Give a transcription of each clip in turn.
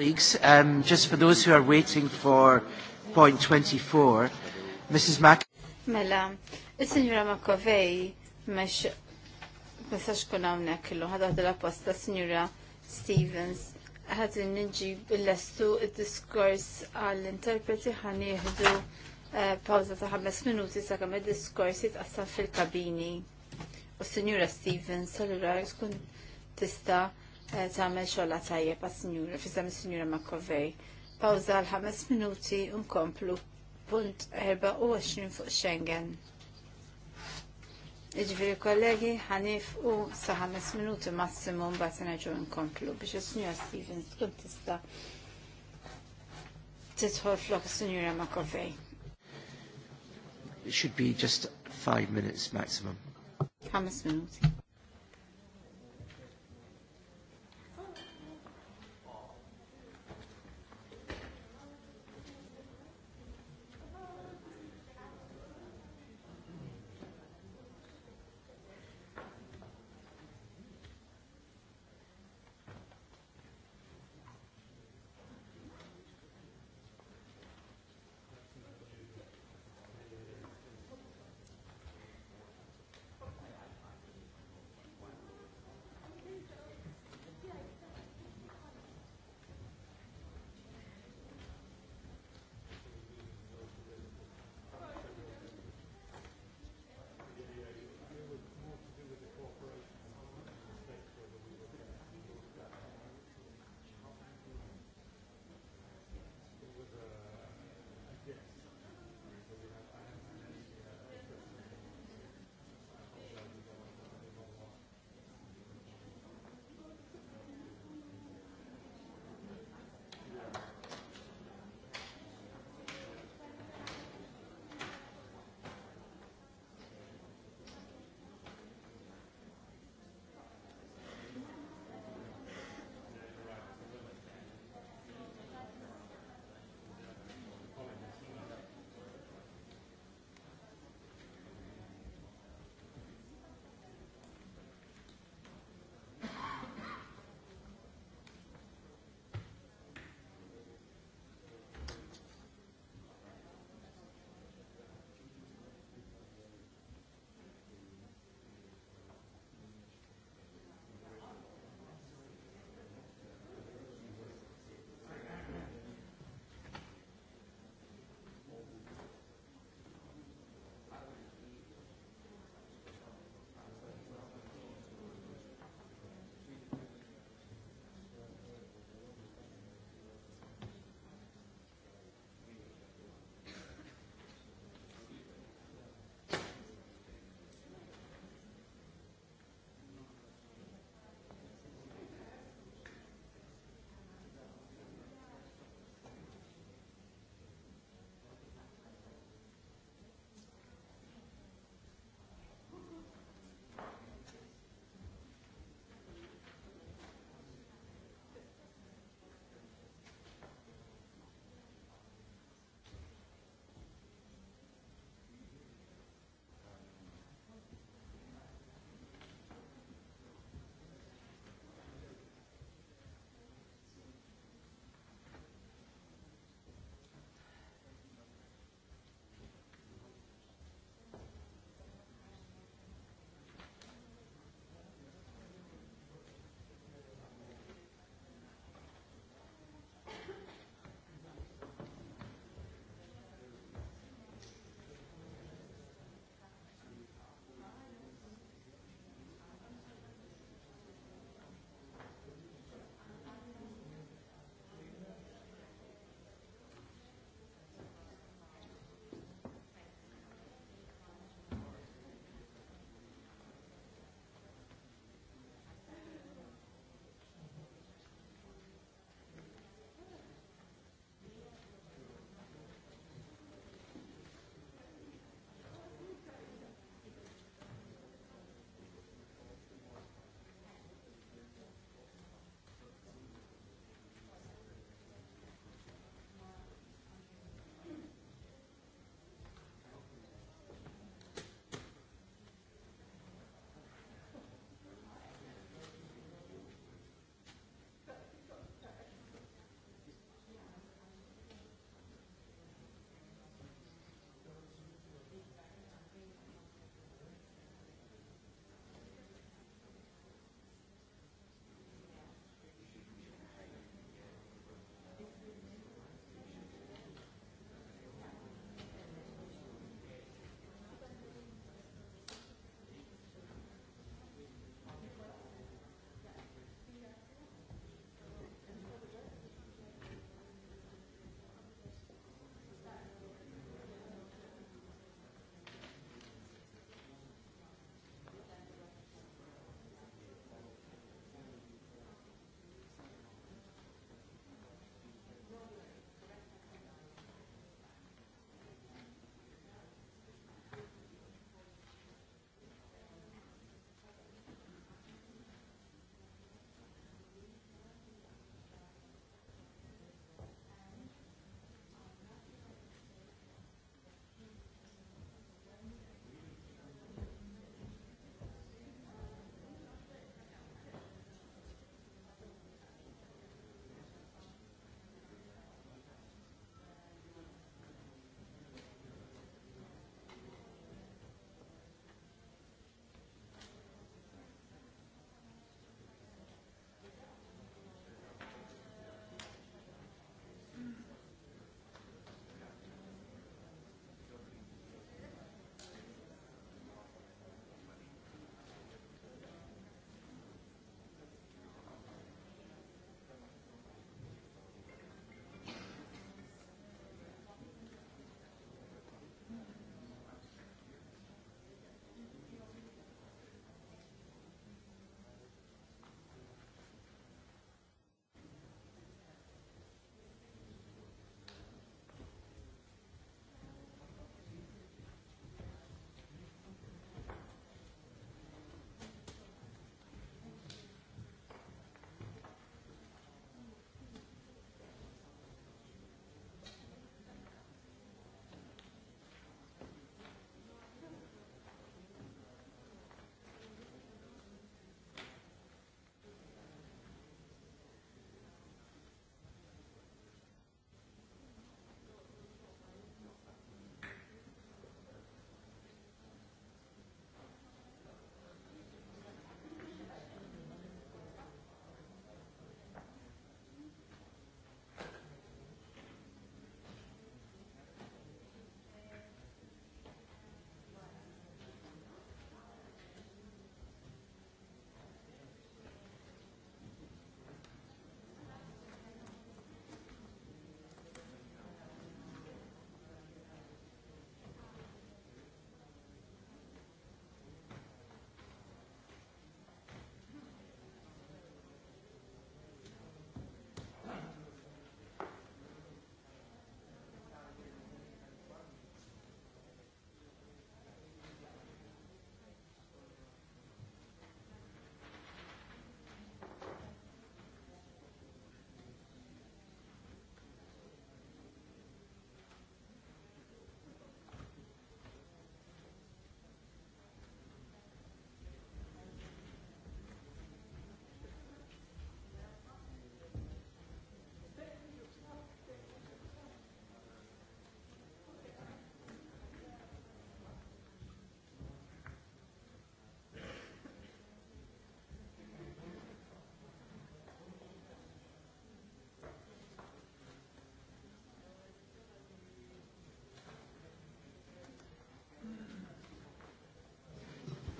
colleagues, um, just for those who are waiting for point 24, Mrs. Mac... Mela, il-Signora McAvey, mex, messax kun illu, għadda l-apposta Signora Stevens, lestu il-diskors għall-interpreti eh, pawza ta' minuti sa' il-diskors jitqassam fil-kabini. U Signora Stevens, tista' Eh, tagħmel xogħla tajjeb għas-Sinjura fiżda signura ma Makovej. Pawza l 5 minuti u nkomplu punt 24 fuq Schengen. Iġviri kollegi, ħanif u sa 5 minuti massimum massimu mbagħad nerġgħu nkomplu biex is signura Stevens tkun tista' tidħol flok signura ma Makovej. It should be just five minutes maximum. Ħames minuti.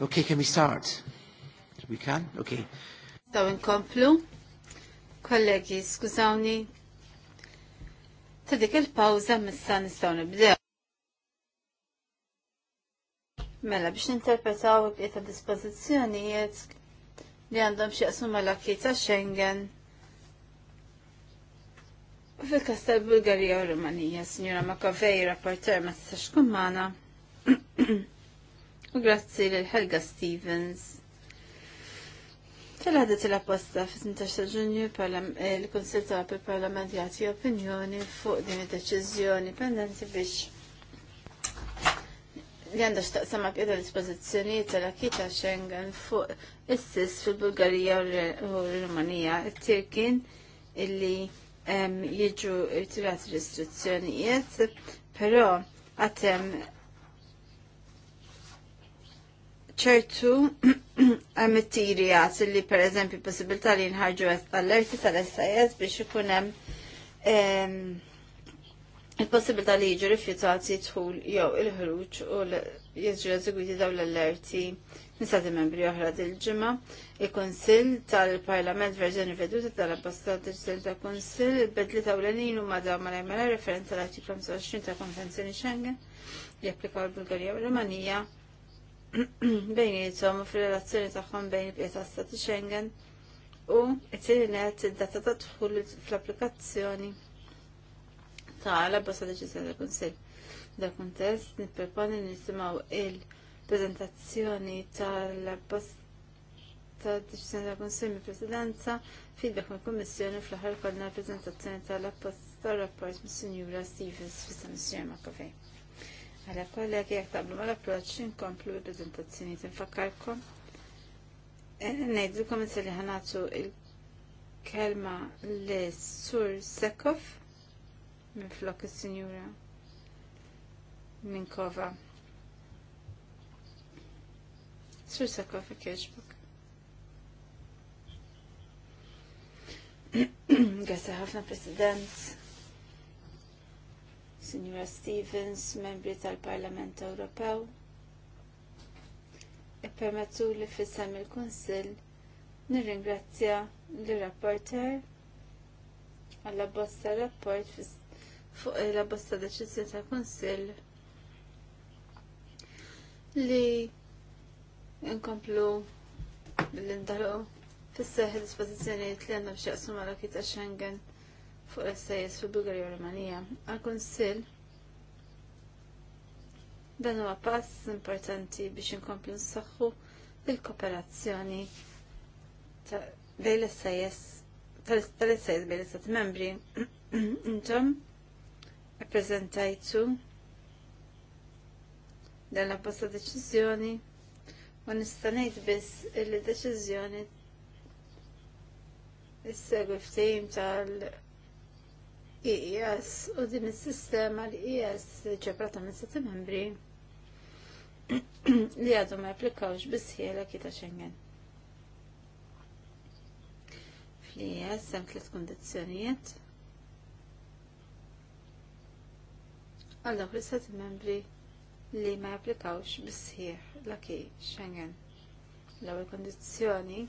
Okay, can we start? We can? Okay. Daw inkomplu. Kollegi, skużawni. Tadik il-pawza missa nistgħu nibdew. Mela biex ninterpretaw il ta' dispożizzjonijiet li għandhom xie mal-akki ta' Schengen u fil-kas tal-Bulgarija u Rumanija, signora Makovej, rapporter ma tistax kummana. U grazzi l-Helga Stevens. Tal-ħadet il-apposta f-18 ġunju il-Konsil ta' parlament jagħti opinjoni fuq din id-deċiżjoni pendenti biex li għandha x'taqsam ma' l-ispożizzjonijiet tal-akita Schengen fuq is-sis fil-Bulgarija u l-Rumanija. It-tir kien illi jiġu irtirati restrizzjonijiet, però għatem ċertu emittirijat li per eżempju possibilità li nħarġu allerti tal-SIS biex ikun hemm il-possibilità li jiġu rifjutati tħul jew il-ħruġ u jiġu eżegwiti daw l-allerti nisati membri oħra dil-ġimma, il-Konsil tal-Parlament verżjoni veduta tal-Abbasta tal-Konsil tal-Konsil, bedli l-enin u madaw mal-għajmela referenza l-artiklu 25 tal-Konvenzjoni Schengen, li applika l-Bulgarija u l-Romanija, jitom u fil-relazzjoni tagħhom bejn il-bqiet stati Schengen u it-tieni net id-data ta' tħul fl-applikazzjoni ta' l-abbozza deċizjoni ta' kunsill Da kontest nipproponi nisimgħu il-preżentazzjoni tal-abbozza ta' deċiżjoni ta' konsumi presidenza feedback ma' kommissjoni fl-ħar kollna prezentazzjoni tal-apposta rapport mis sinjura Stevens fis ma' kafej. Għala mela, kollek jek taqblu ma l-approċ inkomplu il-prezentazzjoni tinfakkarkom. Eh, Nejdilkom kom li ħanatu il-kelma li sur Sekov minn flok il-sinjura minn kova. Sur Sekov ikieġbuk. Grazie ħafna President. Signora Stevens, membri tal-Parlament Ewropew, ippermettu li fissam il-Kunsill nirringrazzja l-rapporter għalla bosta rapport fuq la bosta deċizja tal kunsill li nkomplu l-indalu fis-seħ dispożizzjonijiet li għanna x'jaqsmu mal-akita Schengen fuq l-SIS fil-Bulgarija u Rumanija. Għal-Konsil, dan huwa pass importanti biex inkomplu nsaħħu il-kooperazzjoni bejn l-SIS tal-SIS bejn l-Istat membri. Intom, rappresentajtu dan la posta deċiżjoni u nistanejt biss il-deċiżjoni is-segwi ftehim tal- IES u din is-sistema li EES ċeprata minn seti membri li għadu ma japplikawx bisħiela kita Schengen. fl e hemm tliet kundizzjonijiet. għal dawk l-istati membri li ma japplikawx bisħieħ l-aki Schengen. L-ewwel kondizzjoni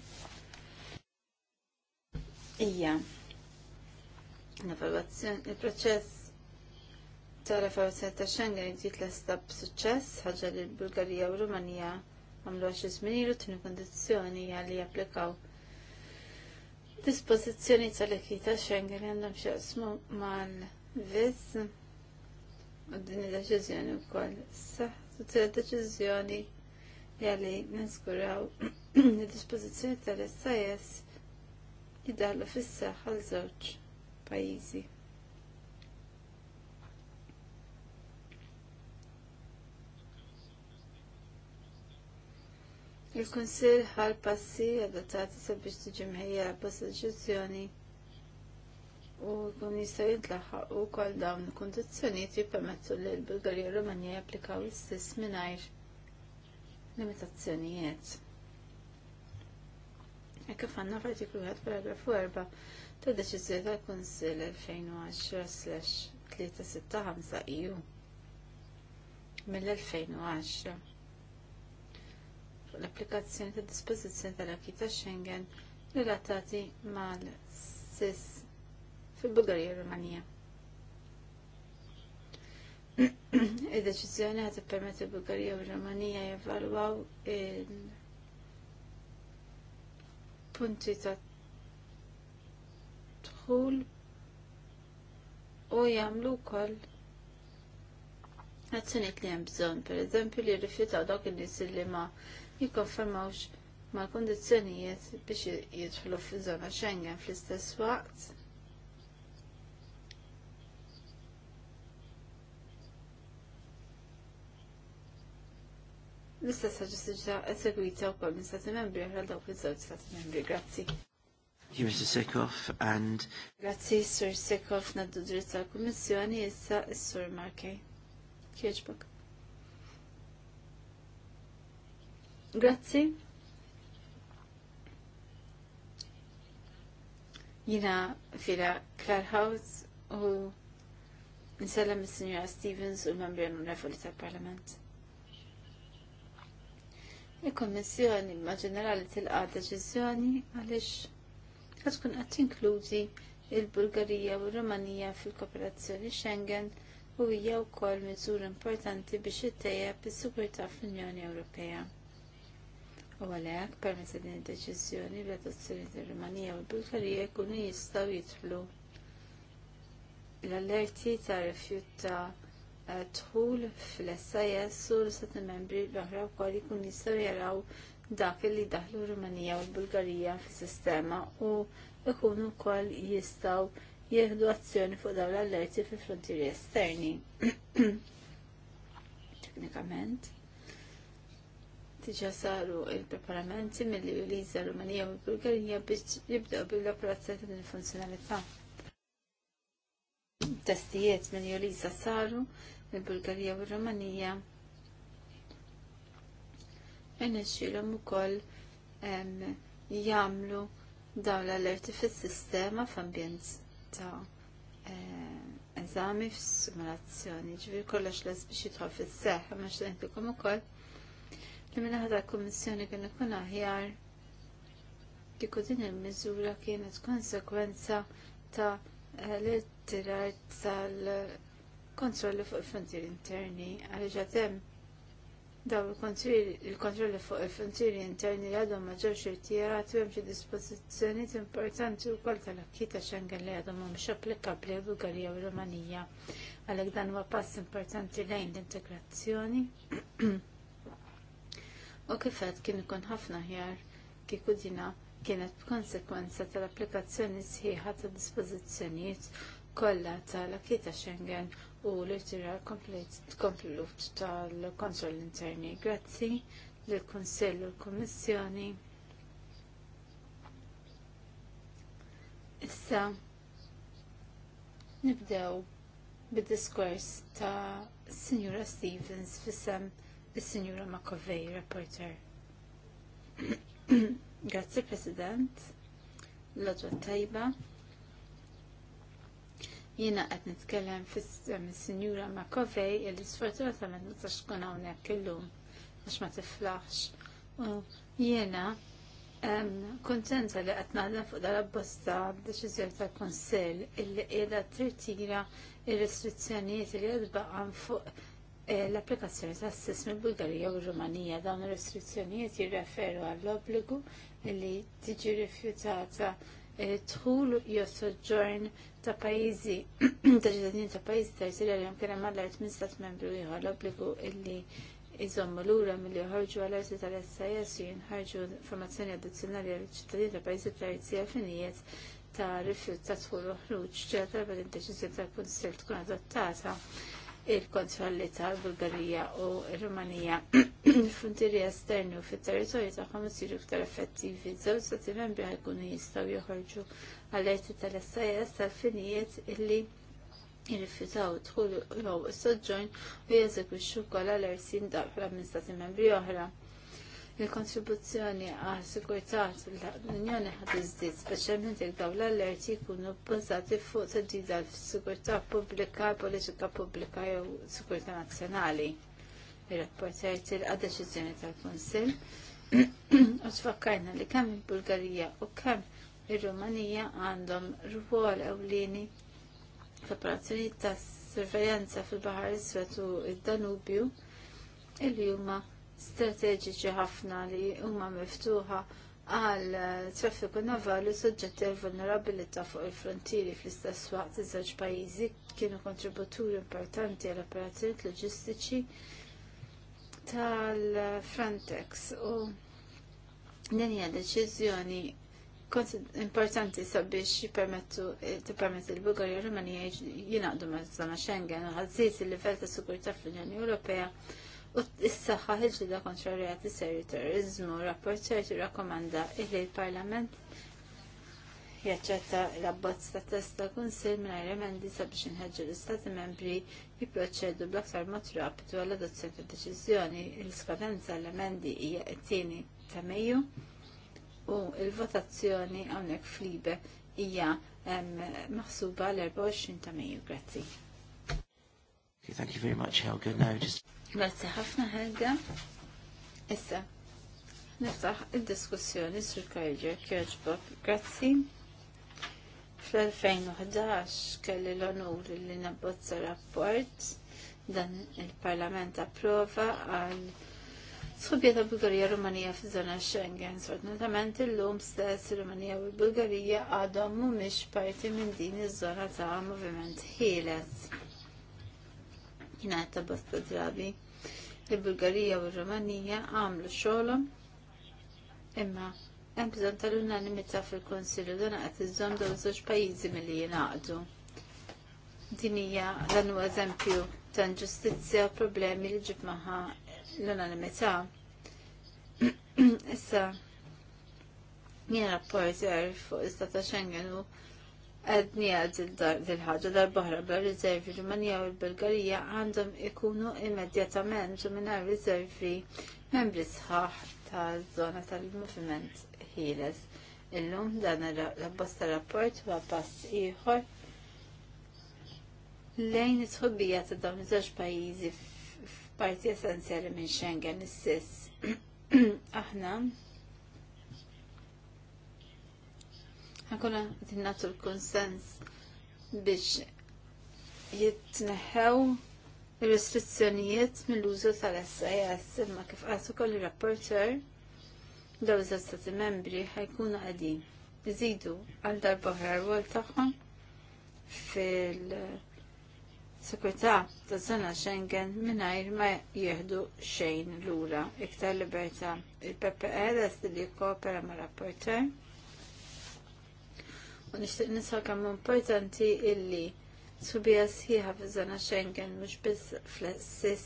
hija Il-proċess tal-evaluazzjoni ta' Schengen jgħid l-esta b'suċċess ħaġa li l-Bulgarija u Rumanija għamlu għax iżminilu tini kondizjoni għalli japplikaw dispożizzjoni tal ta' Schengen għandhom xaqsmu mal-viz u din deċizjoni deċiżjoni wkoll. Saħ, tutti deċiżjoni jali niskuraw il-dispozizjoni tal-SIS jidallu fissa għal l-żewġ pajjiżi. Il-Kunsil ħal passi adottati sabiex tiġimħija b'assoċjazzjoni u kun jistgħu jintlaħħaq ukoll dawn il-kundizzjonijiet jippermettu li l-Bulgarija u Rumanija japplikaw l-istess mingħajr limitazzjonijiet. E kif għandna f'artiklu 1 paragrafu 4 ta' deċiżjoni tal-Kunsill 2010/365 EU mill-2010 l-applikazzjoni ta' dispożizzjoni tal-Akita Schengen relatati mal-SIS fil-Bulgarija u Rumanija. Id-deċiżjoni ħad permetti l-Bulgarija u Rumanija jevalwaw il-punti ta' dħul u jamlu wkoll azzjonijiet li jem bżon per eżempju li rrifjutaw dawk in-nies li ma jikkonfermawx mal kundizzjonijiet biex jidħlu fiż zona Schengen fl-istess waqt. L-istess ħaġa siġra esegwita wkoll minn stati membri oħra dawk iż-żewġ stati membri. Grazzi you, Mr. Sekov, and... Grazie, Sir Sekov, naddu dritt għal-Kommissjoni, issa Sir Markej. Kieġbak. Grazie. Jina fila Klarhaus u nsellem il signora Stevens u membri onorevoli tal-Parlament. Il-Kommissjoni ma ġenerali tilqa deċiżjoni għaliex ta' tkun qed tinkludi il-Bulgarija u r-Rumanija fil-kooperazzjoni Schengen u hija wkoll miżura importanti biex ittejjeb is-sigurtà fl-Unjoni Ewropea. U għalhekk permezz din id-deċiżjoni l-adozzjoni tar-Rumanija u l-Bulgarija jkunu jistgħu jidħlu l-allerti ta' rifjut ta' dħul fl-SIS u l-Stati membri l-oħra wkoll jkunu jistgħu jaraw dak li daħlu Rumanija u l-Bulgarija fis-sistema u ikunu wkoll jistgħu jieħdu azzjoni fuq dawn l-allerti fi frontieri esterni. Teknikament. Tiġa saru il-preparamenti mill-li Uliza Rumanija u l-Bulgarija biex jibdew bil-operazzjoni mill-funzjonalità. Testijiet mill-Uliza saru mill-Bulgarija u l-Rumanija u ukoll jagħmlu dawn l-alerti fis-sistema f'ambjent ta' eżami fis-simulazzjoni. ġviri kollox les biex jidħol fil seħħ ma xtaqtilkom ukoll li minn ħadha l-Kummissjoni kien ikun aħjar kieku din il-miżura kienet konsekwenza ta' eh, l-ittirar tal-kontrolli fuq il-frontier interni għal ġatem Daw il-kontrolli fuq il-frontieri interni li għadhom ma ġewx għatwem xie hemm xi dispożizzjonijiet importanti wkoll tal-akki ta' Schengen li għadhom mhumiex applikabbli għal Bulgarija u Rumanija. Għalhekk dan huwa pass importanti lejn l-integrazzjoni. U kif qed kien ikun ħafna ħjar kieku dina kienet b'konsekwenza tal-applikazzjoni sħiħa ta' dispożizzjonijiet kollha tal-akki Schengen u l-irtira komplut tal-kontroll interni. Grazzi l konsell u l komissjoni Issa nibdew bid-diskors ta' Signora Stevens fissem bis-Signora McAvey, reporter. Grazzi President, l-Odwa Tajba. Jiena qed nitkellem fis-Sinjura eh, Makovej illi sfortunatament ma tax tkun hawnhekk illum għax ma tiflaħx. U jiena kontenta li qed naħdem fuq dal bosta deċiżjoni tal kunsell illi qiegħda tirtira ir-restrizzjonijiet li qed baqgħu fuq eh, l-applikazzjoni ta' s sism mill bulgarija u Rumanija dawn il-restrizzjonijiet jirreferu għall-obbligu li tiġi rifjutata eh, tħul jew ta' pajizi, ta' ċittadini ta' pajizi ta' jisir għal-jom kena mal-art minn stat membru jħor l-obbligu illi jizommu l-ura mill-li jħarġu għal-arti tal-SIS jinħarġu informazzjoni addizjonali għal-ċittadini ta' pajizi ta' jisir finijiet ta' rifjut ta' tħur uħruġ ċerta bħal id-deċizjoni tal-Kunsil tkun adottata il-kontrolli tal-Bulgarija u Rumanija frontieri esterni u fit-territorju tagħhom isiru iktar effettivi. Żewġ stati membri ħajkunu jistgħu joħorġu alerti tal-SIS tal-finijiet illi jirrifjutaw dħul jew soġġorn u jeżegwixxu wkoll alerti ndaqra minn stati membri oħra. Il-kontribuzzjoni għal sigurtà l-Unjoni ħad iżdied, speċjalment jekk dawn l-allerti jkunu bbażati fuq tadida fis-sigurtà pubblika, politika pubblika jew sigurtà nazzjonali. Ir-rapporter tilqa' deċiżjoni tal-Kunsill. U tfakkarna li kemm il-Bulgarija u kemm ir-Rumanija għandhom rwol ewlieni f'operazzjoni ta' sorveljanza fil-Baħar Iswed u d-Danubju illi huma strateġiċi ħafna li huma miftuħa għal traffiku navali soġġetti għal vulnerabilità fuq il-frontieri fl-istess waqt iż-żewġ pajjiżi kienu kontributuri importanti għal operazzjonijiet loġistiċi tal-Frontex u din hija deċiżjoni importanti sabiex jipermettu tippermett il-Bulgarja u Rumanija jingħaqdu maż-żona Schengen u ħażiet il-livell ta' sigurtà fl-Unjoni Ewropea u s-saxħa ħilġida kontra rejati serju terrorizmu. Rapport ċertu rakomanda illi l-Parlament jaċċetta l-abbozz ta' test ta' kunsil minn emendi sabiex inħeġġu l-Istati membri jipproċedu bl-aktar mod rapidu għall-adozzjoni ta' deċiżjoni l-skadenza l-emendi hija t-tieni ta' Mejju u l-votazzjoni hawnhekk flibe hija maħsuba l-24 ta' Mejju. Grazzi. thank you very much, Helga. Now just... Grazzi ħafna ħagga. Issa, niftaħ il-diskussjoni sur Kajġer Kjoġbok. Grazzi. Fl-2011 kelli l-onur li nabbozza rapport dan il-Parlament approva għal Sħubja ta' Bulgarija Rumanija f'żona Schengen, sfortunatament illum stess Rumanija u Bulgarija għadhom mhumiex parti minn din iż-żona ta' moviment ħieles jingħata basta drabi. Il-Bulgarija u r-Rumanija għamlu xogħolhom imma hemm bżonn tal-unanimità fil-Konsilju dan qed iżżomm dawn żewġ pajjiżi milli jingħaqdu. Din hija dan huwa eżempju ta' ġustizzja u problemi li ġib magħha l-unanimità. Issa, jien rapporti għarif fuq istat ta' Schengen u għedni għad dil-ħagġa dal-bohra bil rizervi Rumanija u l-Bulgarija għandhom ikunu immedjatament u minna rizervi membri sħaħ tal-zona tal-movement ħiles. Illum dan l-bosta rapport huwa pass ieħor lejn it-tħobbija ta' dawn iż-żewġ pajjiżi f'parti essenzjali minn Schengen is-sis. Aħna Għankuna jtinnatu l-konsens biex jitneħew il-restrizzjonijiet mill-użu tal-SAS imma kif għasu kolli rapporter daw iż stati membri ħajkunu għadin iżidu għal darba r-rwol taħħan fil-sekurtà ta' zona Schengen mingħajr ma jieħdu xejn lura iktar libertà. Il-PPR li kopera ma' rapporter nixtieq nisa kam importanti illi subija sħiħa fiż Schengen mhux biss fl-sis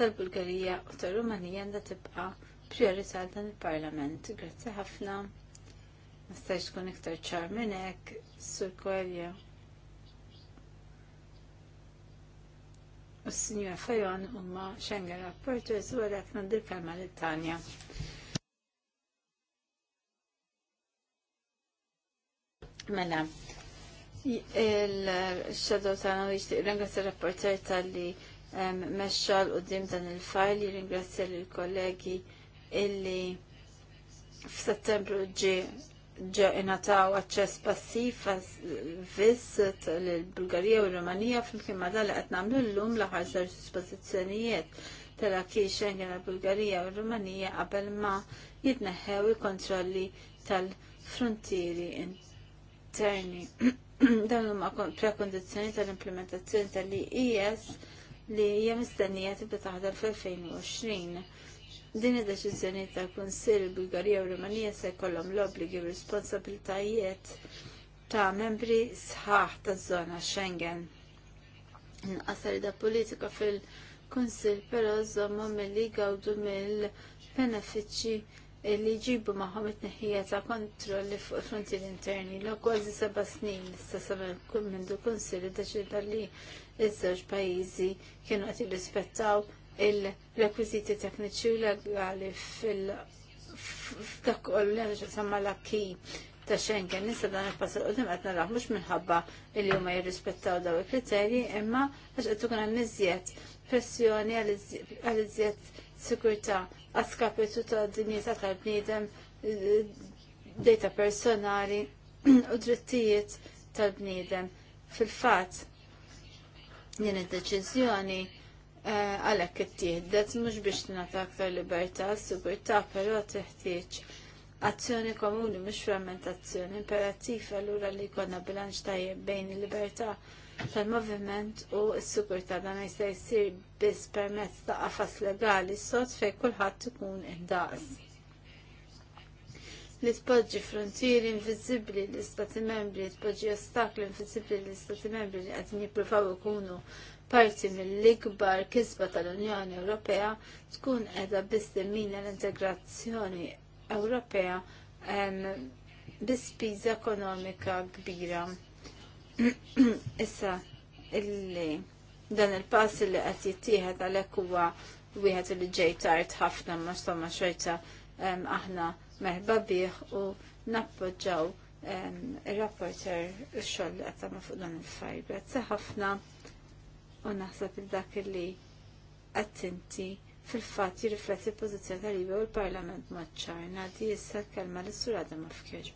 tal-Bulgarija u tal-Rumanija għandha tibqa' priorità dan il-Parlament. Grazzi ħafna. Ma tkun iktar ċar minn hekk, Sur Koelja. U s-Sinjura Fajon huma Schengen rapporters jizwara għalhekk nandil kelma l tanja Mela, il ta' għana jixtieq ringrazzja rapporter tal-li mexxa l qudiem dan il fajli jirringrazzja l kollegi illi f'Settembru ġi ġa inataw aċċess passiv viss l-Bulgarija u l-Rumanija flimkien ma dal li qed nagħmlu llum l-aħħar żewġ dispożizzjonijiet tela kien Schengen bulgarija u Rumanija qabel ma jitneħħew il-kontrolli tal-frontieri interni. Dawn huma prekondizzjoni tal-implementazzjoni tal-IES e li hija mistennija tibda taħdem fl-2020. Din id-deċiżjoni tal-Kunsill Bulgarija u Rumanija se jkollhom l-obbligi u responsabiltajiet ta' membri sħaħ taż-żona Schengen. Nqasar da politika fil-Kunsill però żommhom illi gawdu mill-benefiċċji li ġibu maħom it-neħija ta' kontrolli fuq il-frontier interni l kważi seba' snin issa sabel kull minn deċida li iż-żewġ pajjiżi kienu qed jirrispettaw il-rekwiżiti tekniċi u legali f'dak kollu li għandu samma l-akki ta' Schengen nista dan il-pass qudiem qed naraw mhux minħabba li huma jirrispettaw daw il-kriterji imma għax qed ikun hemm iżjed pressjoni għal iżjed sigurtà għaskapitu ta' dinjeta tal-bniedem, eh, data personali u drittijiet tal-bniedem. Fil-fatt, din id-deċiżjoni eh, għalhekk ittieħdet mhux biex tingħata aktar libertà, sigurtà però teħtieġ azzjoni komuni mhux frammentazzjoni imperattiva allura li jkollna bilanċ tajjeb bejn il-libertà tal-moviment u s ta' dan jista' jsir biss permezz ta' qafas legali sod fejn kulħadd ikun id-daqs. Li tpoġġi frontieri inviżibbli l-istati membri, tpoġġi ostakli inviżibbli l-istati membri li qed jippruvaw ikunu parti mill-ikbar kisba tal-Unjoni Ewropea tkun edha demmina l-integrazzjoni Ewropea bispiża ekonomika kbira. Issa, illi dan il-pass li qed jittieħed għalhekk huwa wieħed li ġej tard ħafna ma stomma xorta aħna merba bih u nappoġġaw ir-rapporter xoll xogħol li qed fuq dan il-fajr. Grazzi ħafna u naħseb il-dak li attenti fil-fatt jirrifletti l-pożizzjoni tal-Libja u l-Parlament maċ Nadi issa l-kelma l-Sur Adam Mafkir.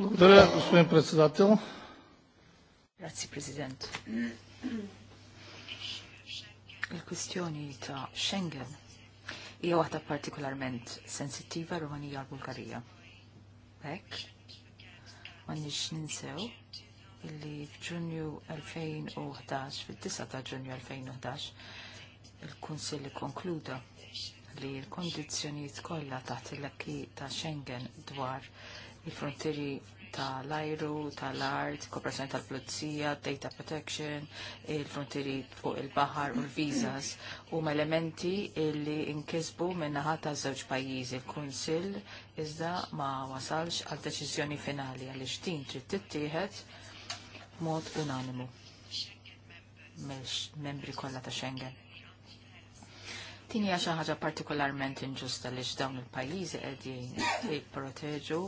Grazie, President. Il-kwistjoni ta' Schengen hija waħda partikolarment sensittiva Rumanija u Bulgarija. Hekk, m'għandniex ninsew illi f'Ġunju 2011, fil-9 ta' Ġunju 2011, il-Kunsill konkluda li l-kondizzjonijiet kollha taħt il-lakki ta' Schengen dwar il-frontieri tal-ajru, tal-art, kooperazzjoni tal-pulizija, data protection, il fronteri fuq il-bahar u l-vizas, u elementi illi inkisbu minnaħa ta' żewġ pajjiżi. Il-Kunsill iżda ma wasalx għal deċiżjoni finali għal din trid tittieħed mod unanimu mill-membri kollha ta' Schengen. Tini għaxa ħaġa partikolarment inġusta li dawn il-pajizi għedin jipproteġu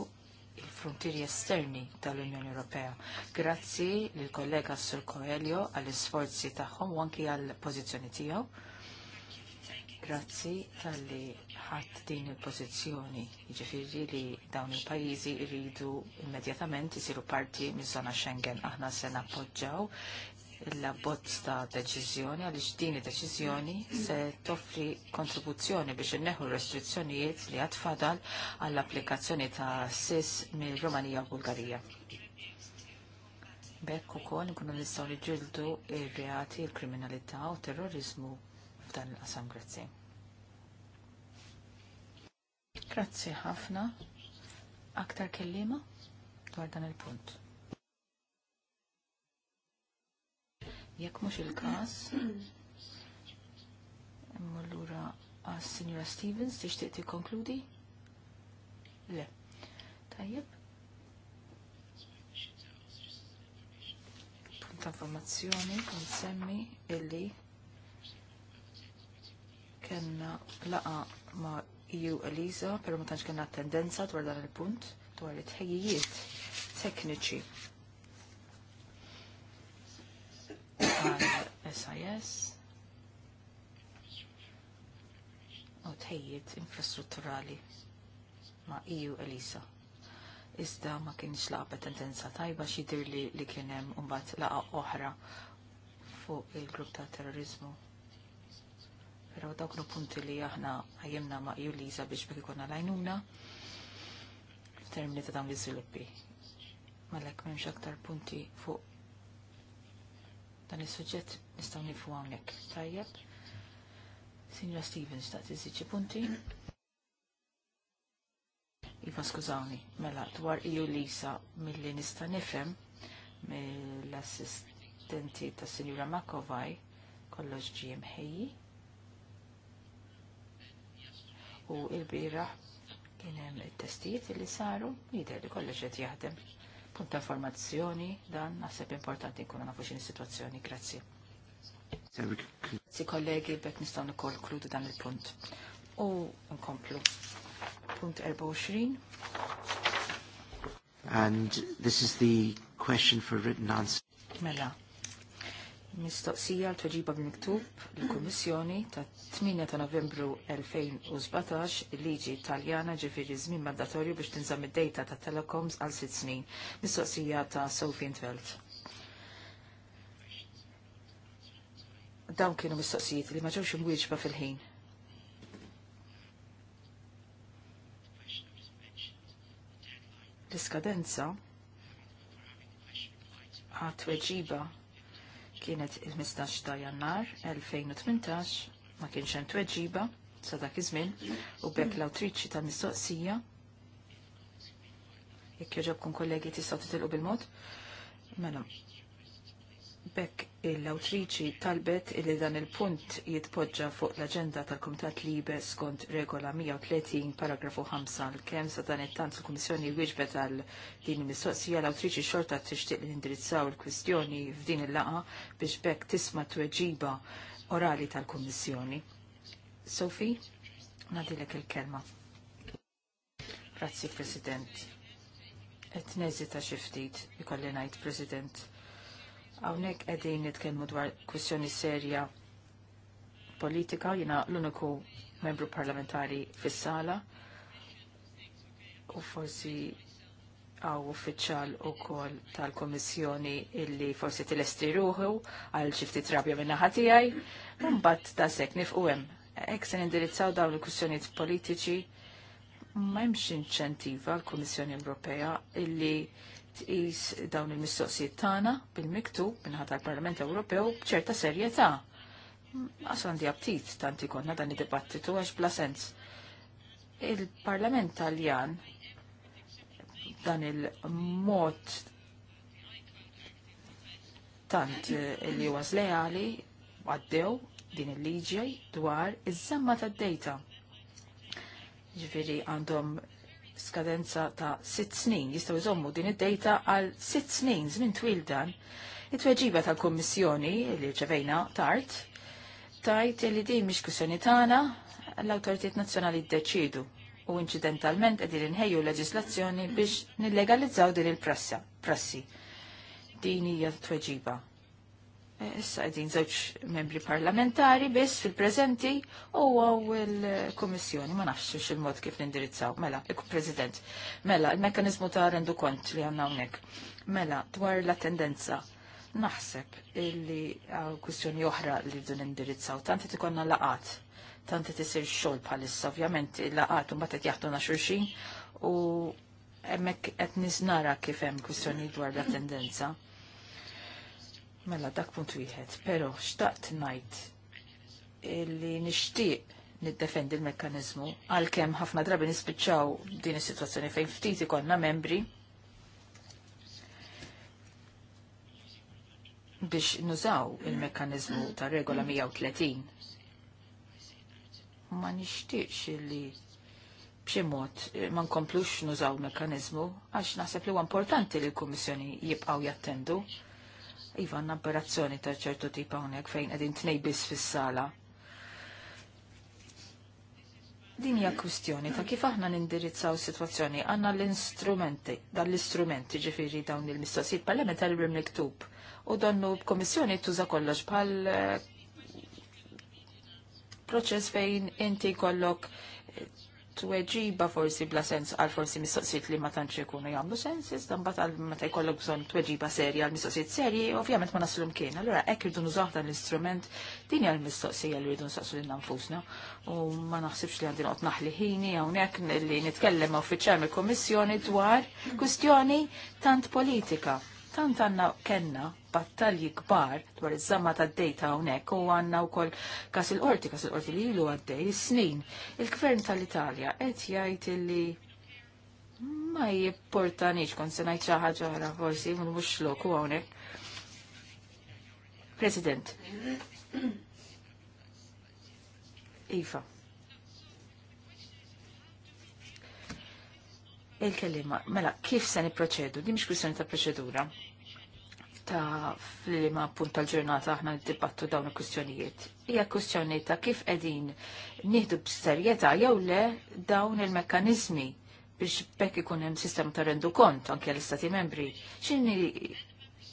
il-frontieri esterni tal-Unjoni Ewropea. Grazzi lill-kollega Sur Coelho għall-isforzi tagħhom u anki għall-pożizzjoni tiegħu. Grazzi tal-li ħadd din il-pożizzjoni, jiġifieri li dawn il-pajjiżi jridu immedjatament isiru parti miż-żona Schengen. Aħna se nappoġġjaw il labbozz ta' deċiżjoni għaliex din deċizjoni deċiżjoni se toffri kontribuzzjoni biex inneħu restrizzjonijiet li għatfadal għall-applikazzjoni ta' SIS minn Rumanija u Bulgarija. Bekk ukoll nkunu nistgħu ġildu il reati il-kriminalità u terrorizmu f'dan il-qasam grazzi. Grazzi ħafna. Aktar kellima dwar dan il-punt. Jekk mhux il-każ, imma allura għas ah, Sinjura Stevens tixtieq tikkonkludi? Le. Tajjeb. Punt informazzjoni kon semmi illi kellna laqa ma' EU Eliza, pero ma tantx kellna tendenza dwar dan il-punt dwar it-tħejjijiet tekniċi tal-SIS u tħejjiet infrastrutturali ma' EU Elisa. Iżda ma kienx laqa tendenza tajba xidir li li kienem umbat laqa oħra fuq il-grupp ta' terrorizmu. Pero dawk no punti li aħna għajemna ma' EU Elisa biex bekk ikonna lajnuna f'termini ta' dawn l-iżviluppi. Malek memx aktar punti fuq Dan is-suġġett nistgħu nifu hawnhekk. Tajjeb. Signora Stevens, ta' tiżiċi punti. Iva skużawni, mela dwar iju Lisa mill-li nista' nifhem mill-assistenti ta' Signora Makovaj kollox ġie mħejji. U l-bieraħ kien hemm it-testijiet li saru jidher li kollox qed jaħdem punta formazzjoni dan naħseb importanti nkunu nafu x'in situazzjoni. sitwazzjoni Grazzi. Grazzi kollegi, bekk nistgħu nikkonkludu dan il-punt. U nkomplu. Punt 24. And this is the question for written answer. Mela, Mistoqsija l-tweġiba b'miktub l-Kummissjoni ta' 8 ta' Novembru 2017 il-liġi Taljana ġifiri żmien mandatorju biex tinżamm id-dejta ta' telecoms għal sitt snin. Mistoqsija ta' Sophie Intveld. Dawn kienu mistoqsijiet li ma ġewx imwieġba fil-ħin. L-iskadenza għat tweġiba kienet il-15 ta' jannar 2018 ma kienx hemm tweġiba sa dak iż-żmien u bekk l-awtriċi tal-mistoqsija jekk jogħġobkom kollegi tistgħu titilqu bil-mod. Mela, Bekk l-awtriċi talbet li dan il-punt jitpoġġa fuq l-agenda tal-Komitat Libe skont regola 130 paragrafu 5 l-kem sa dan it-tant l-Komissjoni wieġbet għal din il-mistoqsija l-awtriċi xorta tixtieq li indirizzaw il-kwistjoni f'din il-laqa biex bekk tisma' tweġiba orali tal-Komissjoni. Sofi, nadilek il-kelma. Grazzi, President. Et nezita xiftit, ikolli najt, President Hawnhekk qegħdin nitkellmu dwar kwestjoni serja politika, jiena l-uniku membru parlamentari fis-sala u forsi għaw uffiċjal u kol tal-Komissjoni illi forsi tilesti ruħu għal ċifti trabja minna ħatijaj, mbatt ta' sekk nifqu Ek se nindirizzaw dawn il-kussjonijiet politiċi ma jemx inċentiva l-Komissjoni Ewropea illi tqis dawn il-mistoqsijiet tagħna bil-miktub minħata l-Parlament Ewropew b'ċerta serjetà. Għax għandi aptit tant konna dan id-dibattitu għax bla sens. Il-Parlament Taljan dan il-mod tant li huwa leali għaddew din il-liġi dwar iż-żamma tad-dejta ġviri għandhom skadenza ta' sitt snin, jistaw iżommu din id-dejta għal sitt snin, żmien twil dan. It-tweġiba tal-Kommissjoni li ċevejna tard, tajt li din mhix kusjoni tagħna l-awtoritiet nazzjonali deċidu u inċidentalment qegħdin inħejju leġislazzjoni biex nillegalizzaw din il-prassi. Din hija tweġiba Eh, issa għedin zewċ membri parlamentari biss fil-prezenti u għaw il-komissjoni, ma nafx xil-mod kif nindirizzaw, mela, il-president, mela, il-mekanizmu ta' rendu kont li għanna unnek, mela, dwar la tendenza, naħseb illi għaw kustjoni oħra li dun indirizzaw, tanti konna laqat, tanti sir xol palissa, ovvjament, laqat un batet na xurxin u emmek etnis nara kif hemm kustjoni dwar la tendenza. Mela dak punt wieħed, però xtaqt ngħid illi nixtieq niddefendi l-mekkaniżmu għalkemm ħafna drabi nispiċċaw din is-sitwazzjoni fejn ftit ikollna membri biex nużaw il-mekkaniżmu ta' regola 130. Ma nixtieqx illi b'xi mod ma nkomplux nużaw mekkaniżmu għax naħseb li huwa importanti li l-Kummissjoni jibqgħu jattendu Iva għanna operazzjoni ta' ċertu tipa hawnhekk fejn qegħdin tnejbis fis-sala. Din hija kwistjoni ta' kif aħna nindirizzaw sitwazzjoni għandna l-istrumenti, dan l-istrumenti ġifieri dawn il-mistoqsijiet parlamentari bil miktub u donnu b'komissjoni tuża kollox bħal eh, proċess fejn inti kollok tweġiba forsi bla sens għal forsi mistoqsijiet li ma tantx ikunu jagħmlu sens, iżda mbagħad għal meta jkollok bżonn tweġiba serja għal mistoqsijiet serji, ovvjament ma naslhom kien. Allura hekk irdu nużaw dan l-istrument din hija l-mistoqsija li rridu nsaqsu lilna nfusna u ma naħsibx li għandi noqgħod naħli ħini hawnhekk li nitkellem uffiċjal mill-Kummissjoni dwar kwistjoni tant politika tant għanna kenna battalji kbar dwar iż-żamma tad-dejta hawnhekk u għandna wkoll kas il-qorti, kas il-qorti li ilu għaddej is snin. Il-Gvern tal-Italja qed jgħid li ma jipportanix kont se ngħid xi ħaġa oħra forsi mhux u hawnhekk. President. Iva. il-kellima. Mela, kif se niproċedu? Di mx kwistjoni ta' proċedura ta' fl-lima punt tal-ġurnata aħna dibattu dawn il-kustjonijiet. Hija kwistjoni ta' kif qegħdin nieħdu b'serjetà jew le dawn il-mekkaniżmi biex bekk ikun hemm sistema ta' rendu kont anke l-istati membri.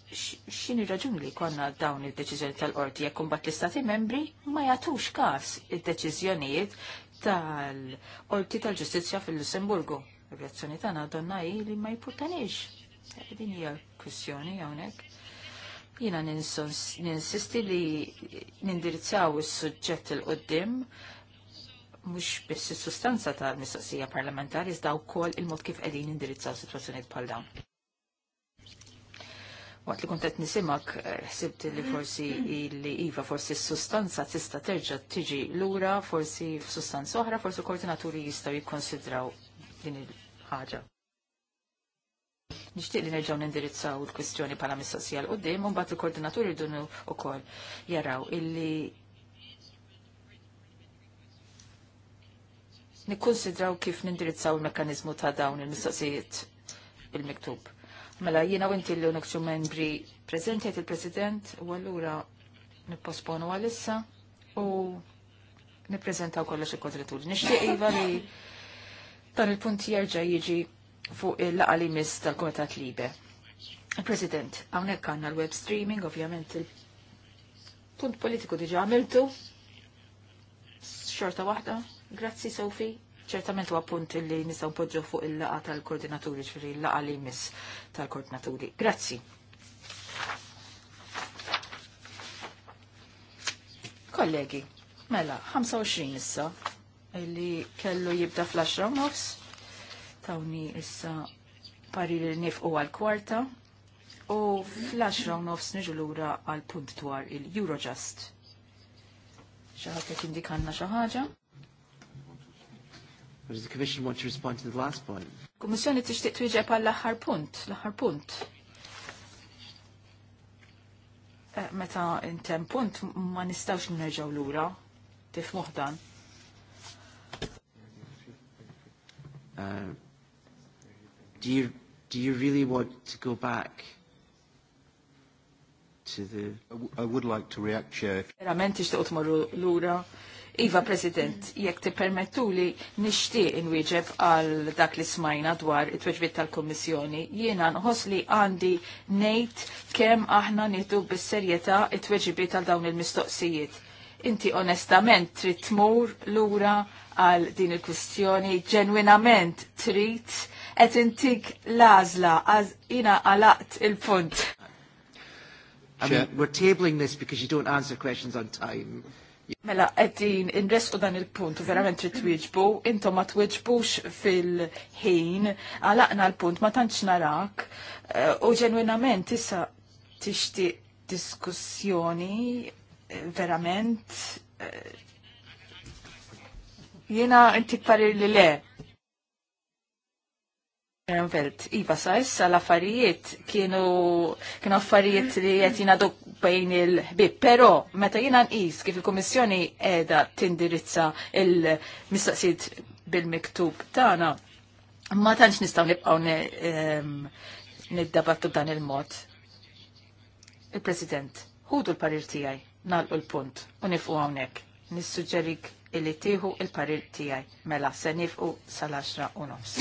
X'inhi raġuni li konna dawn id-deċiżjoni tal-qorti jekk imbagħad l-istati membri ma jagħtux każ id-deċiżjonijiet tal-qorti tal-ġustizzja fil-Lussemburgu. Il-reazzjoni tagħna donna hi li ma jiputtanix. Eh, din hija kwistjoni hawnhekk. Jiena ninsisti li nindirizzaw is-suġġett il qudiem mhux biss is-sustanza tal-mistoqsija parlamentari iżda wkoll il-mod kif qegħdin indirizzaw sitwazzjonijiet bħal dawn. Waqt li kont qed nisimak eh, ħsibt li forsi li iva forsi s-sustanza tista' terġa' tiġi lura, forsi f'sustanza oħra, forsi koordinaturi jistgħu jikkonsidraw din il-ħaġa. Nixtieq li nerġgħu nindirizzaw il-kwestjoni bħala mis-sosjal u u mbagħad il-koordinaturi jdunu wkoll jaraw illi nikkonsidraw kif nindirizzaw il-mekkaniżmu ta' dawn il-mistoqsijiet bil-miktub. Mela jiena u inti li nekxu membri preżenti il-President u allura nipposponu għalissa u nippreżentaw kollox il-kontraturi. Nixtieq iva li Dan il-punt jerġa' jiġi fuq il-laqali mis tal-Komitat Libe. President, hawnhekk għandna l-web streaming, ovvjament il-punt politiku diġa għamiltu. Xorta waħda. Grazzi Sofi. Ċertament huwa punt li nistgħu poġġu fuq il-laqa tal-koordinaturi, ġifieri il-laqa li miss tal-koordinaturi. Grazzi. Kollegi, mela, 25 issa li kellu jibda fl-10 nofs. Tawni issa pariri nifqu għal-kwarta. U fl-10 nofs niġu lura għal-punt dwar il-Eurojust. Xaħat jek indikanna xaħġa? Does the Commission want to respond to the last point? Kummissjoni tixtieq twieġeb għal l-aħħar punt, l-aħħar punt. Eh, meta intem punt ma nistgħux nerġgħu lura tifmuh dan. Uh, do you do you really want to go back to the? I would like to react, Chair. Iva, President, jekk ti permettu li nishtiq inwieġeb għal dak li smajna dwar it tweġbiet tal-Kommissjoni, jiena nħoss li għandi nejt kemm aħna nitu bis-serjetà it-tweġbit tal dawn il-mistoqsijiet. Inti onestament trid tmur lura għal din il-kwistjoni ġenwinament trid qed intik lażla għaz jina għalaqt il-punt. I mean, we're tabling this because you don't answer questions on time. Mela, għeddin, inresqu dan il-punt, verament trid twieġbu, intom ma twieġbux fil-ħin, għalaqna l-punt, ma tantx narak, eh, u ġenwinament issa tixtieq diskussjoni eh, verament eh, Jena inti parir li le. Renvelt, iva sa issa l-affarijiet kienu kienu affarijiet li qed jingħadu bejn il-ħbib, però meta jiena nqis kif il-Kummissjoni qiegħda tindirizza il-mistaqsijiet bil-miktub tagħna, ma tantx nistgħu nibqgħu niddabattu b'dan il-mod. Il-President, ħudu l-parir tiegħi, nagħlqu l-punt u nifqu hawnhekk. Nissuġġerik illi tieħu il-parir tiegħi mela se nifqu sal-10 u nofs.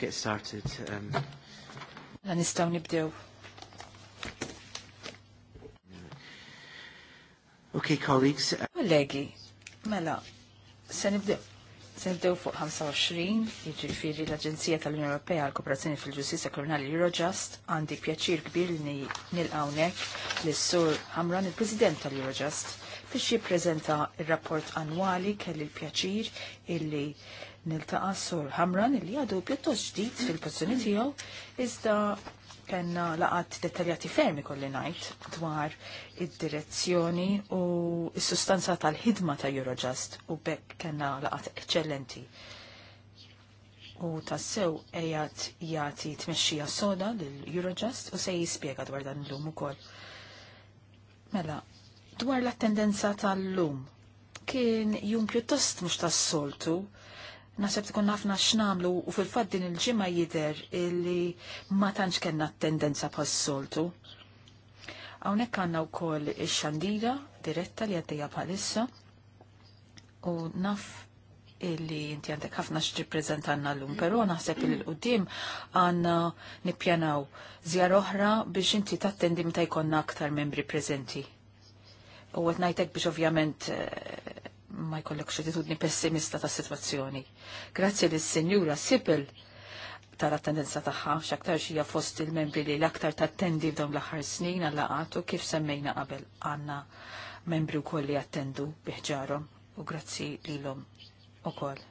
get started. Um... Okay, colleagues. Uh, Kollegi, mela, se nibdew. Se nibdew fuq 25, jiġifieri l-Aġenzija tal-Unjoni Ewropea għal Kooperazzjoni fil-Ġustizja Kriminali Eurojust għandi pjaċir kbir li nilqawnek l-Sur Hamran, il-President tal-Eurojust biex jippreżenta il rapport annwali kelli l-pjaċir illi niltaqa' sur Hamran illi għadu pjuttost ġdid fil-pozzjoni tiegħu iżda kellna laqat dettaljati fermi kolli ngħid dwar id-direzzjoni u s-sustanza tal-ħidma ta' Eurojust u bekk kellna laqat eċċellenti. U tassew ejat jagħti tmexxija soda l Eurojust u se jispjega dwar dan illum ukoll. Mela, Dwar l-attendenza tal-lum, kien jum pjuttost mux tas-soltu, nasib tkun nafna x'namlu u fil-fatt din il-ġimgħa jidher illi ma tantx kellna tendenza pas soltu. Hawnhekk għandna wkoll ix-xandira diretta li għaddejja bħalissa u naf illi inti għandek ħafna x'tippreżentanna llum, però naħseb l qudiem għandna nippjanaw żjar oħra biex inti tattendi meta jkollna aktar membri preżenti. U għet najtek biex ovvjament eh, ma jkollekx attitudni pessimista ta' situazzjoni. Grazzi s sinjura Sipil tara tendenza tagħha x'aktar hija fost il-membri li l-aktar tattendi f'dawn l-aħħar snin għal għatu kif semmejna qabel għandna membri wkoll li attendu biħġarhom u grazzi lilhom ukoll.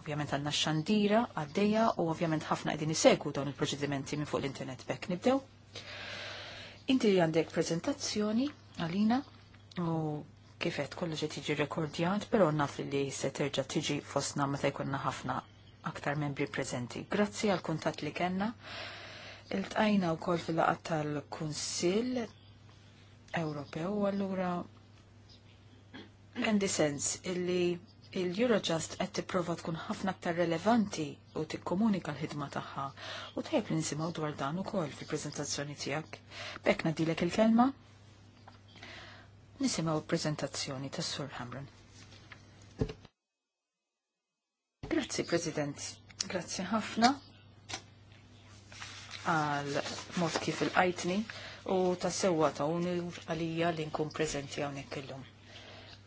Ovvjament għandna xandira għaddejja u ovvjament ħafna għedin isegwu dawn il-proċedimenti minn fuq l-internet bekk nibdew. Inti għandek prezentazzjoni għalina U kifet kollu ġi tiġi rekordjat, pero naf li se terġa tiġi fosna meta jkunna ħafna aktar membri prezenti. Grazzi għal kuntat li kena. Il-tajna u kol fil-laqat tal-Kunsil Ewropew, għallura għandi sens illi il-Eurojust qed tipprova tkun ħafna aktar relevanti u tikkomunika l-ħidma tagħha u tajjeb li insimaw dwar dan ukoll fil-preżentazzjoni tiegħek. Bekna dilek il-kelma? nisimaw prezentazzjoni ta' Sur Hamran. Grazzi, President. Grazzi ħafna għal mod kif il-qajtni u ta' sewa ta' uni għalija li nkun prezenti għawnek kellum.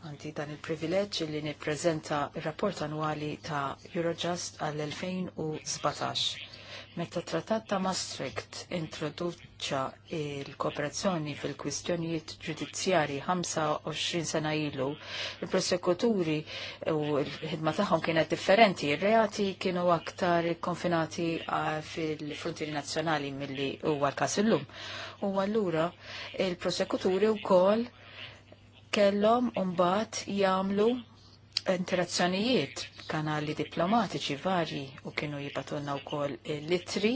Għandi dan il-privileġġ li niprezenta il-rapport annwali ta' Eurojust għal-2017. Meta trattat ta' Maastricht introduċa il-kooperazzjoni fil-kwistjonijiet ġudizzjari 25 sena ilu, il-prosekuturi u l-ħidma tagħhom kienet differenti, ir-reati kienu aktar konfinati fil-frontieri nazzjonali milli huwa l-każ illum. U allura il-prosekuturi wkoll kellhom mbagħad jagħmlu interazzjonijiet kanali diplomatiċi varji u kienu jibatunna wkoll litri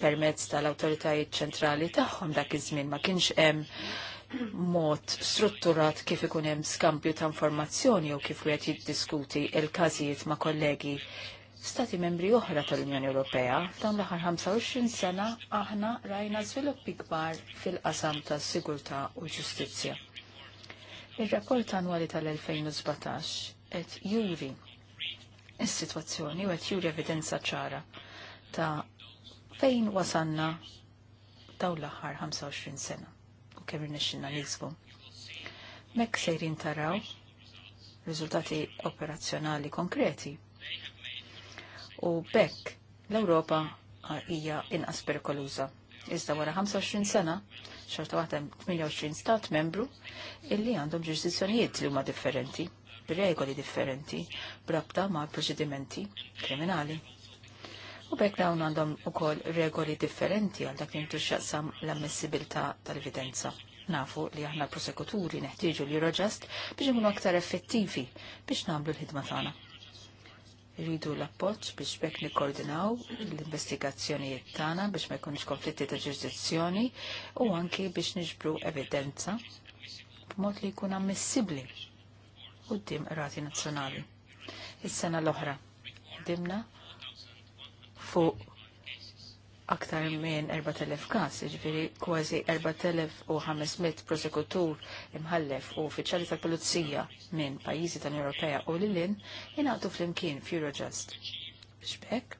permezz tal-awtoritajiet ċentrali tagħhom dak iż-żmien ma kienx hemm mod strutturat kif ikun hemm skambju ta' informazzjoni u kif wieħed jiddiskuti il-każijiet ma' kollegi stati membri oħra tal-Unjoni Ewropea dawn l-aħħar 25 sena aħna rajna żviluppi kbar fil-qasam tas-sigurtà u l-ġustizzja. Ir-rapport annwali tal-2017 et juri is-sitwazzjoni u et juri evidenza ċara ta' fejn wasanna dawn l-aħħar 25 sena u kemm irnexxinna nisbu. Mek sejrin taraw riżultati operazzjonali konkreti. U bekk l-Ewropa hija inqas perikoluża. Iżda wara 25 sena, xorta waħda 28 stat membru illi għandhom ġurisdizzjonijiet li huma differenti regoli differenti brabta ma' proċedimenti kriminali. U bekk dawn għandhom ukoll regoli differenti għal dak li xaqsam l-ammissibilità tal-evidenza. Nafu li aħna l-prosekuturi neħtieġu li roġast biex ikunu aktar effettivi biex nagħmlu l-ħidma tagħna. Rridu l-appoġġ biex bekk nikkoordinaw l-investigazzjonijiet tagħna biex ma jkunx konflitti ta' ġurisdizzjoni u anki biex niġbru evidenza b'mod li jkun ammissibbli u d-dim rati nazzjonali. Is-sena l-oħra dimna fuq aktar minn 4.000 kas, ġifiri kważi 4.500 prosekutur imħallef u uffiċjali tal-Polizija minn pajjiżi tan ewropea u l-Lin jingħaqdu flimkien f'Eurojust. Xbek,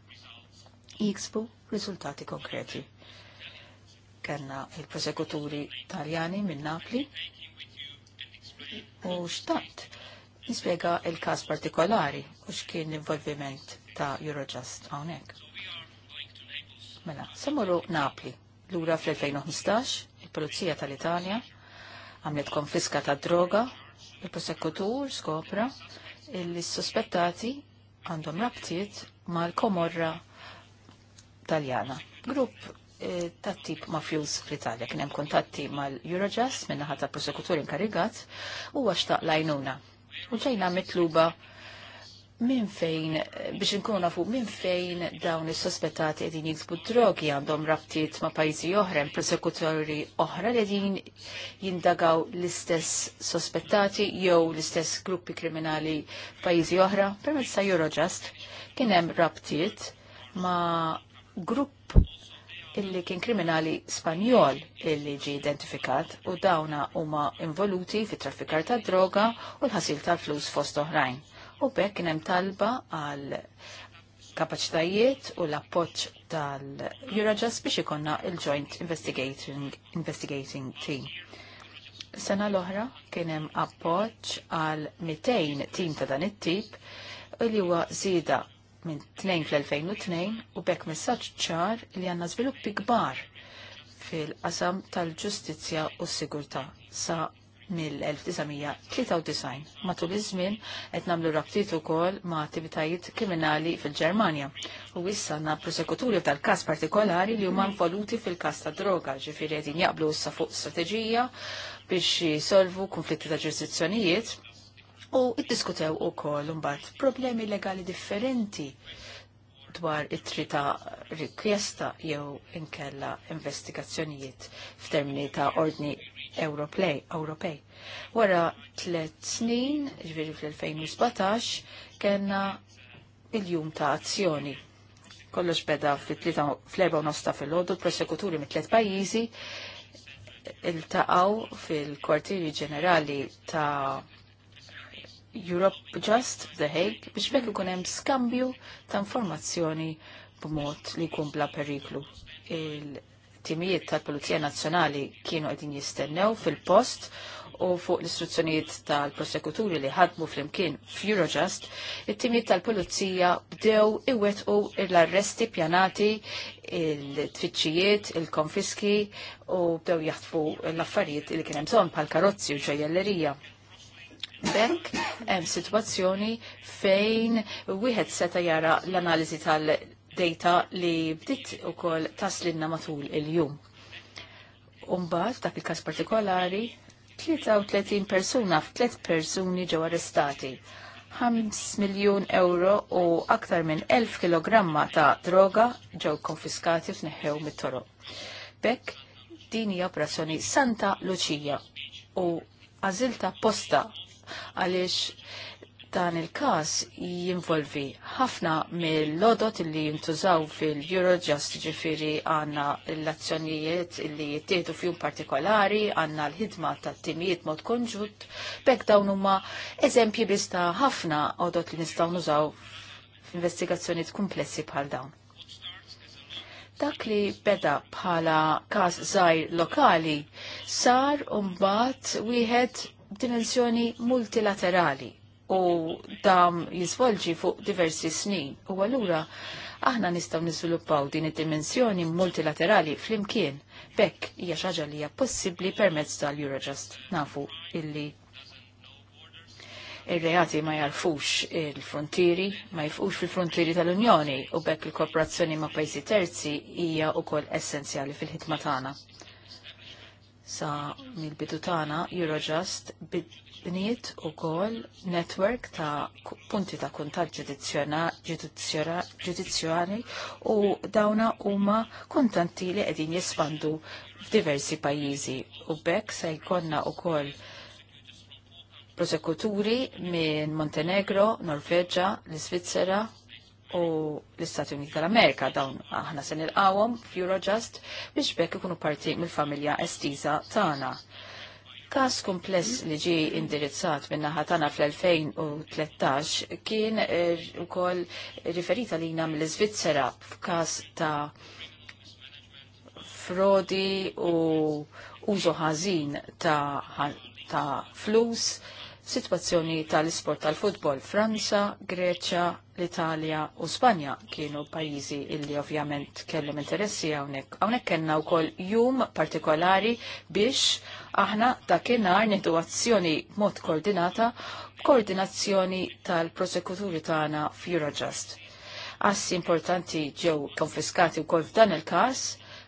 jiksbu riżultati konkreti. Kenna il-prosekuturi taljani minn Napli u xtant nispjega il-każ partikolari u x'kien l-involviment ta' Eurojust hawnhekk. Mela, semmuru Napli, lura fl-2015, il-Polizija tal-Italja għamlet konfiska ta' droga, il-prosekutur skopra illi sospettati għandhom rabtiet mal-komorra taljana. Grupp eh, ta' tip mafjuż fl-Italja kien hemm kuntatti mal-Eurojust minnaħa tal-prosekutur inkarigat u għax ta' lajnuna u ġejna mitluba minn fejn, biex nkuna fuq minn fejn dawn is-sospettati qegħdin jiksbu drogi għandhom rabtiet ma' pajjiżi oħra, prosekutori oħra li qegħdin jindagaw l-istess sospettati jew l-istess gruppi kriminali pajzi oħra permezz ta' Eurojust kien hemm rabtiet ma' grupp illi kien kriminali Spanjol illi ġi identifikat u dawna huma involuti fit traffikar ta' droga u l-ħasil tal-flus fost oħrajn. U bekk kien hemm talba għal kapaċitajiet u l-appoġġ tal-Eurojust biex ikonna il-Joint Investigating, Investigating Team. Sena l-oħra kien hemm appoġġ għal 200 tim ta' dan it-tip li huwa żieda minn tnejn fl-2002 u bekk messaġġ ċar li għandna żviluppi kbar fil-qasam tal-ġustizzja u s-sigurtà sa mill-1993 matul iż-żmien qed nagħmlu rabtiet ukoll ma' attivitajiet kriminali fil-Ġermanja u issa għandna prosekuturi tal-każ partikolari li huma involuti fil-każ ta' droga ġifieri qegħdin jaqblu issa fuq strateġija biex jisolvu konflitti ta' ġurisdizzjonijiet U id-diskutew u koll umbat problemi legali differenti dwar it trita rikjesta jew inkella investigazzjonijiet f'termini ta' ordni Ewropej. Wara tliet snin, ġviri fl-2017, kena il-jum ta' azzjoni. Kollox beda fl-4 ta' fil-ħodu, prosekuturi mit tliet pajjiżi iltaqgħu fil-kwartieri ġenerali ta' Europe Just The Hague biex bekk ikun hemm skambju ta' informazzjoni b'mod li jkun bla periklu. Il-timijiet tal-Pulizija Nazzjonali kienu qegħdin jistennew fil-post u fuq l-istruzzjonijiet tal-prosekuturi li ħadmu flimkien f'Eurojust, it-timijiet tal-Pulizija bdew iwetqu l-arresti pjanati, il-tfittxijiet, il-konfiski u bdew jaħtfu l-affarijiet li kien hemm bżonn bħal karozzi u ġejjellerija bank hemm sitwazzjoni fejn wieħed seta jara l-analiżi tal-data li bdiet ukoll taslinna matul il-jum. Umbagħad dak il-każ partikolari 33 persuna f'tliet persuni ġew arrestati. 5 miljun euro u aktar minn 1000 kg ta' droga ġew konfiskati f'neħħew mit-toroq. Bekk din hija operazzjoni Santa Lucia u għażilta posta għaliex dan il-kas jinvolvi ħafna mill-lodot li jintużaw fil-Eurojust ġifiri għanna l-azzjonijiet li jittieħdu fjum partikolari, għanna l-ħidma ta' timijiet mod konġut, bekk dawn huma eżempji bista ħafna odot li nistaw nużaw f'investigazzjonijiet komplessi bħal dawn dak li beda bħala kas zaħir lokali sar umbat wieħed dimensjoni multilaterali u dam jisvolġi fuq diversi snin. U għallura aħna nistaw niżviluppaw din id-dimensjoni multilaterali fl-imkien. Bekk hija xaġa li hija possibbli permezz tal-Eurojust. Nafu illi il reati ma jarfux il-frontieri, ma jifux fil-frontieri tal-Unjoni u bekk il-kooperazzjoni ma' pajjiżi terzi hija wkoll essenzjali fil-ħidma tagħna sa mill-bidu tagħna Eurojust bniet ukoll netwerk ta' punti ta' kuntat ġudizjoni u dawna huma kuntanti li qegħdin jispandu f'diversi pajjiżi u bekk se jkollna kol prosekuturi minn Montenegro, Norveġġa, l-Svizzera, u l-Istati Uniti tal-Amerika dawn aħna se nilqawhom f'Eurojust biex bekk ikunu parti mill-familja estiża tagħna. Każ kompless li ġi indirizzat minn naħa tagħna fl-2013 kien eh, ukoll riferita lina mill-Iżvizzera f'każ ta' frodi u użu ħażin ta', ta flus situazzjoni tal-isport tal-futbol. Franza, Greċja, l-Italja u Spanja kienu pajjiżi illi ovvjament kellhom interessi hawnhekk. Hawnhekk kellna wkoll jum partikolari biex aħna dakinhar nieħdu azzjoni mod koordinata b'koordinazzjoni tal-prosekuturi tagħna f'Eurojust. Assi importanti ġew konfiskati wkoll f'dan il-każ,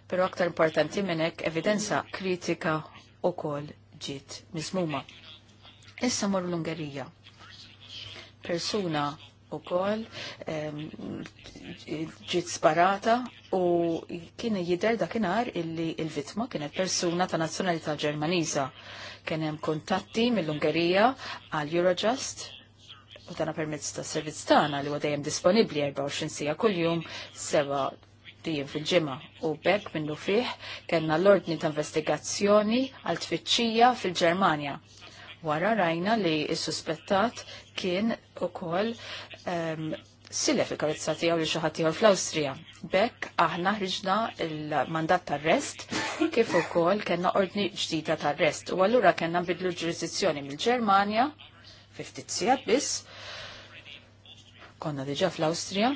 però aktar importanti minn hekk evidenza kritika wkoll ġiet miżmuma. Issa morru l-Ungerija. Persuna u kol ġit sparata u kien jider dakinar illi il-vitma kienet persuna ta' nazzjonalità ġermaniza. Kien hemm kontatti mill-Ungerija għal Eurojust u tana permezz ta' servizz tagħna li huwa dejjem disponibbli 24 sija kuljum seba' dijin fil-ġimgħa u bekk minnu fih kellna l-ordni ta' investigazzjoni għal tfittxija fil-Ġermanja Wara rajna li s-suspettat kien ukoll um, silef il-karozza tiegħu li xi ħadd fl-Awstrija. Bekk aħna ħriġna il-mandat tar-rest kif ukoll kellna ordni ġdida tar-rest. U allura kellna nbidlu ġurisdizzjoni mill-Ġermanja fi ftit sigħat biss. Konna diġà fl-Awstrija.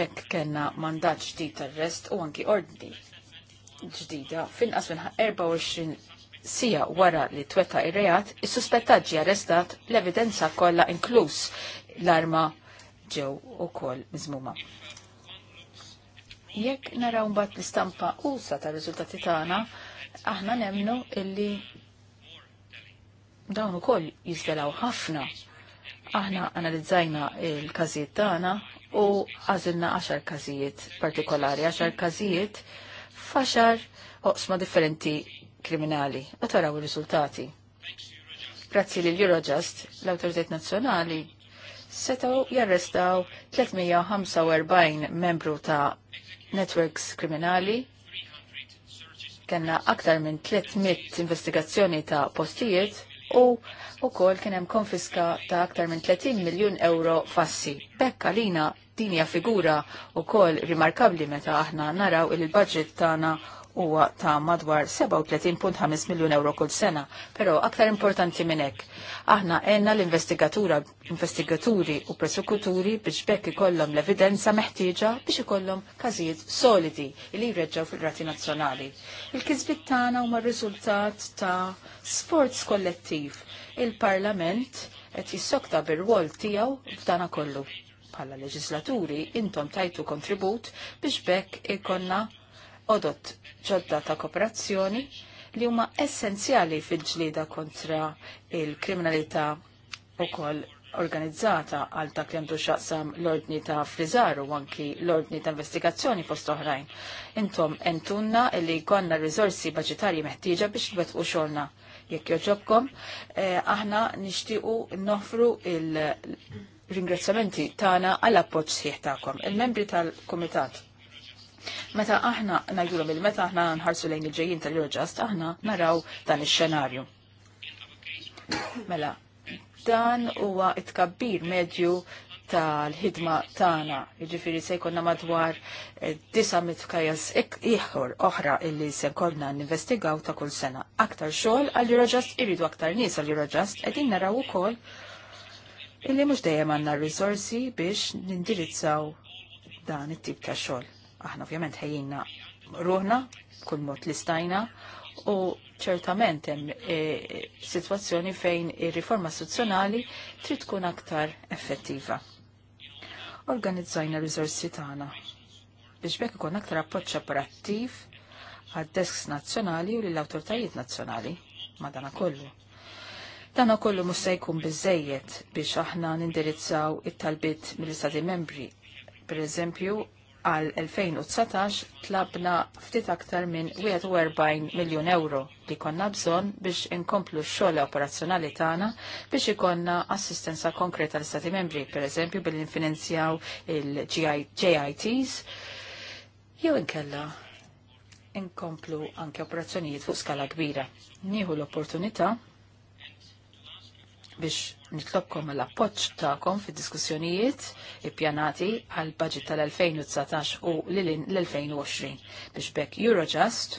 Bekk kellna mandat ġdida tar-rest u anki ordni ġdida finqas minn 24 sija wara li twetta ir-reat, is-suspettat ġie arrestat l-evidenza kollha inkluż l-arma ġew ukoll miżmuma. Jekk naraw mbagħad l-istampa usa tar-riżultati tagħna, aħna nemnu illi dawn ukoll jiżvelaw ħafna. Aħna analizzajna l każijiet tagħna u għażilna għaxar każijiet partikolari, għaxar każijiet faxar oqsma differenti kriminali. U taraw il-riżultati. Grazzi li l-Eurojust, l-autoritet nazzjonali, setaw jarrestaw 345 membru ta' networks kriminali, Kenna aktar minn 300 investigazzjoni ta' postijiet u u kol kienem konfiska ta' aktar minn 30 miljon euro fassi. Bekka għalina dinja figura u kol rimarkabli meta aħna naraw il-budget tana huwa ta' madwar 37.5 miljun euro kull sena, però aktar importanti minn hekk. Aħna għenna l-investigatura, investigaturi u persekuturi biex bekk ikollhom l-evidenza meħtieġa biex ikollhom każijiet solidi li jreġġaw fil-rati nazzjonali. Il-kisbit tagħna huma riżultat ta' sforz kollettiv. Il-Parlament qed jissokta bir-rwol tiegħu f'dana kollu. Bħala leġislaturi intom tajtu kontribut biex bekk ikonna odot ġodda ta' kooperazzjoni li huma essenzjali fil-ġlida kontra il-kriminalità u koll organizzata għal dak li għandu xaqsam l-ordni ta' frizaru u anki l-ordni ta' investigazzjoni fost oħrajn. Intom entunna li konna rizorsi budgetarji meħtieġa biex nwet u xorna. Jekk joġobkom, eh, aħna nishtiqu nofru il ringrazzamenti tagħna għall appoġġ sħiħ tagħkom. Il-membri tal-Kumitat Meta aħna ngħidulhom il meta aħna nħarsu lejn il-ġejjin tal-Eurojust aħna naraw dan ix-xenarju. Mela, dan huwa it-kabbir medju tal-ħidma tagħna, jiġifieri se jkollna madwar eh, disa' mitkajas ieħor oħra illi se jkollna ninvestigaw ta' kull sena. Aktar xogħol għal Eurojust iridu aktar nies għal Eurojust qegħdin naraw ukoll illi mhux dejjem għandna r-risorsi biex nindirizzaw dan it-tip ta' xogħol aħna ovvjament ħejjina ruħna, kull mod li stajna, u ċertament hemm e, situazzjoni fejn ir-riforma istituzzjonali trid tkun aktar effettiva. Organizzajna riżorsi tagħna biex bekk ikun aktar appoġġ operattiv għad-desks nazzjonali u lill-awtoritajiet nazzjonali dana kollu. Dana kollu mhux se jkun biżejjed biex aħna nindirizzaw it-talbiet mill-Istati membri. Per eżempju, għal 2019 tlabna ftit aktar minn 41 miljon euro li konna bżon biex inkomplu x-xogħol e operazzjonali tagħna biex ikonna assistenza konkreta l stati membri, per eżempju billi nfinanzjaw il-JITs jew inkella inkomplu anke operazzjonijiet fuq skala kbira. Nieħu l-opportunità biex nitlobkom l-appoġġ tagħkom fid-diskussjonijiet ippjanati għal budget tal-2019 u l-2020 biex bekk Eurojust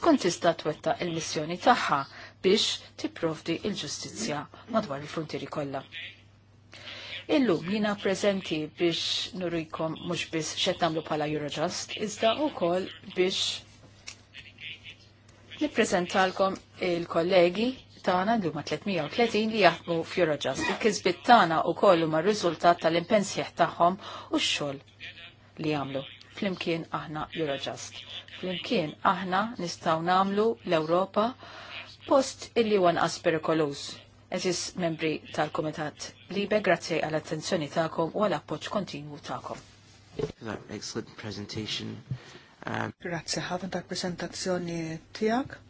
tkun tista' twetta il-missjoni tagħha biex tipprovdi il-ġustizzja madwar il-frontieri kollha. Illum jina prezenti biex nurikom mux biex xed namlu pala Eurojust, iżda u kol biex niprezentalkom il-kollegi Tana li huma 330 li jaħdmu f'Eurojust. Il-kisbit tagħna wkoll huma r-riżultat tal-impensjeħ tagħhom u x-xogħol li jagħmlu. Flimkien aħna Eurojust. Flimkien aħna nistgħu nagħmlu l-Ewropa post illi huwa nqas perikolus. Eżis membri tal-Kumitat Libe, grazzi għall attenzjoni tagħkom u għall appoġġ kontinwu tagħkom. Grazie um, Grazzi ħafna tal-presentazzjoni tiegħek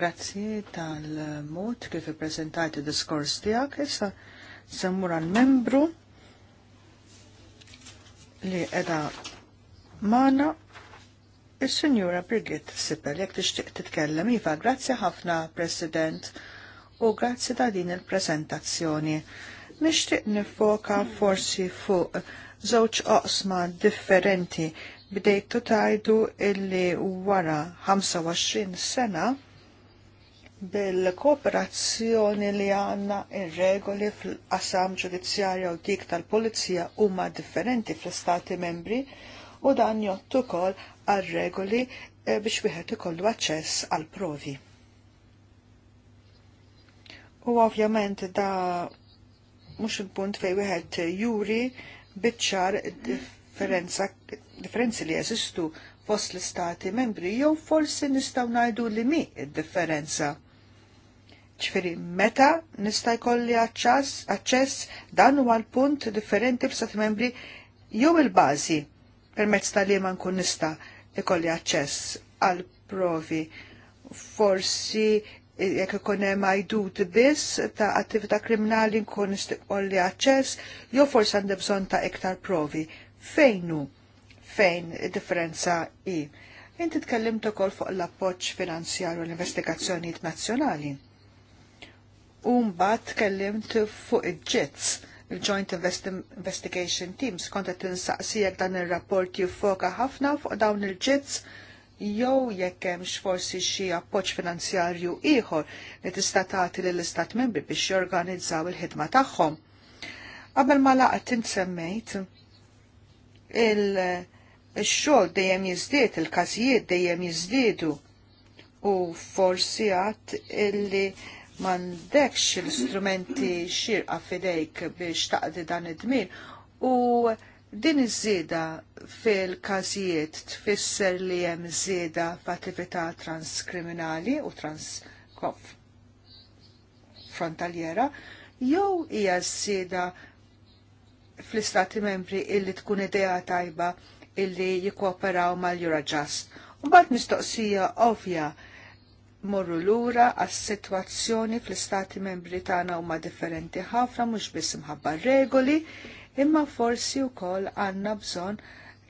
Grazzi tal-mod kif ippreżentajt id-diskors tiegħek. Issa semmur għal-membru li qiegħda magħna is-Sinjura Brigitte Sipel, jekk tixtieq titkellem iva, grazzi ħafna President u grazzi ta' din il-prezentazzjoni. Nixtieq nifoka forsi fuq żewġ oqsma differenti bdejtu tajdu illi wara 25 sena bil-kooperazzjoni li għanna il regoli fl-qasam ġudizzjarja u dik tal-Polizija huma differenti fl-Stati membri u dan jottu kol għal-regoli eh, biex wieħed ikollu aċċess għal-provi. U ovvjament da mhux il-punt fejn wieħed juri biċċar differenzi li jeżistu fost l-istati membri jew forsi nistgħu ngħidu li mi id-differenza ċifiri meta nista' jkolli aċċess dan huwa l-punt differenti f'sat membri jew il-bażi permezz tal liema nkun nista' ikolli aċċess għal provi. Forsi jekk ikun hemm ajdut biss ta' attività kriminali nkun ikolli aċċess jew forsi għandi bżonn ta' iktar provi. Fejnu? Fejn differenza i? Inti tkellimt ukoll fuq l-appoġġ finanzjarju l-investigazzjonijiet nazzjonali u mbagħad tkellimt fuq il-ġets il-Joint Investigation Teams konta tinsaqsi jekk dan ir-rapport jiffoka ħafna fuq dawn il-ġets jew jekk hemmx forsi xi appoġġ finanzjarju ieħor li tista' tagħti lill-istat membri biex jorganizzaw il-ħidma tagħhom. Qabel ma laqgħet insemmejt il-xogħol dejjem jiżdied, il-każijiet dejjem jiżdiedu u forsi għat illi m'għandekx l-istrumenti xirqa fidejk biex taqdi dan id-dmir u din iż-żieda fil-każijiet tfisser li hemm żieda f'attività transkriminali u transkof frontaljera jew hija żieda fl-istati membri illi tkun idea tajba illi jikkooperaw mal-Eurojust. Mbagħad mistoqsija ovvja morru lura għas sitwazzjoni fl-istati membri tagħna huma differenti ħafna mhux biss imħabba regoli, imma forsi wkoll għandna bżonn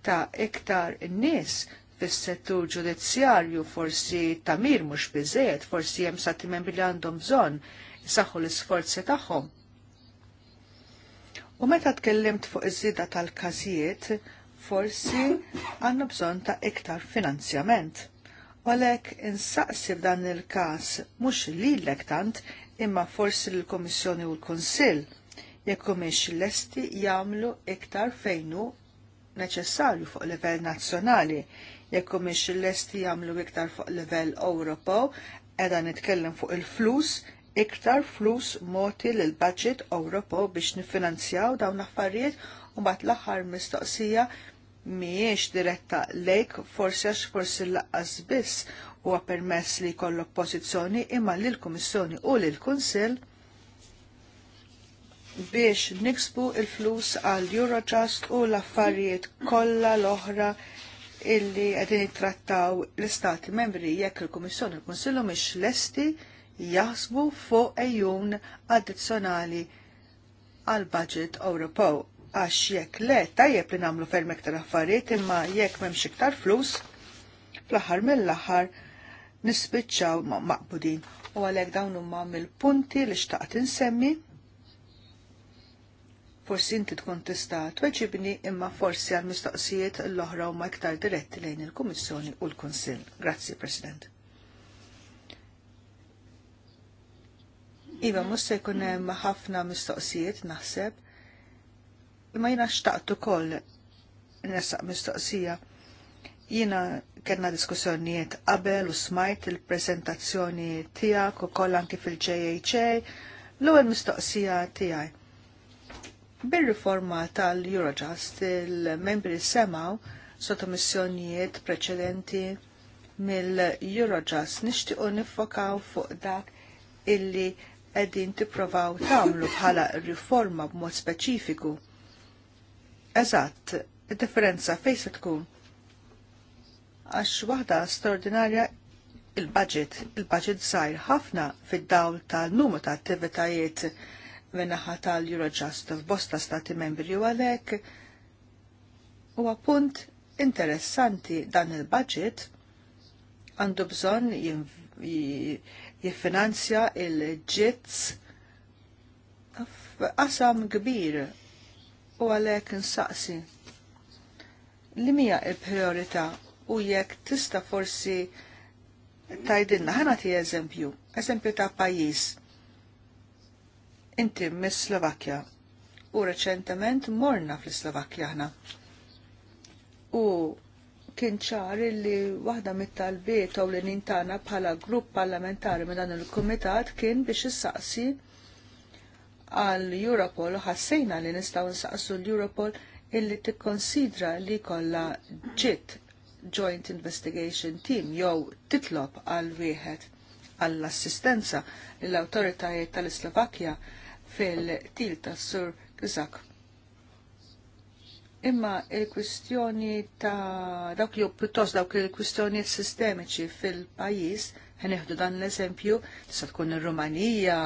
ta' iktar nies fis-settur ġudizzjarju forsi tamir mhux biżejjed, forsi hemm stati membri li għandhom bżonn isaħħu l-isforzi tagħhom. U meta tkellimt fuq iż-żida tal-każijiet, forsi għandna bżonn ta' iktar finanzjament Għalek insaqsi dan il-kas mux li l lektant tant imma forsi l-Komissjoni u l-Konsil jekk l-esti jamlu iktar fejnu neċessarju fuq level nazzjonali jekk l-esti jamlu iktar fuq livell Ewropew edha nitkellem fuq il-flus iktar flus moti l budget Ewropew biex nifinanzjaw dawn l-affarijiet u bat l-aħħar mistoqsija miex diretta lejk forsi għax forsi laqqas biss huwa permess li jkollok pozizjoni imma l-Komissjoni u l kunsill biex niksbu il-flus għal Eurojust u l-affarijiet kollha l-oħra illi għedin trattaw l-Istati membri jekk il-Komissjoni il miex l lesti jaħsbu fuq ejjun addizzjonali għal budget Ewropew għax jekk le tajjeb li nagħmlu ferm ektar affarijiet imma jekk m'hemmx iktar flus fl-aħħar mill-aħħar nispiċċaw maqbudin. U għalhekk dawn huma mill-punti li xtaqt insemmi. Forsi inti tkun tista' tweġibni imma forsi għal mistoqsijiet l-oħra huma iktar diretti lejn il-Kummissjoni u l-Kunsill. Grazzi, President. Iva, musta jkun hemm ħafna mistoqsijiet naħseb imma jina xtaqt ukoll nessaq mistoqsija. Jina kena diskussjonijiet qabel u smajt il-prezentazzjoni tijak u koll anki fil-JHA l-ewwel mistoqsija tiegħi. Bir-riforma tal-Eurojust il-membri semaw sottomissjonijiet preċedenti mill-Eurojust nixtiequ nifokaw fuq dak illi qegħdin tipprovaw tagħmlu bħala riforma b'mod speċifiku eżatt id-differenza fejn se tkun. Għax waħda straordinarja il-budget, il-budget żgħir ħafna fid-dawl tal-numru ta' attivitajiet minnaħa tal-Eurojust f'bosta stati membri u għalhekk huwa punt interessanti dan il-budget għandu bżonn jiffinanzja il-ġitz f'qasam kbir u għalhekk insaqsi li il priorita u jekk tista' forsi tajdinna ħana ti eżempju, eżempju ta' pajjiż. Inti mis Slovakkja u reċentement morna fl slovakja ħna. U kien ċar li waħda mit-talbiet u l-nintana bħala grupp parlamentari minn dan il-komitat kien biex issaqsi għal Europol ħassejna li nistaw nsaqsu l-Europol illi tikkonsidra li kolla ġit Joint Investigation Team jew titlob għal wieħed għall-assistenza l-autoritajiet tal-Slovakkja fil-til ta' Sur Kizak. Imma il-kwistjoni ta' dawk li pjuttost dawk il-kwistjoni sistemiċi fil-pajis, ħeneħdu dan l-eżempju, tista' tkun ir-Rumanija,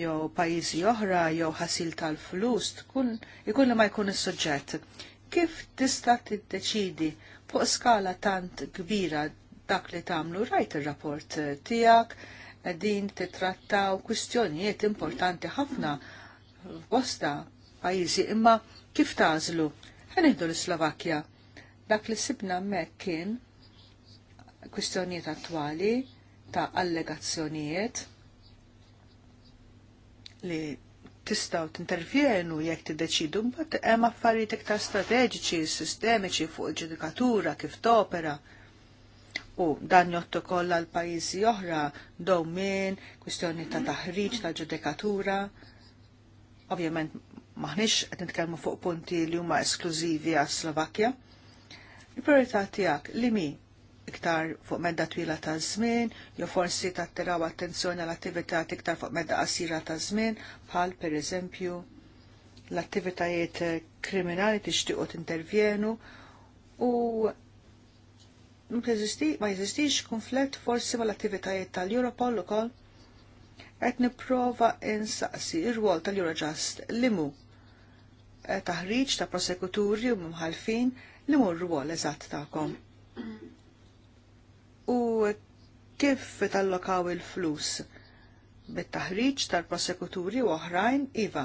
jew pajjiżi oħra jew ħasil tal-flus tkun ikun li ma jkun is-suġġett. Kif tista' tiddeċidi fuq skala tant kbira dak li tagħmlu rajt ir-rapport tiegħek din titrattaw kwistjonijiet importanti ħafna f'bosta pajjiżi imma kif tażlu? Ħanihdu l-Slovakkja. Dak li sibna hemmhekk kien kwistjonijiet attwali ta' allegazzjonijiet li tistaw t-intervjenu jekk t-deċidu, mbatt hemm affarijiet iktar strateġiċi, sistemiċi fuq il-ġudikatura kif topera. U dan jottu kolla l pajjiżi oħra, min, kwistjoni ta' taħriġ ta' ġudikatura. Ovvjament maħniex qed nitkellmu fuq punti li huma esklużivi għas Slovakkja. il prioritati tiegħek li mi iktar fuq medda twila ta' żmien, jew forsi tattiraw attenzjoni għal attività iktar fuq medda qasira ta' żmien, bħal pereżempju l-attivitajiet eh, kriminali tixtiequ tintervjenu u ma jeżistix konflett forsi mal attivitajiet tal-Europol ukoll qed nipprova insaqsi ir-rwol tal-Eurojust li mu eh, taħriġ ta' prosekuturi u mħalfin li mu r-rwol eżatt tagħkom u kif tallokaw il-flus bit-taħriġ tal-prosekuturi u oħrajn iva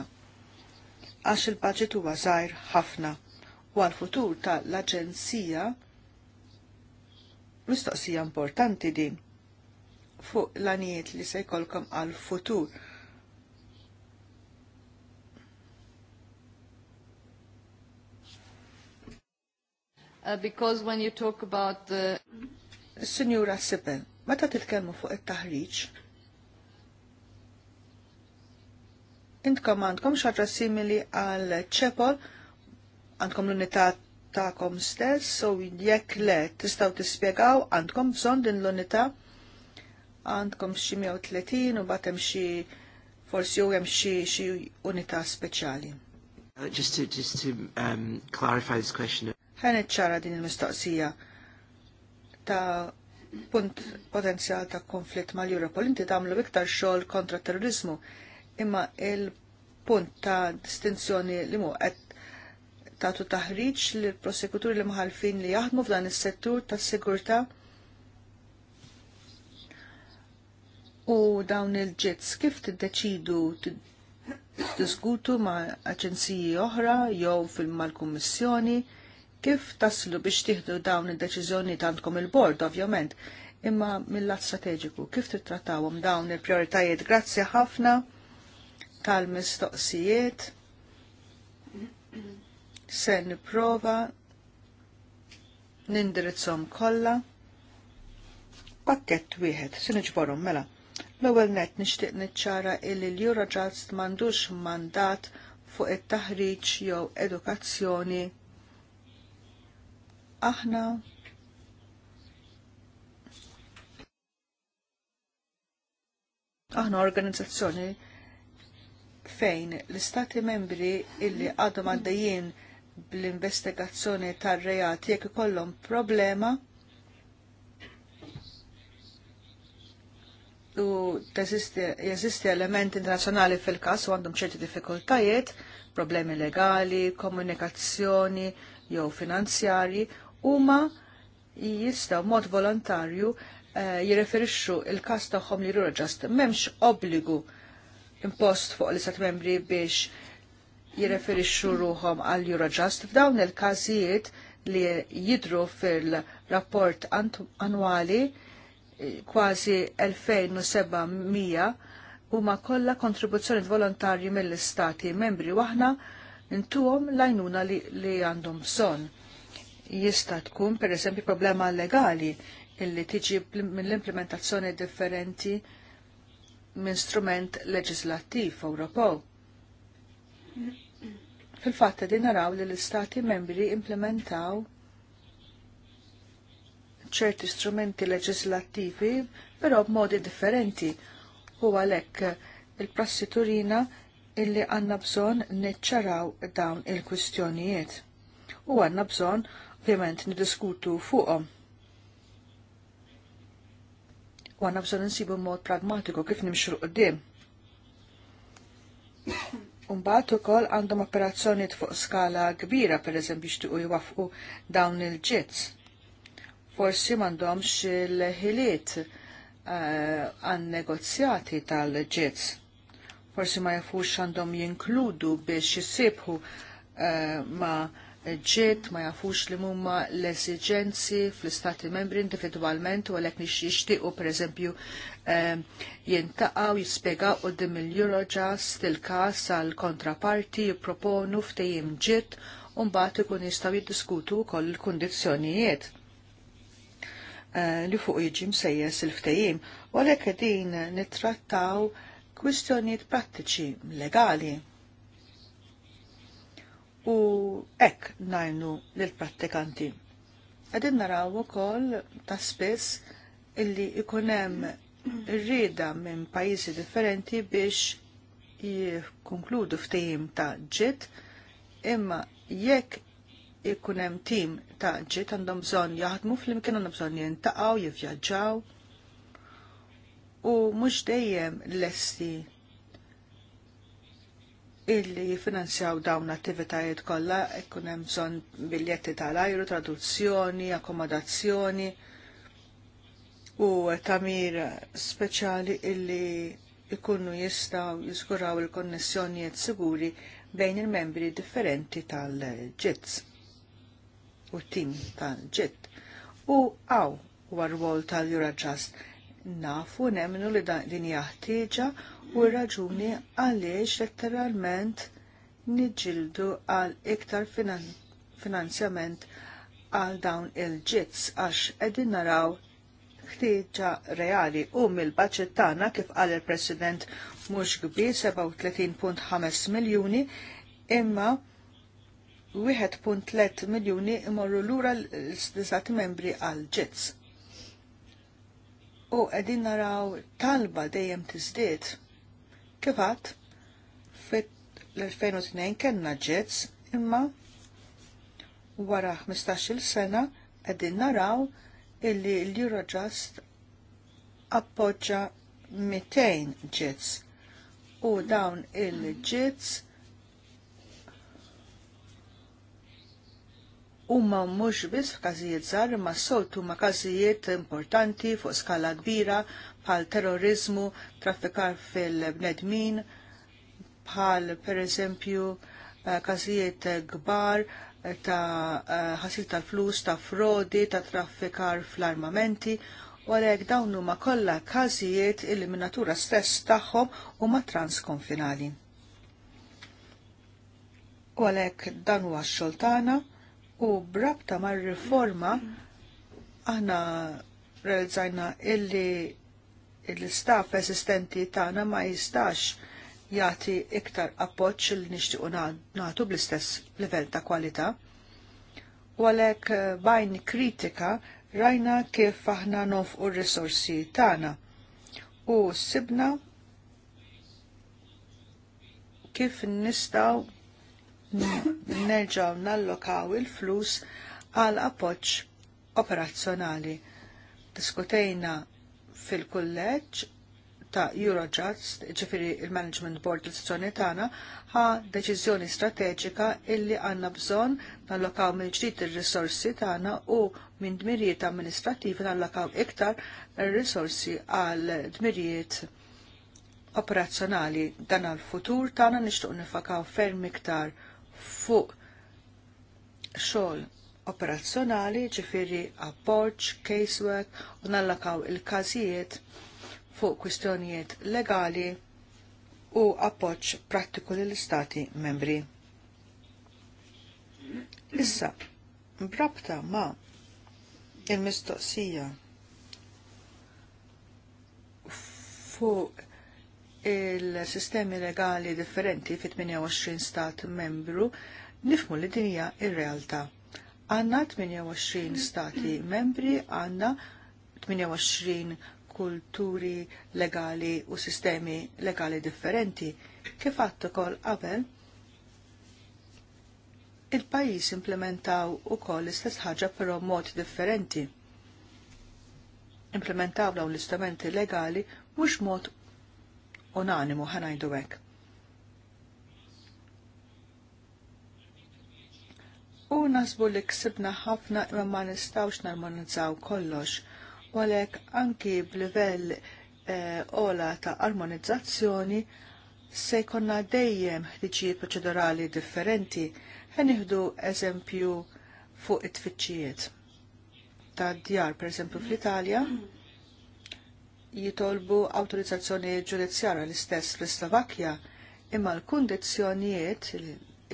għax il-budget huwa żgħir ħafna u għal-futur tal-Aġenzija mistoqsija importanti din fuq l-anijiet li se jkollkom għal-futur. Uh, because when you talk about the... Signora Sippen, meta titkellmu fuq it-taħriġ, intkom għandkom xadra simili għal ċepol, għandkom l-unità ta'kom stess, so jekk le tistaw tispjegaw, għandkom bżon din l-unità, għandkom xi 130 u batem xi forsi u hemm xi unità speċjali. Uh, just to, just to um, clarify this question. Ħanet ċara din il-mistoqsija ta' punt potenzjal ta' konflitt mal-Europol. Inti tagħmlu iktar xogħol kontra terrorizmu, imma il-punt ta' distinzjoni li mu qed tagħtu taħriġ li prosekuturi li maħalfin li jaħdmu f'dan is-settur tas-sigurtà u dawn il-ġets kif tiddeċidu diskutu ma' aġenziji oħra jew fil-mal-kummissjoni Kif taslu biex tieħdu dawn id-deċiżjoni tantkom il-bord, ovvjament, imma mill-lat strateġiku, kif tittrattawhom dawn il-prioritajiet? Grazzi ħafna tal-mistoqsijiet. Se nipprova nindirizzhom kollha. Pakkett wieħed, se niġborhom mela. L-ewwel net nixtieq niċċara illi l-Eurojust m'għandux mandat fuq it-taħriġ jew edukazzjoni aħna aħna organizzazzjoni fejn l-istati membri illi għadhom għaddejjin bl-investigazzjoni tar rejat jekk ikollhom problema u jeżisti element internazzjonali fil-każ u għandhom ċerti diffikultajiet, problemi legali, komunikazzjoni jew finanzjarji huma jistgħu mod volontarju eh, jirreferixxu il-każ tagħhom li Eurojust m'hemmx obbligu impost fuq l-istat membri biex jirreferixxu ruhom għal Eurojust f'dawn il-każijiet li jidru fil-rapport annwali kważi 2700 huma kollha kontribuzzjoni volontarji mill-istati membri waħna intuhom l-għajnuna li għandhom bżonn jista' tkun pereżempju problema legali illi tiġi mill-implementazzjoni differenti minn strument leġislattiv Ewropew. Fil-fatt qegħdin naraw li l-istati membri implementaw ċerti strumenti leġislattivi però b'modi differenti u għalhekk il-prassi turina illi għandna bżonn niċċaraw dawn il-kwistjonijiet. U għandna bżonn ovvjament nidiskutu fuqhom. U għanna bżon nsibu mod pragmatiku kif nimxu qoddim. Umbat u kol għandhom operazzjoniet fuq skala kbira, per biex xtiqu jwafqu dawn il-ġets. Forsi mandomx il-ħiliet eh, għan negozjati tal-ġets. Forsi ma jafux għandhom jinkludu biex jisibhu eh, ma' ġiet ma jafux li mumma l-esigenzi fl-istati membri individualment u għalek nix jishtiqu per eżempju jintaqaw jispiega u dim il-Eurojust il-kas għal kontraparti jiproponu ftejim ġiet un-bat ikun jistaw jiddiskutu kol il-kondizjonijiet eh, li fuq jiġi msejjes il-ftejim u għalek din nittrattaw kwistjonijiet prattiċi legali u ek najnu l-prattikanti. Għadin naraw ukoll ta' spess illi ikunem rrida minn pajjiżi differenti biex jikonkludu ftehim ta' ġit imma jekk ikun hemm tim ta' ġit għandhom bżonn jaħdmu flimkien għandhom bżonn jintaqgħu, jivvjaġġaw u mhux dejjem lesti illi jifinanzjaw dawn l-attivitajiet kollha ikun hemm bżonn biljetti tal-ajru, traduzzjoni, akkomodazzjoni u tamir speċjali illi ikunu jistaw jiskuraw il-konnessjonijiet siguri bejn il-membri differenti tal-ġitz u tim tal ġitt U għaw war rwol tal-Eurojust nafu nemnu li din jaħtieġa u raġuni għaliex letteralment niġildu għal iktar finan finanzjament għal dawn il-ġitz għax edin naraw ħtieġa reali u mill-baċet tagħna kif qal il-President mhux kbir 37.5 miljuni imma 1.3 miljuni imorru lura l-istat membri għal ġitz. U qegħdin naraw talba dejjem tiżdied Kifat, fit l-2002 kena ġets imma wara 15-il sena għedin naraw illi l-Eurojust appoġġa 200 ġets u dawn il-ġets huma mhux biss f'każijiet żgħar imma s ma huma każijiet importanti fuq skala kbira bħal terrorizmu, traffikar fil-bnedmin, bħal pereżempju eh, każijiet kbar ta' eh, ħasil tal-flus, ta' frodi, ta' traffikar fl-armamenti, u għalhekk dawn huma kollha każijiet il-minatura stess tagħhom huma transkonfinali. U għalhekk dan huwa x-xoltana, U brabta mar riforma aħna realizzajna illi l-istaff ill esistenti tagħna ma jistax jagħti iktar appoġġ li nixtiequ nagħtu bl-istess livell ta' kwalità. U għalhekk eh, bajn kritika rajna kif aħna nofqu r-risorsi tagħna u sibna kif nistaw nerġaw nallokaw il-flus għal appoġġ operazzjonali. Diskutejna fil-kulleġġ ta' Eurojust, ġifiri il-Management Board l-istituzzjoni tagħna, ħa deċiżjoni strateġika illi għandna bżonn nallokaw minn ġdid ir-risorsi tagħna u minn dmirijiet amministrativi nallokaw iktar risorsi għal dmirijiet operazzjonali dan għal futur tagħna nixtieq nifakaw ferm iktar fuq xogħol operazzjonali ġifiri appoġġ, casework u nallakaw il-każijiet fuq kwistjonijiet legali u appoġġ prattiku lill istati membri. Issa, brabta ma il-mistoqsija fuq il-sistemi legali differenti fit-28 stat membru nifmu li dinja ir-realtà. Għanna 28 stati membri, għanna 28 kulturi legali u sistemi legali differenti. Kif għattu kol qabel, il-pajis implementaw u kol l-istess ħaġa però mod differenti. Implementaw dawn l-istamenti legali mhux mod unanimu ħanajdu hekk. U nasbu li ksibna ħafna imma ma nistawx narmonizzaw kollox, u għalhekk anki b'livell għola eh, ola ta' armonizzazzjoni se jkollna dejjem ħtiġi proċedurali differenti, ħeniħdu eżempju fuq it-tfittxijiet. Ta' djar, per eżempju, fl-Italja, jitolbu autorizzazzjoni ġudizzjara l-istess fl-Slovakkja, imma l-kundizzjonijiet,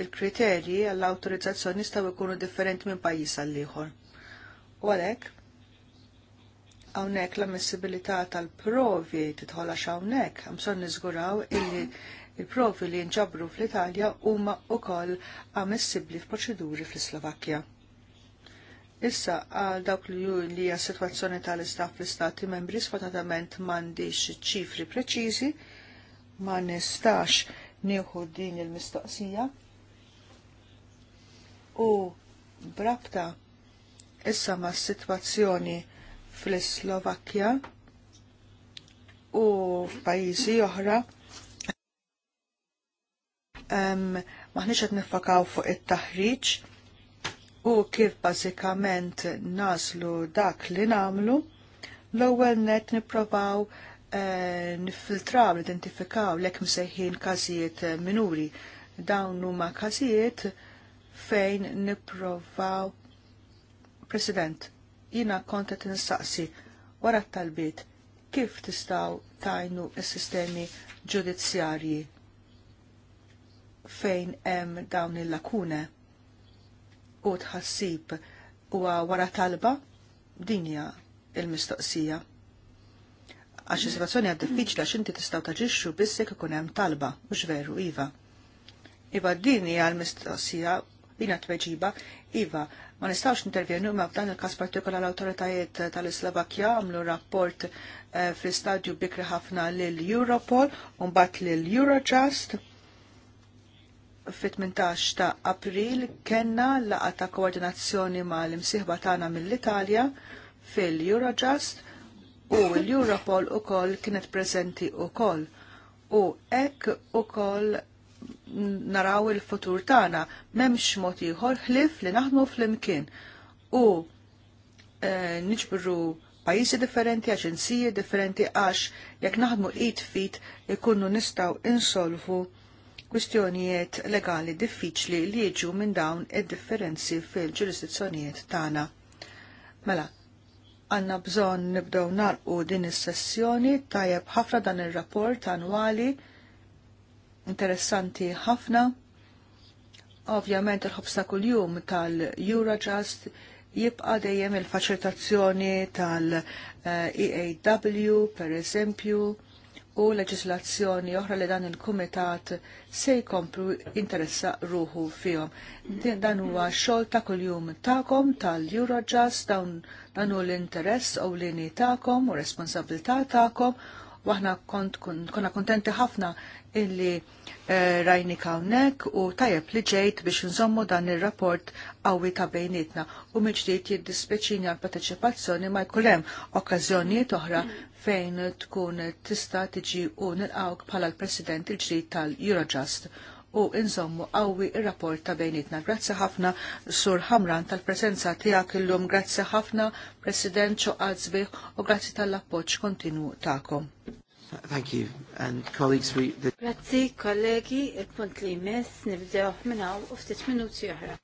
il-kriterji għall-autorizzazzjoni jistgħu jkunu differenti minn pajjiż għal ieħor. U għalhekk hawnhekk l-ammissibilità tal-provi tidħol għax hawnhekk hemm bżonn niżguraw illi il-provi li nġabru fl-Italja huma wkoll ammissibbli f'proċeduri fl-Slovakkja. Issa għal dawk li ju li għas sitwazzjoni tal-istaff fl-istati membri sfatatament m'għandix ċifri preċiżi, ma nistax nieħu din il-mistoqsija. U brabta issa ma' sitwazzjoni fl-Slovakkja u f'pajjiżi oħra um, maħniċ qed nifakaw fuq it-taħriġ u kif bażikament naslu dak li namlu, l-ewwel net nipprovaw e, nifiltraw, identifikaw lek msejħin każijiet eh, minuri. Dawn huma każijiet fejn nipprovaw President, jina kontet nistaqsi wara t-talbiet kif tistaw tajnu s-sistemi ġudizzjarji fejn hemm dawn il-lakune u tħassib u wara talba dinja il-mistoqsija. Għax is-situazzjoni għad diffiċli għax inti tistgħu taġixxu biss jekk ikun hemm talba, mhux veru iva. Iva din hija l-mistoqsija jina tweġiba, iva, ma nistawx intervjenu ma f'dan il-kas partikola l-autoritajiet tal-Slovakja għamlu rapport eh, fl-istadju bikri ħafna l-Europol, un bat l-Eurojust, fit-18 ta' april kenna laqa ta' koordinazzjoni ma' l-imsiħba tagħna mill-Italja fil-Eurojust u l-Europol u kol kienet prezenti u kol. u ek u kol naraw il-futur tagħna m'hemmx mod ieħor ħlif li naħdmu flimkien u e, niġbru pajjiżi differenti, aġenziji differenti għax jekk naħdmu id fit ikunu nistgħu insolvu kwistjonijiet legali diffiċli li jiġu minn dawn id-differenzi fil-ġurisdizzjonijiet tagħna. Mela, għanna bżon nibdew narqu din is-sessjoni tajjeb ħafna dan ir-rapport annwali interessanti ħafna. Ovvjament il-ħobsa kuljum tal-Eurojust jibqa' dejjem il-faċilitazzjoni tal-EAW per eżempju u leġislazzjoni oħra li dan il-kumitat se jkomplu interessa ruħu fihom. Dan huwa xogħol ta' kuljum tagħkom tal-Eurojust dawn dan hu l-interess u lini tagħkom u responsabilità tagħkom u aħna kont konna kontenti ħafna illi eh, rajni kawnek u tajab li ġejt biex nżommu dan il-rapport għawi ta' bejnietna u miġdiet jiddispeċini għal parteċipazzjoni ma' jkullem okkazjonijiet oħra fejn tkun tista tiġi u nilqawk bħala l-President il-ġdid tal-Eurojust u inżommu qawwi il rapport ta' bejnietna. Grazzi ħafna Sur Hamran tal-preżenza tiegħek illum, grazzi ħafna President Ċoqazbih u grazzi tal-appoġġ kontinu tagħkom. Thank you and colleagues we the... Grazzi kollegi, il-punt li jmiss nibdew minn hawn u ftit minuti oħra.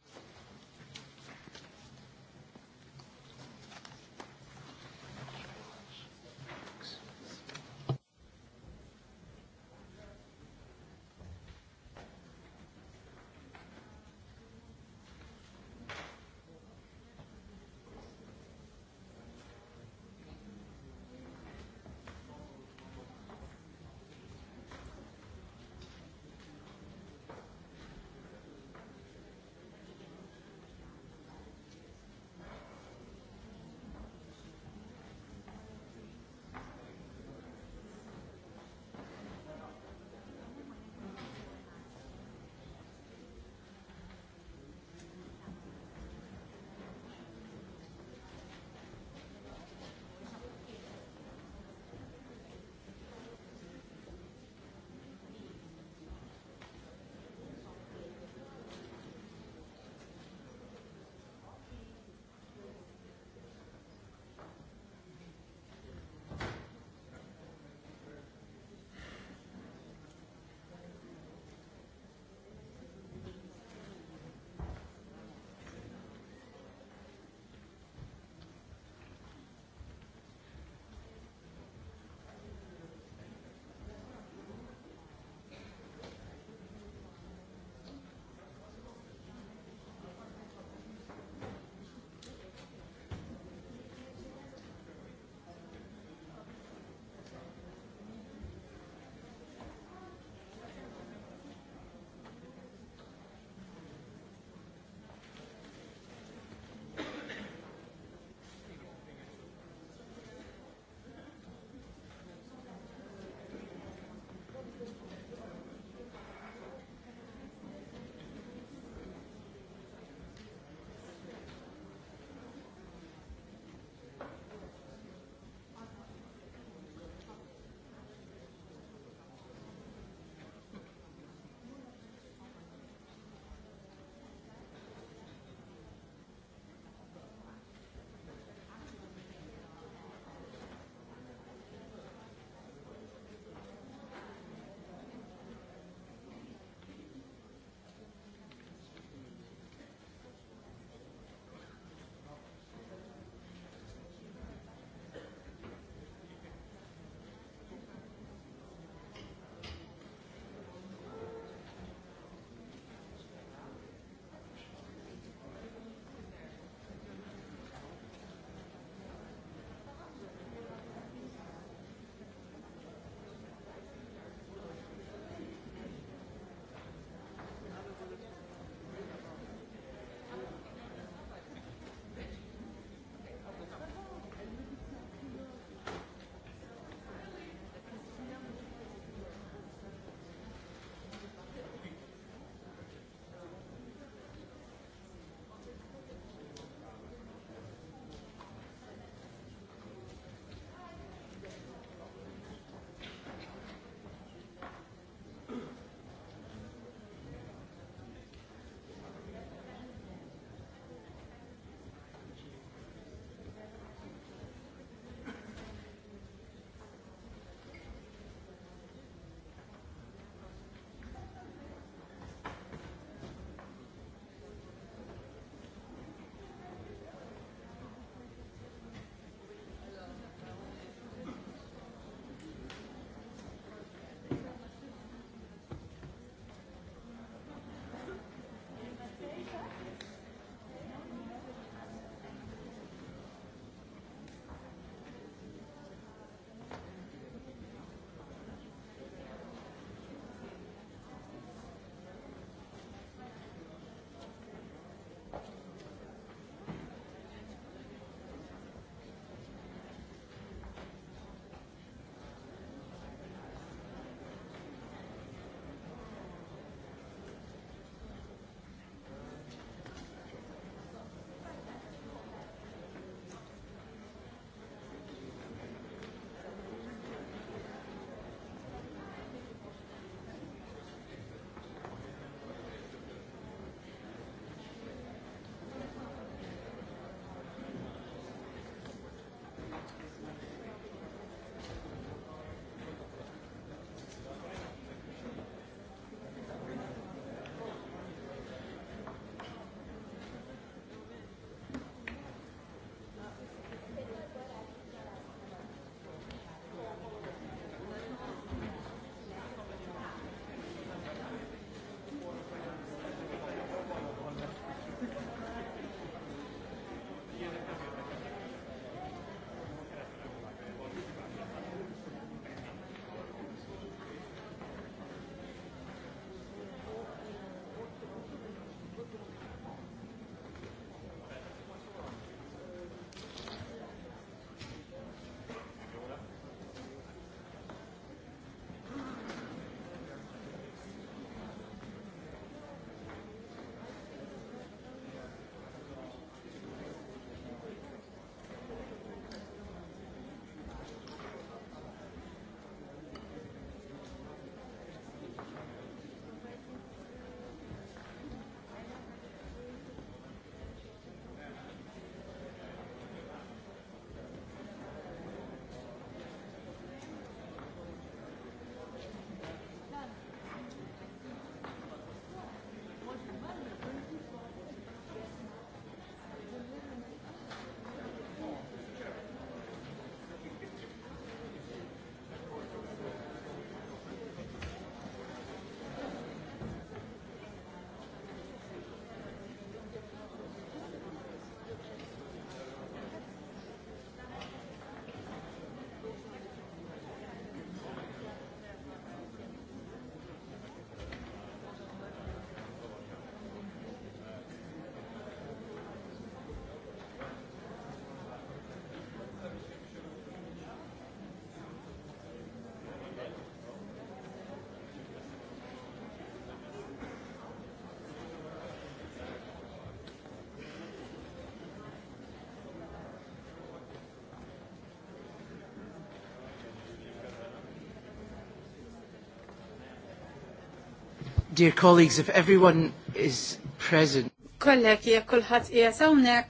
Dear colleagues, if everyone is present. Kollek, jek kullħat ija sawnek,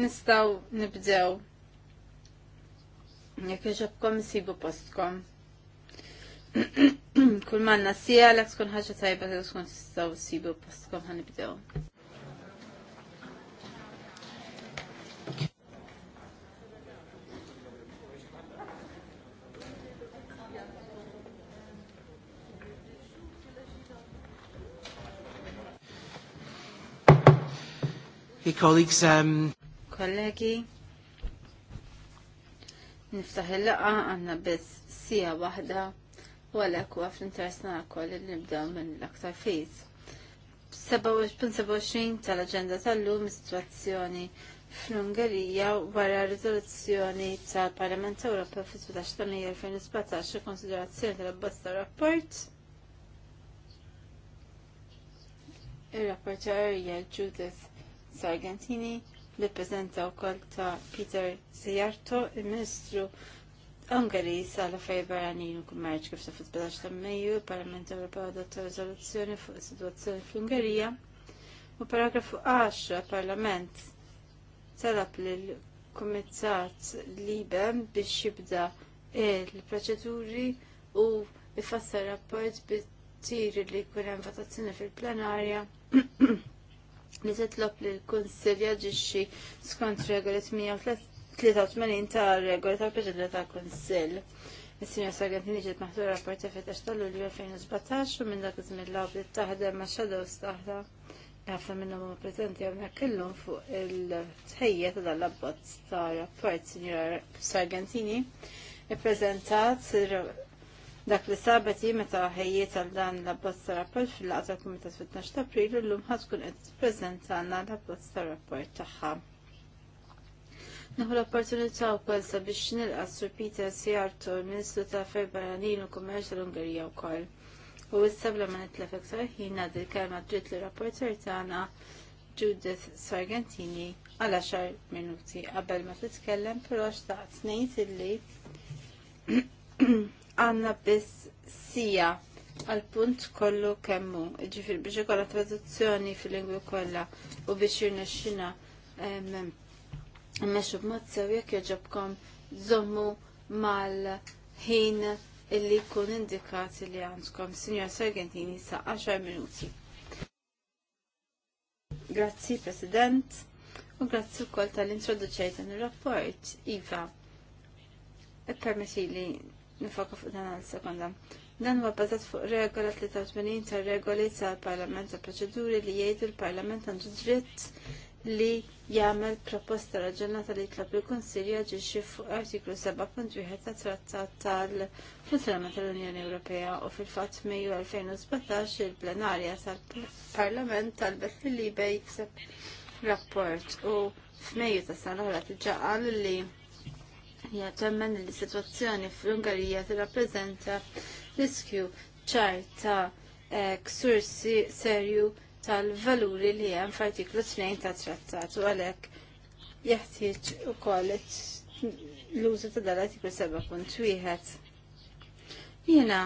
nistaw nibdew. Jek iġabkom sibu postkom. Kull manna sija l-ek tkun ħagġa tajba l-ek sibu postkom ħanibdew. colleagues. Um, Kollegi, niftaħ il-laqa għanna biss sija wahda u għalek u għaf interess interessna koll li nibda minn l-aktar fiz. 27 tal-agenda tal-lum situazzjoni fl-Ungerija wara rizoluzzjoni tal-Parlament Ewropew fis-17 ta' Mejju 2017 konsiderazzjoni tal-abbozz rapport ir rapporteur Judith Sargentini li prezenta wkoll ta' Peter Sijarto, il-Ministru Ungaris għal affarijiet barranin u kummerċ kif sa fit ta' Mejju, il-Parlament Ewropew adotta riżoluzzjoni fuq is-sitwazzjoni fl-Ungerija u paragrafu 10 Parlament telab lil kumitat libem biex jibda il-proċeduri u ifassar rapport bit-tir li jkun hemm votazzjoni fil-plenarja li titlob li l-Kunsill jaġixxi skont regoli 83 ta' regoli tal-Preġedra tal-Kunsill. is sinjor Sargentini ġiet maħtur rapporti fit-10 l Lulju 2017 u minn dak iż-żmien l-għabli taħdem ma' Shadows staħda ħafna minnhom huma preżenti hawnhekk kellhom fuq il-tħejja ta' dan l-abbozz ta' rapport Sinjor Sargentini ippreżentat Dak li sabet meta ħejjiet għal dan l abbozza rapport fil-laqgħa tal-Kumitat ta' April illum ħad tkun qed tippreżentana l abbozza ta' rapport tagħha. Naħu l-opportunità wkoll sabiex nil Sur Peter Sjartu, Ministru ta' affer Barranin u Kummerċ tal-Ungerija wkoll. U issa bla ma nitlef iktar ħin ngħaddi kelma dritt li rapporter tagħna Judith Sargentini għal 10 minuti qabel ma titkellem però xtaqt ngħid illi għanna biss sija għal-punt kollu kemmu, ġifir biex ikolla traduzzjoni fil-lingwi kollha u biex jirnexxina meċu b'mod sew jekk jogħġobkom żommu mal-ħin illi jkun indikat li għandkom. Sinjor Sargentini sa 10 minuti. Grazzi, President. U grazzi wkoll tal introduċajt dan ir rapport Iva. E permessi li nifoka fuq dan għal-sekonda. Dan huwa bbażat fuq regola 83 tar-regoli tal-Parlament ta' proċeduri li jgħidu l-Parlament għandu dritt li jagħmel proposta raġunata li jitlob il-Kunsilj jaġixxi fuq artiklu 7.1 ta' Trattat tal-Funzjonament tal-Unjoni Ewropea u fil-fatt Mejju 2017 il-plenarja tal-Parlament talbet li libej rapport u f'Mejju tas-sena l-ħorat li hija temmen li situazzjoni fl-Ungarija tirrappreżenta riskju ċar ta' eh, ksursi serju tal-valuri li hemm f'artiklu 2 ta' trattat u għalhekk jeħtieġ ukoll l-użu ta' dal-artiklu 7.1. Jiena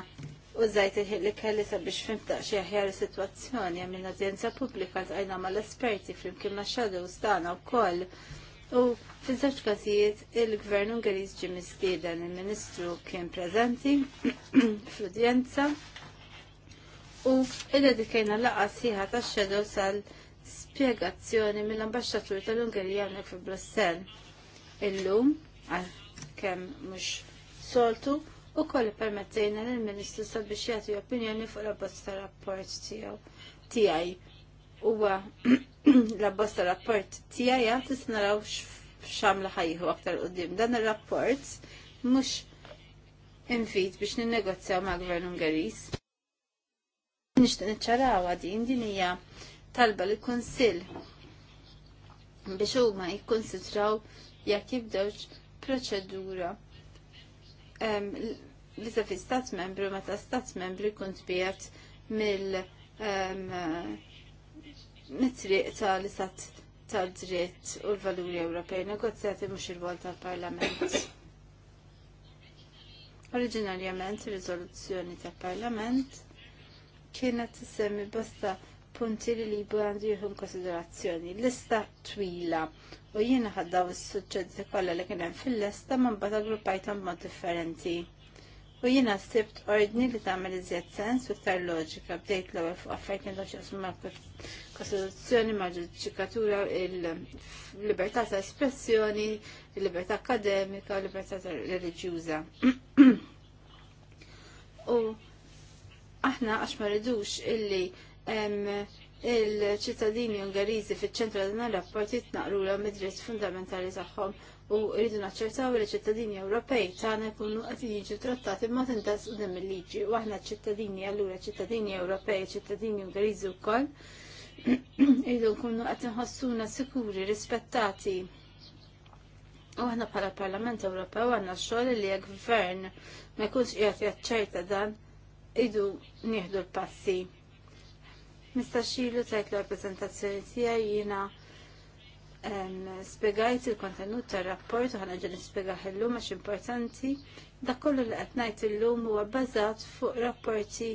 użajt li kelli sabiex fimta xieħjar situazzjoni għamilna zjenza pubblika tajna mal esperti flimkien ma' shadows tagħna wkoll. koll U fiż-żewġ każijiet il-Gvern Ungariż ġie mistieden il-Ministru kien preżenti fl-udjenza u il dedikajna laqgħa siħa tax-xedew sal spiegazzjoni mill-Ambaxxatur tal-Ungerija għandek fi Brussell. Illum kemm mhux soltu u koll permettejna l-Ministru sabiex jagħti opinjoni fuq l-abbozz tar rapport tiegħu tiegħi huwa l-abbozza rapport tiegħi għad naraw xam ħajħu aktar qudiem. Dan ir-rapport mhux infit biex ninnegozjaw ma' gvern Ungeriż. Nixtieq niċċaraw din din hija talba l kunsill biex huma jikkonsidraw jekk jibdewx proċedura li ehm, sa' fi stat membru ta stat membru jkun tbiegħed mill ehm, mit-triq tal-istat tal-dritt u l-valuri Ewropej negozjati mhux il-vol tal-Parlament. Oriġinarjament ir-riżoluzzjoni tal-Parlament kienet t-semmi bosta punti li li għandu jieħu konsiderazzjoni. Lista twila. U jiena ħaddaw is-suċċetti kollha li kien hemm fil lista ma bata aggruppajthom ma differenti. U jina sibt ordni li tagħmel iżjed sens u iktar loġika bdejt l-ewwel fuq affarijiet kellhom x'qasmu mal-Kostituzzjoni mal-ġudikatura il-libertà ta' espressjoni, il-libertà akademika, il-libertà reliġjuża. U aħna għax ma rridux illi il-ċittadini Ungariżi fiċ-ċentru għal dan ir-rapporti tnaqru l mid-dritt fundamentali tagħhom u rridu naċċertaw li ċittadini Ewropej tagħna jkunu qed jiġu trattati ma tintas u dim il-liġi u aħna ċittadini allura ċittadini Ewropej, ċittadini Ungariżi wkoll rridu nkunu qed inħossuna sikuri, rispettati. U aħna bħala Parlament Ewropew għandna xogħol li jekk gvern ma jkunx qiegħed jaċċerta dan idu nieħdu l-passi. Nistax ilu tajt l-rappresentazzjoni tiegħi jiena spiegajt il-kontenut tar-rapport u spiegaħ nispjegaħ illum għax importanti. Dak kollu li qed ngħid illum huwa bbażat fuq rapporti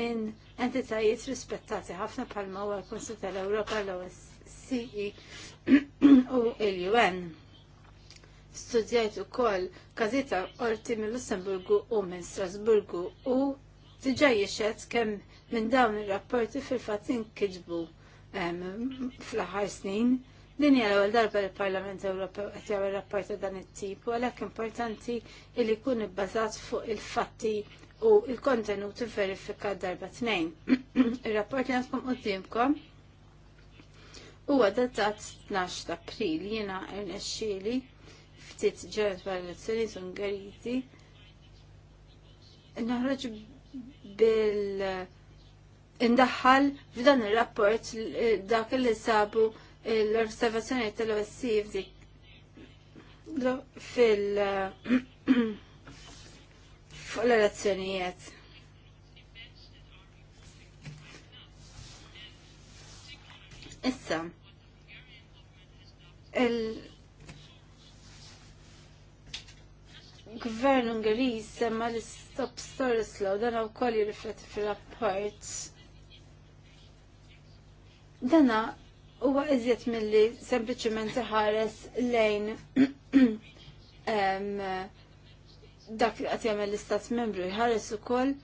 minn entitajiet rispettati ħafna bħalma u l-Konsil tal-Ewropa l-OSCE u l-UN studjajt u koll kazita orti minn Lussemburgu u minn Strasburgu u tiġa jiexet kem minn dawn ir-rapporti fil-fatt inkitbu fl-aħħar snin. Din hija l-ewwel darba li l-Parlament Ewropew qed jagħmel rapporti dan it-tip u għalhekk importanti li jkun ibbażat fuq il-fatti u il-kontenuti verifika darba tnejn. Ir-rapport li għandkom qudiemkom huwa datat 12 ta' April jiena irnexxieli ftit ġenet wara l Ungeriti naħroġ bil- indaħħal f'dan ir-rapport eh, dak li sabu l-osservazzjoni tal-OSC fil- eh, fuq elezzjonijiet Issa, il-gvern Ungheriż semma l-Stop stories Law dan koll jirrifletti fir-rapport Dana huwa iżjed milli sempliċement ħares lejn dak li qed jagħmel l-istat membru jħares ukoll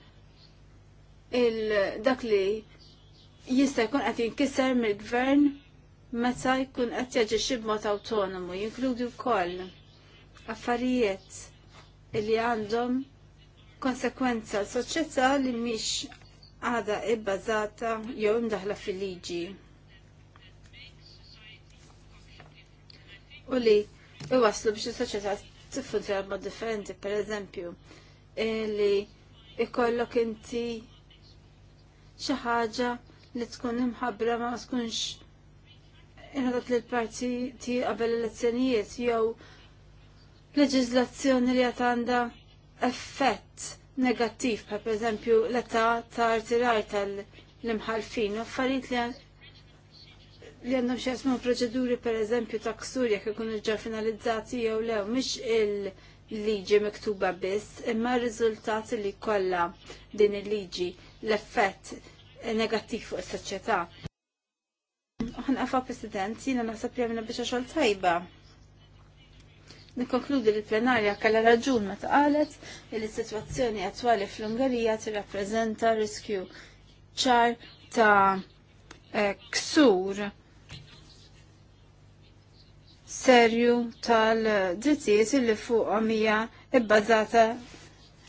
dak li jista' jkun qed jinkisser mill-gvern meta jkun qed jaġixxi b'mod awtonomu jinkludi wkoll affarijiet li għandhom konsekwenza l-soċjetà li mhix għada ibbażata jew imdaħla fil-liġi. u li waslu biex is-soċjetà tiffunzjona mod differenti, pereżempju, li ikollok inti xi ħaġa li tkun imħabbra ma tkunx inħadat l parti ti l elezzjonijiet jew leġiżlazzjoni li qed għandha effett negattiv, per eżempju l-età ta' irtirar l imħalfin u affarijiet li li għandhom xi jasmu proċeduri pereżempju ta' ksur jekk ikun ġa finalizzati jew lew mhix il-liġi miktuba biss, imma r-riżultati li kollha din il-liġi l-effett negattiv fuq is-soċjetà. Ħanqafa President, jiena naħseb li għamilna biex xogħol tajba. Nikkonkludi li plenarja kalla raġun meta qalet li s-sitwazzjoni attwali fl-Ungerija tirrappreżenta riskju ċar ta' eh, ksur serju tal-drittijiet li fuqhom hija bbażata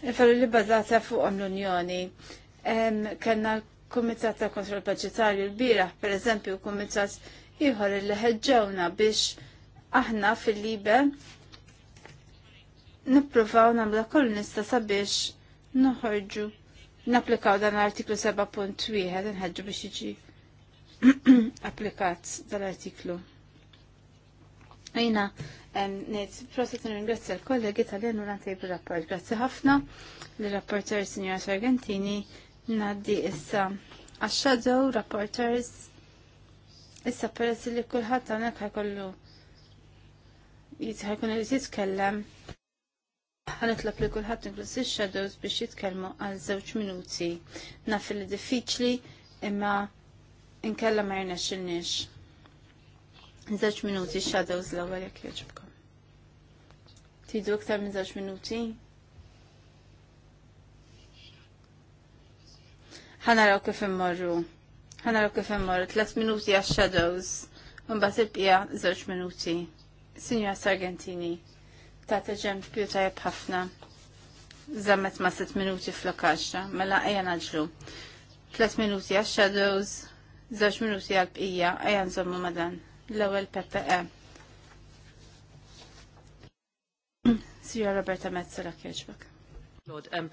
il fallu li fuq fuqhom l-Unjoni. Kellna l-Kumitat ta' kontrol Budgetarju l-bieraħ, pereżempju, kumitat ieħor li ħeġġewna biex aħna fil-libe nippruvaw nagħmlu kol nista' sabiex noħorġu napplikaw dan l-artiklu 7.1 nħeġġu biex jiġi applikat dal-artiklu. Ejna, nejt, proset ringrazzja l-kollegi tal-jenu l-antib rapport. Grazzi ħafna l-rapporter Signora Sargentini naddi issa għaxxadow rapporters issa peress li kullħat għanek ħajkollu jitħajkun li jitkellem ħanitlab li kullħat inklusi shadows biex jitkellmu għal żewġ minuti. Naf li diffiċli imma inkella ma jirnexxilniex. Żewġ minuti shadows l-ewwel jekk jogħġobkom. Tidu aktar minn żewġ minuti? Ħana raw kif immorru. Ħana raw kif immorru. Tlet minuti għax shadows. Mbagħad ibqija żewġ minuti. Sinja Sargentini, ta' pju tajjeb ħafna. Zammet ma' set minuti fl mela ejja naġlu. Tlet minuti għax shadows, żewġ minuti għal bqija, ejja nżommu madan l-ewwel PPE. Sija Roberta Mezzola kieġbek. Um,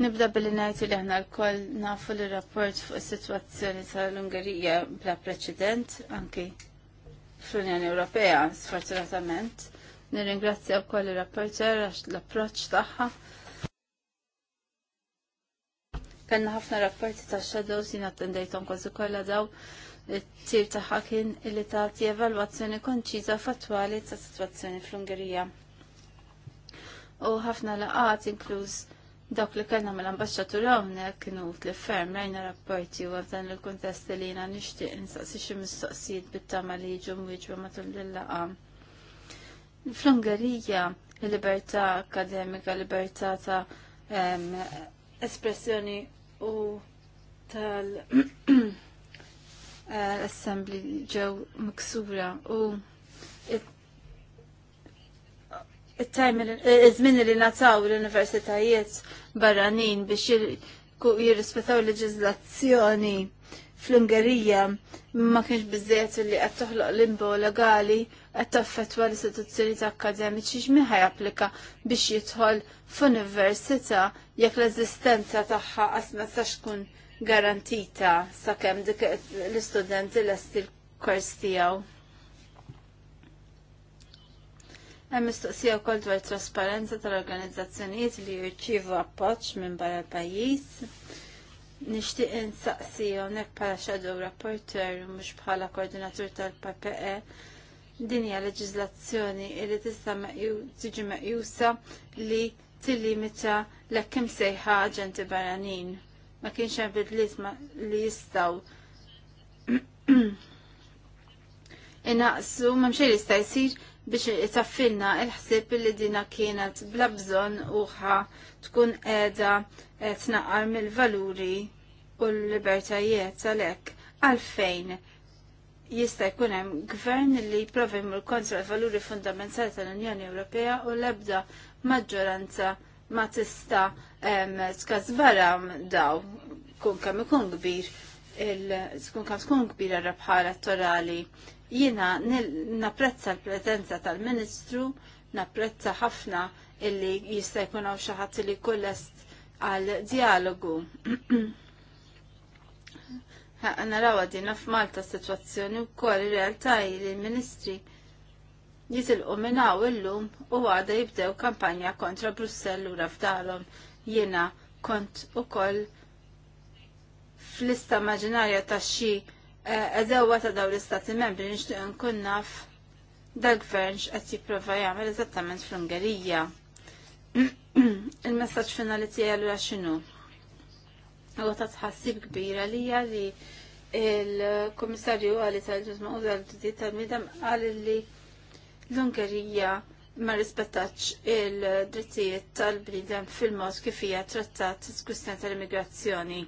Nibda billi ngħid li aħna lkoll nafu li rapport fuq is-sitwazzjoni tal-Ungerija bla preċedent anki fl-Unjoni Ewropea sfortunatament. Nirringrazzja wkoll ir-rapporter għax l-approċċ tagħha kanna ħafna rapporti ta' shadows jien attendejtom kważi kollha daw it-tir tagħha kien li tagħti evalwazzjoni konċiża fatwali ta' sitwazzjoni fl-Ungerija. U ħafna laqat inkluż Dawk li kellna mill-ambasċatur hawnhekk kienu ferm rajna rapporti u f'dan il-kuntest li jiena nixtieq nistaqsi xi mistoqsijiet bit-tama li jiġu mwieġbu matul il-laqa. Fl-Ungerija il-libertà akademika, libertà ta' ehm, espressjoni u tal-assembli eh, ġew miksura u il-żmien eh, li nataw l-universitajiet barranin biex l leġizlazzjoni fl-Ungerija ma kienx bizziet li qed toħloq limbo legali qed taffettwa l-istituzzjoni ta' akademiċi x'min ħaj applika biex jidħol f'università jekk l-eżistenza tagħha qasma sa tkun garantita sakemm dik l istudenti lest il-kors tiegħu. Hemm mistoqsija wkoll dwar trasparenza tal-organizzazzjonijiet li jirċievu appoġġ minn barra l-pajjiż. Nixtieq insaqsi hawnhekk bħala shadow rapporteur u mhux bħala koordinatur tal-PPE din hija leġiżlazzjoni li tista' tiġi meqjusa li tillimita l-ekkim sejħa ġenti barranin. Ma kienx hemm bidliet li jistgħu inaqsu ma mxej jista' jsir biex itaffilna il-ħsieb li dina kienet bla bżonn uħa tkun qiegħda tnaqar mill-valuri u l-libertajiet għalhekk għalfejn jista' jkun hemm gvern li jipprova jmur kontra l-valuri fundamentali tal-Unjoni Ewropea u l-ebda maġġoranza ma tista tkazbara daw kun kam ikun kbir tkun kam tkun kbir rebħa elettorali. Jina napprezza l-prezenza tal-Ministru, napprezza ħafna illi jista' jkun hawn xi ħadd li kullest għal dialogu. Naraw din f'Malta situazzjoni wkoll ir-realtà li l-Ministri jitilqu minnaw illum u għada jibdew kampanja kontra Brussell u rafdarom jiena kont ukoll fl-lista maġinarja ta' xi eh, eżewa ta' dawn l-istati membri nixtieq nkun naf dal-gvern x'qed jipprova jagħmel eżattament fl-Ungerija. Il-messaġġ finali tiegħi allura x'inhu? Huwa ta' tħassib kbira li li il-Kummissarju għali tal-ġużma u tal-ġdid tal-midam għal li l-Ungerija ma rispettax il-drittijiet tal-bnidem fil-mod kif hija trattat il-kwistjoni tal-immigrazzjoni.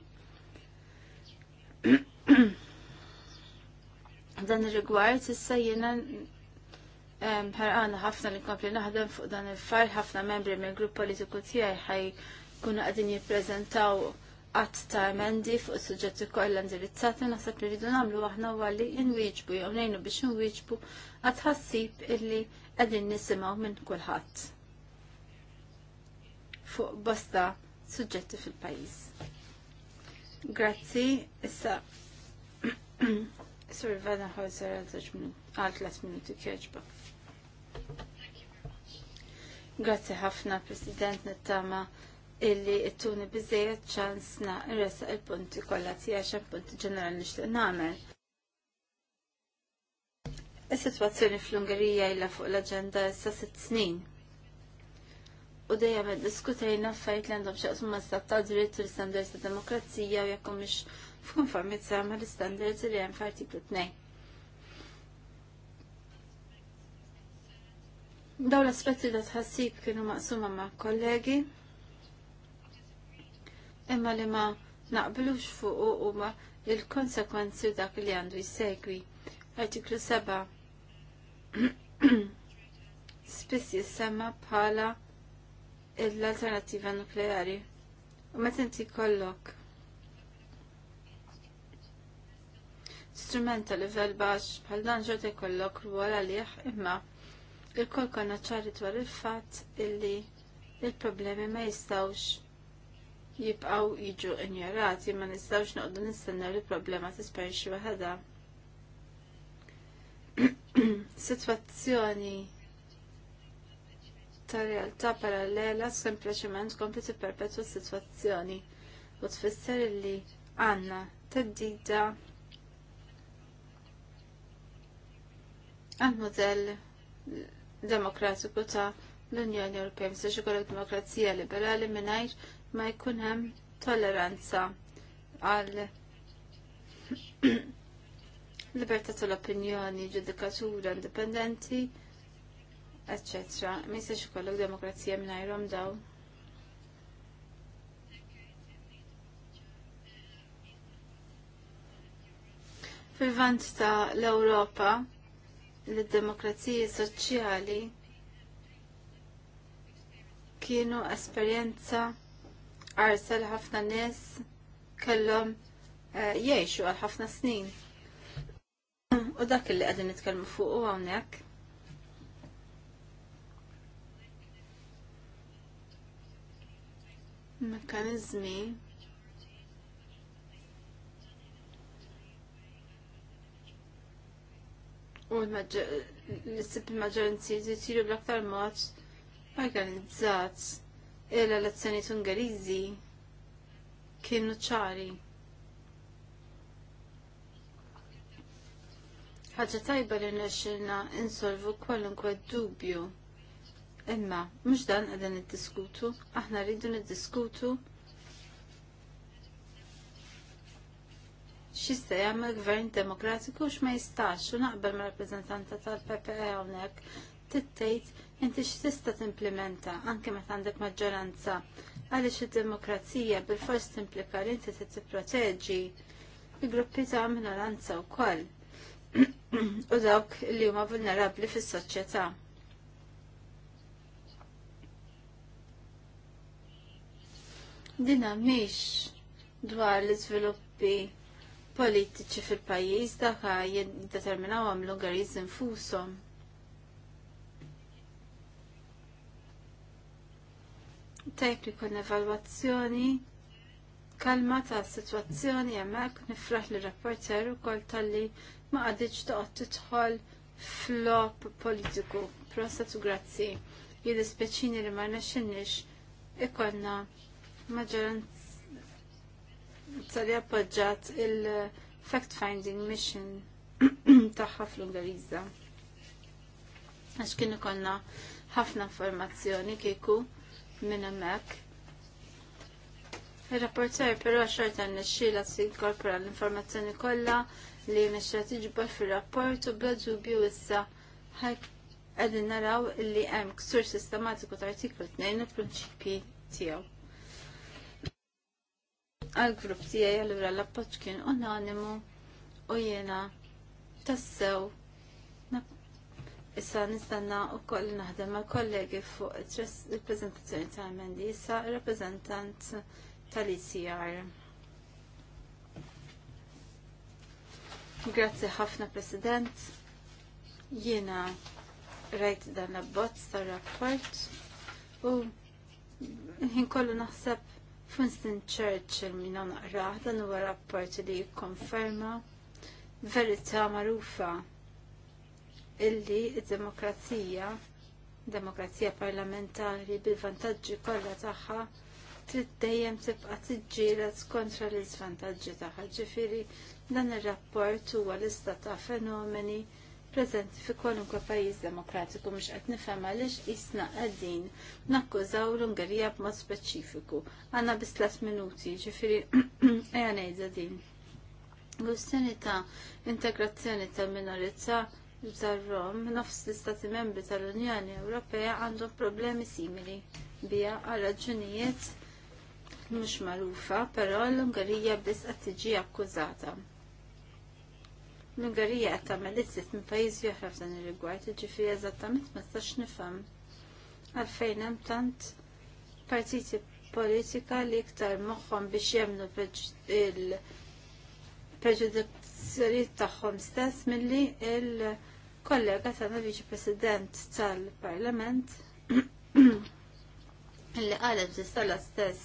dan ir-rigward issa jiena ħarqana ħafna li nkompli naħdem fuq dan il-fajl ħafna membri mill-grupp politiku tiegħi ħaj kunu qegħdin jippreżentaw għat ta' emendi fuq suġġetti kollha indirizzati naħseb li rridu nagħmlu aħna għalli inwieġbu jew ngħinu biex inwieġbu għat ħassib illi qegħdin nisimgħu minn kulħadd fuq bosta suġġetti fil-pajjiż. Grazzi, issa Sorry, Vada Hauser għal 3 minuti kieġba. Grazzi ħafna, President Nittama illi ittuni bizzejet ċans na resa il-punti kollha tiegħi xi punti ġenerali nixtieq nagħmel. Is-sitwazzjoni fl-Ungerija illa fuq l-aġenda issa sitt snin. U dejjem diskutajna fejt li għandhom x'aqsmu ma' stat ta' dritt u l-istandards ta' demokrazija u jekk mhix f'konformità ma' l-istandards li hemm f'artiklu 2. Dawn l-aspetti ta' tħassib kienu maqsuma ma' kollegi imma li ma naqblux fuq u huma il-konsekwenzi dak li għandu jsegwi. Artiklu 7 spiss jissemma bħala l-alternativa nukleari. U meta inti kollok strument ta' livell baxx bħal dan ġodda jkollok rwol għalih imma il-kol konna ċari dwar il-fatt illi il-problemi ma jistawx jibqaw jiġu injorati ma nistawx noqdu nistennew li problema tisperixxi waħedha. Sitwazzjoni ta' realtà parallela sempliċement kompli tipperpetwa s-sitwazzjoni u tfisser li għandna teddida għal modell demokratiku ta' l-Unjoni Ewropea mistax ukoll demokrazija liberali mingħajr ma jkun hemm tolleranza għal libertà tal-opinjoni, ġudikatura indipendenti, eccetera. Ma jistax ikollok demokrazija mingħajrhom daw. Fil-vant ta' l-Ewropa, l-demokrazija soċjali kienu esperjenza arsel ħafna nies kellhom eh, jgħixu għal ħafna snin. U dak li qegħdin nitkellmu fuq u hawnhekk. Mekanizmi u l-sib maġġoranzi jisiru bl-aktar mod organizzat l-elezzjoni Ungeriżi kienu ċari. ħaġa tajba li nexxilna insolvu kwalunkwe dubju. Imma, mhux dan qegħdin diskutu aħna rridu niddiskutu xista jagħmel gvern demokratiku x'ma jistax u naqbel ma' rappreżentanta tal-PPE hawnhekk tittejt inti x'tista' timplementa anke meta għandek maġġoranza għaliex id-demokrazija bil-fors timplika li inti se tipproteġġi il-gruppi ta' minoranza wkoll u dawk li huma vulnerabbli fis-soċjetà. Dina mhix dwar l-iżviluppi politiċi fil-pajjiż dak jiddeterminaw għamlu għariż infushom. Tajb li kon evalwazzjoni kalma ta' situazzjoni hemmhekk nifraħ li rapporter ukoll talli ma qadiġ toqgħod tidħol flop politiku. Prosa tu grazzi. Jidi speċini li ma nexxinix ikonna maġġoranza li appoġġat il-fact-finding mission tagħha fl ungariza. Għax kienu konna ħafna informazzjoni kieku minn hemmhekk. Il-rapporter però xorta n-nexxila tinkorpora l-informazzjoni kollha li nexxa tiġbor fir-rapport u bla dubju issa għedin naraw li hemm ksur sistematiku ta' artiklu 2 il-prinċipji tiegħu. Għal-grupp tiegħi allura l-appoġġ kien unanimu u jiena tassew Issa nistanna u koll naħdem ma' kollegi fuq il-prezentazzjoni ta' Mendi, issa rappresentant tal-ICR. Grazzi ħafna President, jiena rajt dan l-abbozz tar-rapport u ħin kollu naħseb Winston Churchill minn naqra dan huwa rapport li jikkonferma verità magħrufa illi id-demokrazija, demokrazija parlamentari bil-vantaġġi kollha tagħha trid dejjem tibqa' tiġġieled kontra l-iżvantaġġi tagħha. Ġifieri dan ir-rapport huwa lista ta' fenomeni preżenti fi kwalunkwe pajjiż demokratiku mhux qed nifhem għaliex qisna qegħdin nakkużaw l-Ungerija b'mod speċifiku. Għandna biss tliet minuti, ġifieri ejja ngħidha din. Kwistjoni ta' integrazzjoni tal-minorizza bżarrom nofs l-istati membri tal-Unjoni Ewropea għandhom problemi simili bija għal raġunijiet mhux magħrufa, però l-Ungarija biss qed tiġi akkużata. L-Ungarija qed tagħmel iżjed minn pajjiż oħra f'dan ir-rigward, jiġifieri eżattament ma tistax nifhem għalfejn hemm tant partiti politika li iktar moħħhom biex jemnu il-preġudizzjoniet tagħhom stess milli il-, il kollega tagħna viċi President tal-Parlament illi qalet ġistalla stess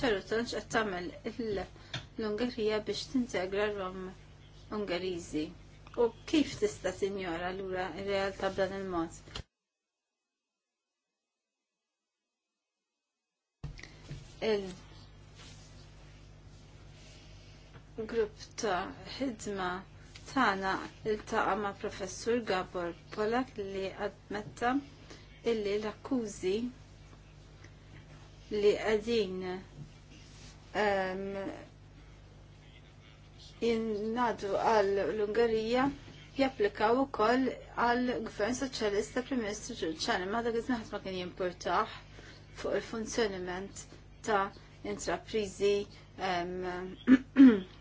ċarutonċ qed tagħmel l-Ungerija biex tintegra rom Ungeriżi. U kif tista' sinjora lura r-realtà b'dan il-mod? il-grupp ta' ħidma il-taqa ma' professur Gabor Polak li admetta illi l-akkużi li qegħdin um, ehm, jinnadu għal l-Ungarija japplikaw ukoll għal gvern soċjalista Prim Ministru Ġurċani ma da iż ma kien jimportaħ fuq il-funzjoniment ta' intraprizi um, ehm,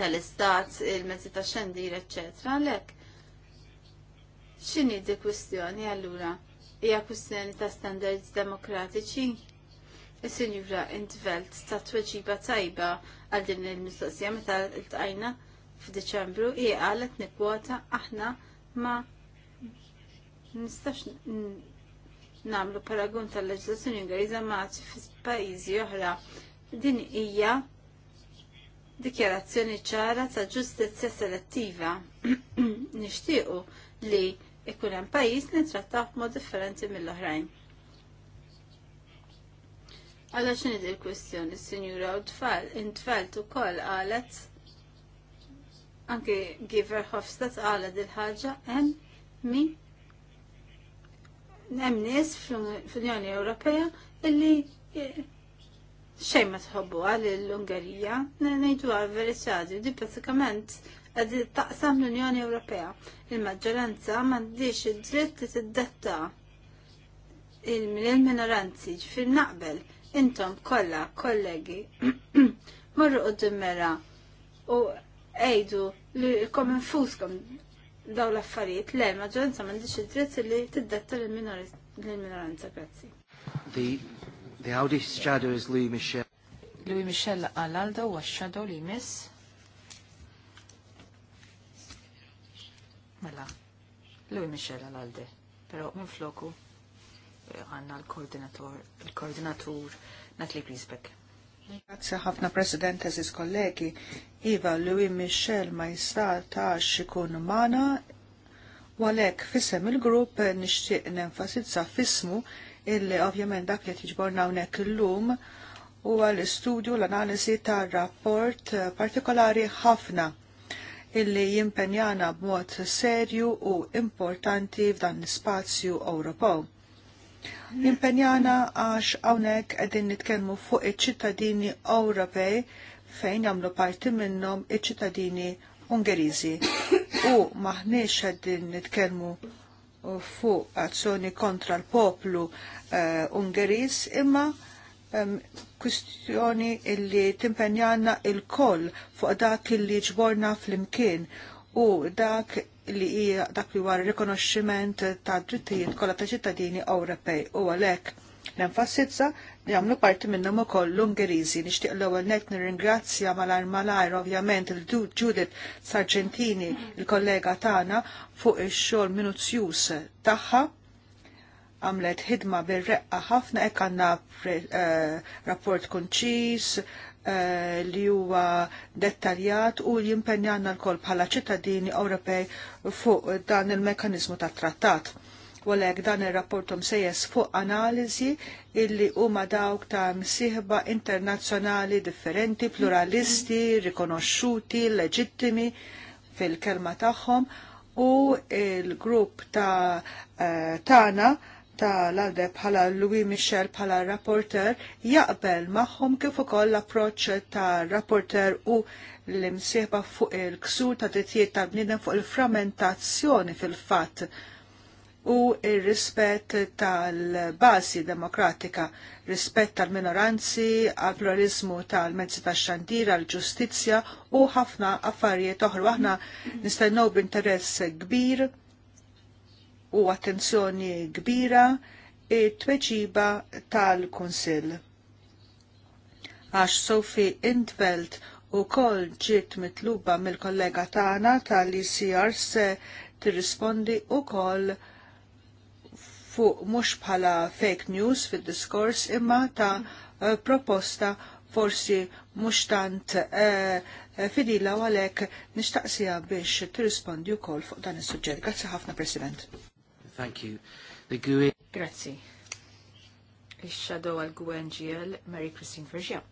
tal-istat, il-mezzi ta' xandir, ecc. għalhekk x'inhi di kwistjoni allura? Hija kwistjoni ta' standards demokratiċi? Is-Sinjura Intvelt ta' tweġiba tajba għal din il-mistoqsija meta l-tajna f'Diċembru ija għalet nikkwota aħna ma nistax nagħmlu paragun tal-leġiżlazzjoni Ingliża ma' f'pajjiżi oħra. Din hija dikjarazzjoni ċara ta' ġustizzja selettiva. Nixtiequ li ikun hemm pajjiż nittrattaw b'mod differenti mill-oħrajn. Alla xini di l-kwestjoni, sinjura u tfal, intfal ukoll qalet għalet, anki Giver Hofstadt għalet il-ħagġa, hemm mi, Hemm nis fl-Unjoni Ewropea illi xejn ma tħobbu lill-Ungerija, nejdu għal verisadju di pratikament għad taqsam l-Unjoni Ewropea. Il-maġġoranza m'għandix id-dritt li t-detta il-minoranzi fil naqbel intom kolla kollegi morru u dimmera u ejdu li kom infuskom daw l-affarijiet le maġġoranza m'għandix id-dritt li tiddetta l-minoranza Grazie. The Audi shadow is Louis Michel. Louis Michel Alaldo was u shadow li miss. Mela, Louis Michel Alalde. Pero min floku eh, għanna l-koordinator, l koordinator Natalie Grisbeck. Grazie ħafna President eżis kollegi. Iva, Louis Michel ma jista ikun mana U fissem il-grupp nixtieq nenfasizza fismu illi ovvjament dak li tiġborna hawnhekk illum huwa l-istudju l-analiżi tar-rapport partikolari ħafna illi jimpenjana b'mod serju u importanti f'dan l-spazju Ewropew. Jimpenjana għax hawnhekk qegħdin nitkellmu fuq iċ-ċittadini Ewropej fejn jagħmlu parti minnhom iċ-ċittadini Ungeriżi u maħniex għaddin nitkelmu uh, fuq azzjoni kontra l-poplu uh, Ungeris imma um, kwistjoni illi timpenjanna il-koll fuq dak illi ġborna fl-imkien u dak li hija dak li huwa rikonoxximent ta' drittijiet kollha ta' ċittadini Ewropej u għalhekk nenfassizza li għamlu parti minnhom ukoll l ungerizi Nixtieq l-ewwel net nirringrazzja malar malar ovvjament il Judith Sargentini, il-kollega tana, fuq ix-xogħol minuzzjus tagħha għamlet ħidma bil reqqa ħafna hekk għandna eh, rapport kunċis eh, li huwa dettaljat u jimpenjanna l-kol bħala ċittadini Ewropej fuq dan il-mekanizmu tat-trattat u dan ir-rapport sejjes fuq analiżi illi huma dawk ta' msieħba internazzjonali differenti, pluralisti, rikonoxxuti, leġittimi fil-kelma tagħhom u il-grupp ta' eh, tana ta' l-għalde bħala Louis Michel bħala rapporter jaqbel maħħom kif ukoll l-approċ ta' rapporter u l-imsieħba fuq il-ksur ta' titjiet ta' bniedem fuq il-frammentazzjoni fil-fatt u il-rispett tal-basi demokratika, rispett tal-minoranzi, għal-pluralizmu tal-mezzi tax-xandir, għal-ġustizzja u ħafna affarijiet oħra. Aħna nistennew b'interess kbir u attenzjoni kbira it-tweġiba tal-Kunsill. Għax Sofi Intveld u kol ġiet mitluba mill-kollega tagħna tal-ICR se tirrispondi u kol fuq mhux bħala fake news fid-diskors imma ta' eh, proposta forsi mhux tant eh, fidila u għalhekk nishtaqsija biex tirrispondi wkoll fuq dan is-suġġett. Grazzi ħafna President. Thank you. The GUE. Grazzi. Ix-shadow għal GUNGL, e Mary Christine Vergia.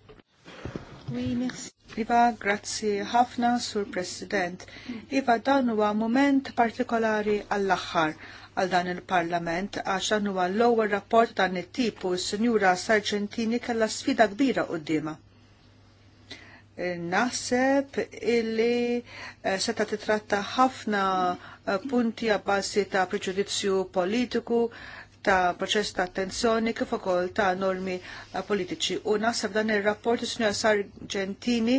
Iva, grazzi ħafna, Sur President. Iva, dan huwa moment partikolari għall-aħħar għal dan il-Parlament għax dan huwa l-ewwel rapport dan it tipu s-Sinjura Sargentini kellha sfida kbira qudiema. Eh, naħseb illi eh, seta titratta ħafna eh, punti għabbasi ta' preġudizzju politiku, ta' proċess ta' attenzjoni kif ukoll ta' normi politiċi. U nasab dan ir-rapport is-Sinjor Sargentini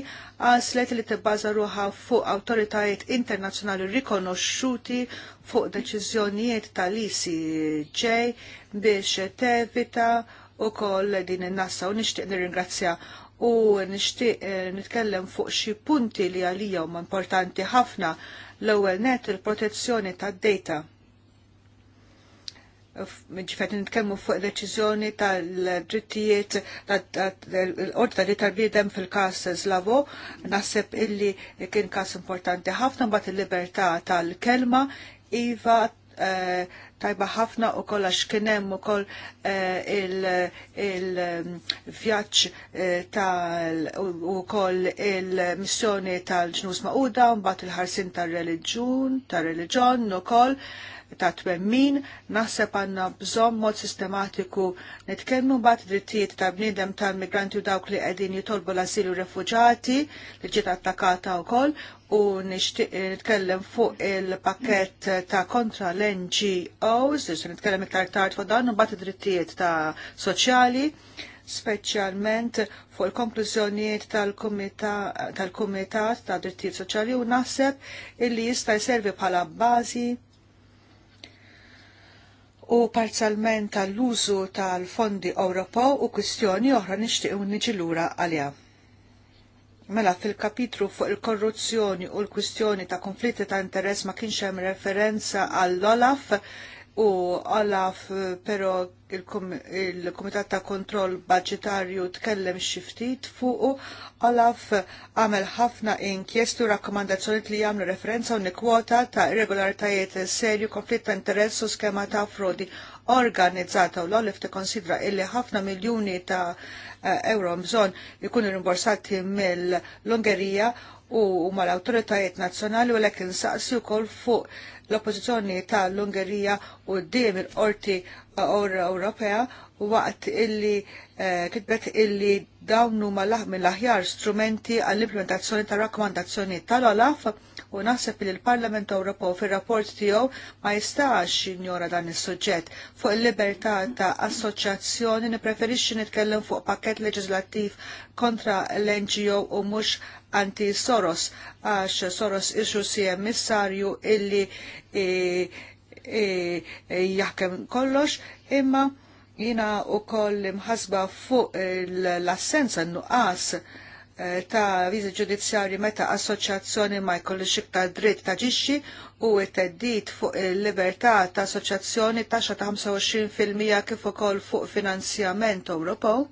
għaslet li tibbaża ruħa fuq awtoritajiet internazzjonali rikonoxxuti fuq deċiżjonijiet tal-ICJ biex tevita u koll din in-nassa u nixtieq nirringrazzja u nixtieq eh, nitkellem fuq xi punti li għalija huma importanti ħafna l-ewwel net il-protezzjoni tad-data ġifet nitkellmu fuq deċiżjoni tal-drittijiet l-orta li tal-bidem fil-kas Slavo, naħseb illi kien kas importanti ħafna mbagħad il-libertà tal-kelma iva eh, tajba ħafna u kolla xkienem u koll eh, il-vjaċ eh, tal u koll il-missjoni tal-ġnus ma'uda, mbagħad il-ħarsin tal-reliġjun, tal-reliġjon u koll ta' twemmin, naħseb għanna bżom mod sistematiku nitkellmu bat drittijiet ta' bnidem tal-migranti u dawk li qegħdin jitolbu l-asilu refuġati li ġiet attakata wkoll u nitkellem fuq il-pakket ta' kontra l-NGOs, se nitkellem iktar tard fuq dan u bat drittijiet ta' soċjali speċjalment fuq il-konklużjonijiet tal-Kumitat tal ta' Drittijiet Soċjali u naħseb illi jista' jservi bħala bażi u parzialment tal-użu tal-fondi Ewropew u kwistjoni oħra nixtiequ niġi lura għalija. Mela fil-kapitru fuq il-korruzzjoni u l-kwistjoni ta' konflitti ta' interess ma kienx hemm referenza għall-Olaf u Olaf eh, pero il-Komitat ta' Kontroll Budgetarju tkellem xiftit fuq Olaf għamel ħafna inkjestu rakkomandazzjoni li jagħmlu referenza u nikwota ta' irregolaritajiet serju konflitt ta' interess u skema ta' frodi organizzata u l-Olaf konsidra illi ħafna miljuni ta' eh, euro bżonn ikunu rimborsati mill-Ungerija u mal-autoritajiet nazzjonali u l ekin insaqsi u kol fuq l-oppożizzjoni tal-Ungerija u d-dim il-qorti Ewropea waqt illi eh, kitbet illi dawnu mill aħjar strumenti għall-implementazzjoni ta' rakkomandazzjoni tal-Olaf u naħseb li l-Parlament Ewropew fir-rapport tiegħu ma jistax jinjora dan is-suġġett. Fuq il-libertà ta' assoċjazzjoni nippreferixxi nitkellem fuq pakket leġislattiv kontra l-NGO u mhux anti Soros, għax Soros ixu si emissarju illi e, e, e, jaħkem kollox, imma jina u koll imħasba fuq l-assenza n-nuqqas ta' viżi ġudizzjarji meta assoċjazzjoni ma jkolli xikta dritt ta' ġixxi u it teddit fuq il-libertà ta' assoċjazzjoni taxxa ta' 25% kif ukoll fuq finanzjament Ewropew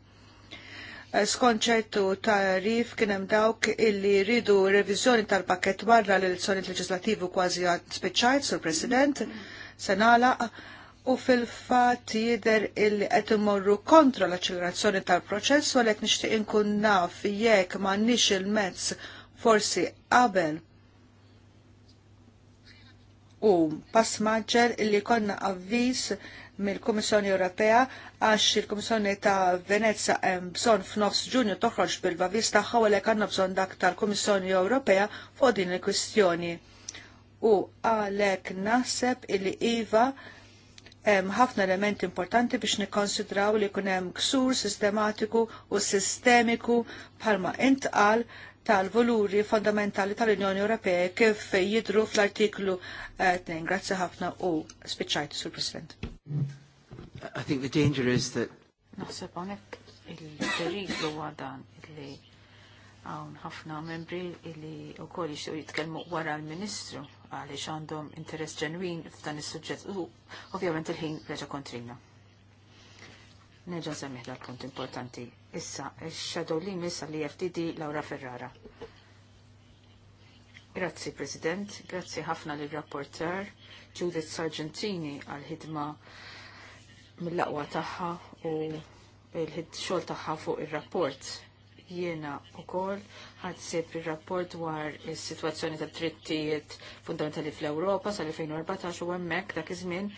Eh, skonċettu ta' rif kien hemm dawk illi ridu reviżjoni tal-pakket barra l-elezzjoni leġislativu kważi speċajt sur President se u fil-fatt jidher illi qed imorru kontra l-accelerazzjoni tal-proċess u għalhekk nixtieq inkun naf jekk m'għandniex il-mezz forsi qabel u pass maġġer illi konna avviż mill-Kummissjoni Ewropea għax il-Kummissjoni ta' Venezia hemm bżonn f'nofs Ġunju toħroġ bil-bavis tagħha għalhekk għandna bżonn dak tal-Kummissjoni Ewropea fuq din il-kwistjoni. U għalhekk naħseb li iva hemm ħafna elementi importanti biex nikkonsidraw li kun hemm ksur sistematiku u sistemiku bħalma intqal tal-voluri fondamentali tal-Unjoni Ewropea kif jidru fl-artiklu 2. Eh, Grazzi ħafna u spiċċajt, Sur President. I think the danger is that Naħseb hawnhekk il-periklu huwa dan illi hawn ħafna membri illi wkoll jixtiequ jitkellmu wara l-Ministru għaliex għandhom interess ġenwin f'dan is-suġġett u ovvjament il-ħin reġa' kontrina. Neġa semmiħ dal-punt importanti. Issa, il-shadow li missa li e FTD Laura Ferrara. Grazzi, President. Grazzi ħafna li rapporter Judith Sargentini għal-ħidma mill-laqwa taħħa u il-xol taħħa fuq il-rapport. Jiena u kol ħadsib il-rapport dwar il-situazzjoni tal trittijiet fundamentali fl-Europa sal-2014 u għemmek dak iż-żmien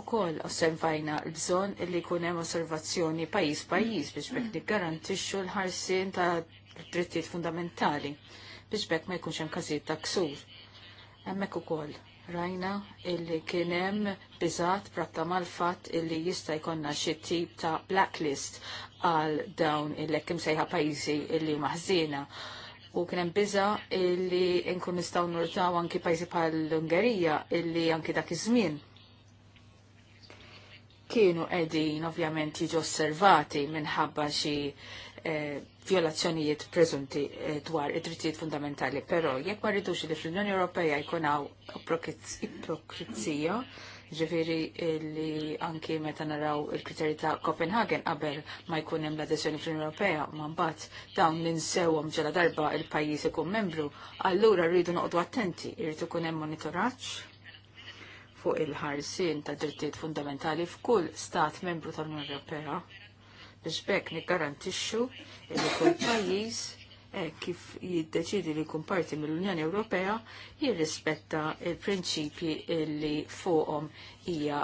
u kol osservajna l-bżon li kunem osservazzjoni pajis pajis biex bekk garantixxu l-ħarsin ta' drittijiet fundamentali biex bekk ma jkunx hemm każijiet ta' ksur. Hemmhekk ukoll rajna illi kien hemm biżat pratta mal-fatt illi jista' jkollna xi tip ta' blacklist għal dawn il-lekk imsejħa pajjiżi illi maħżiena u kien hemm biża illi nkun nistgħu nurtaw anki pajjiżi bħall ungerija illi anki dak iż-żmien kienu edin ovvjament jiġu osservati minħabba xi eh, violazzjonijiet preżunti eh, dwar id-drittijiet fundamentali, però jekk ma rridux li fl-Unjoni Ewropea jkun hawn ipokrizija, ġifiri eh, li anki meta naraw il-kriterji ta' Copenhagen qabel ma jkun hemm l-adesjoni fl-Unjoni Ewropea, ma mbagħad dawn ninsewhom ġela darba il-pajjiż ikun membru, allura rridu noqogħdu attenti, jrid ikun hemm monitoraġġ fuq il-ħarsien ta' drittijiet fundamentali f'kull stat membru tal-Unjoni Ewropea biex bekk niggarantixxu li kull pajjiż eh, kif jiddeċidi li jkun parti mill-Unjoni Ewropea jirrispetta il-prinċipji li fuqhom hija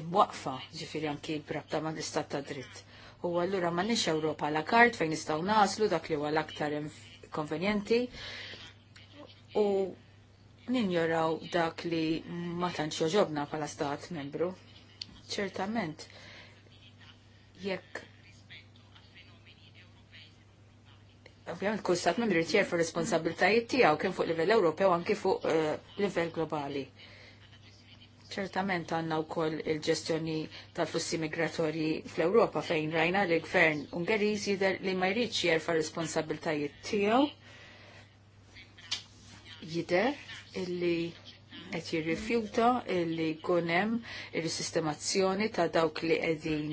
imwaqfa ġifieri anki brabta ma' l-istat ta' dritt. U allura ma' nix Ewropa la kart fejn nistgħu naslu dak li huwa l-aktar konvenjenti u ninjoraw dak li ma tantx joġobna bħala stat membru. Ċertament, jekk Ovvjament kull stat membru jtjerfu responsabiltajiet tiegħu kien fuq livell Ewropew anki fuq eh, livell globali. Ċertament għandna wkoll il-ġestjoni tal-flussi migratorji fl-Ewropa fejn rajna li gvern Ungeriż jidher li ma jridx jerfa' responsabiltajiet tiegħu. Jidher illi qed jirrifjuta illi kunem ir-sistemazzjoni ta' dawk li qegħdin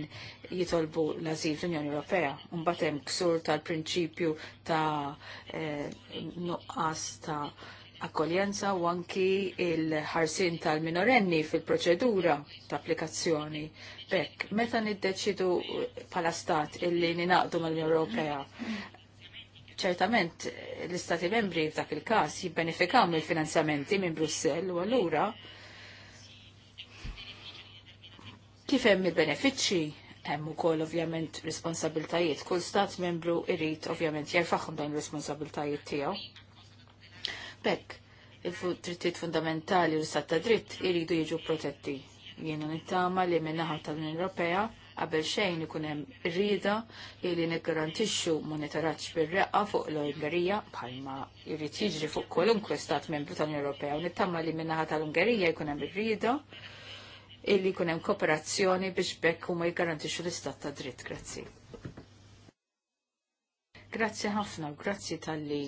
jitolbu l-azil fl-Unjoni Ewropea. Mbagħad hemm ksur tal-prinċipju ta' eh, nuqqas ta' akkoljenza u anki il-ħarsin tal-minorenni fil-proċedura ta' applikazzjoni. Bekk, meta niddeċidu pala stat illi ninaqdu mal-Unjoni Ewropea, ċertament l-Istati membri f'dak il-kas jibbenefikaw mill-finanzjamenti minn Brussell u allura kif hemm il-benefiċċji hemm ukoll ovvjament responsabiltajiet. Kull stat membru jrid ovvjament jerfaħhom dan ir-responsabiltajiet tiegħu. Bekk, il-drittijiet fundamentali u l-istat ta' dritt iridu jiġu protetti. Jiena nittama li minn naħa tal-Unjoni Ewropea Qabel xejn ikun hemm rrieda li niggarantixxu monitoraġġ bir-reqqa fuq l-Ungerija bħalma jrid jiġri fuq kwalunkwe stat membru tal-Unjoni Ewropea u nittama li minnaħa tal-Ungerija jkun hemm rida illi jkun hemm kooperazzjoni biex bekk huma jgarantixxu l-istat ta' dritt. Grazzi. Grazzi ħafna u grazzi tal-li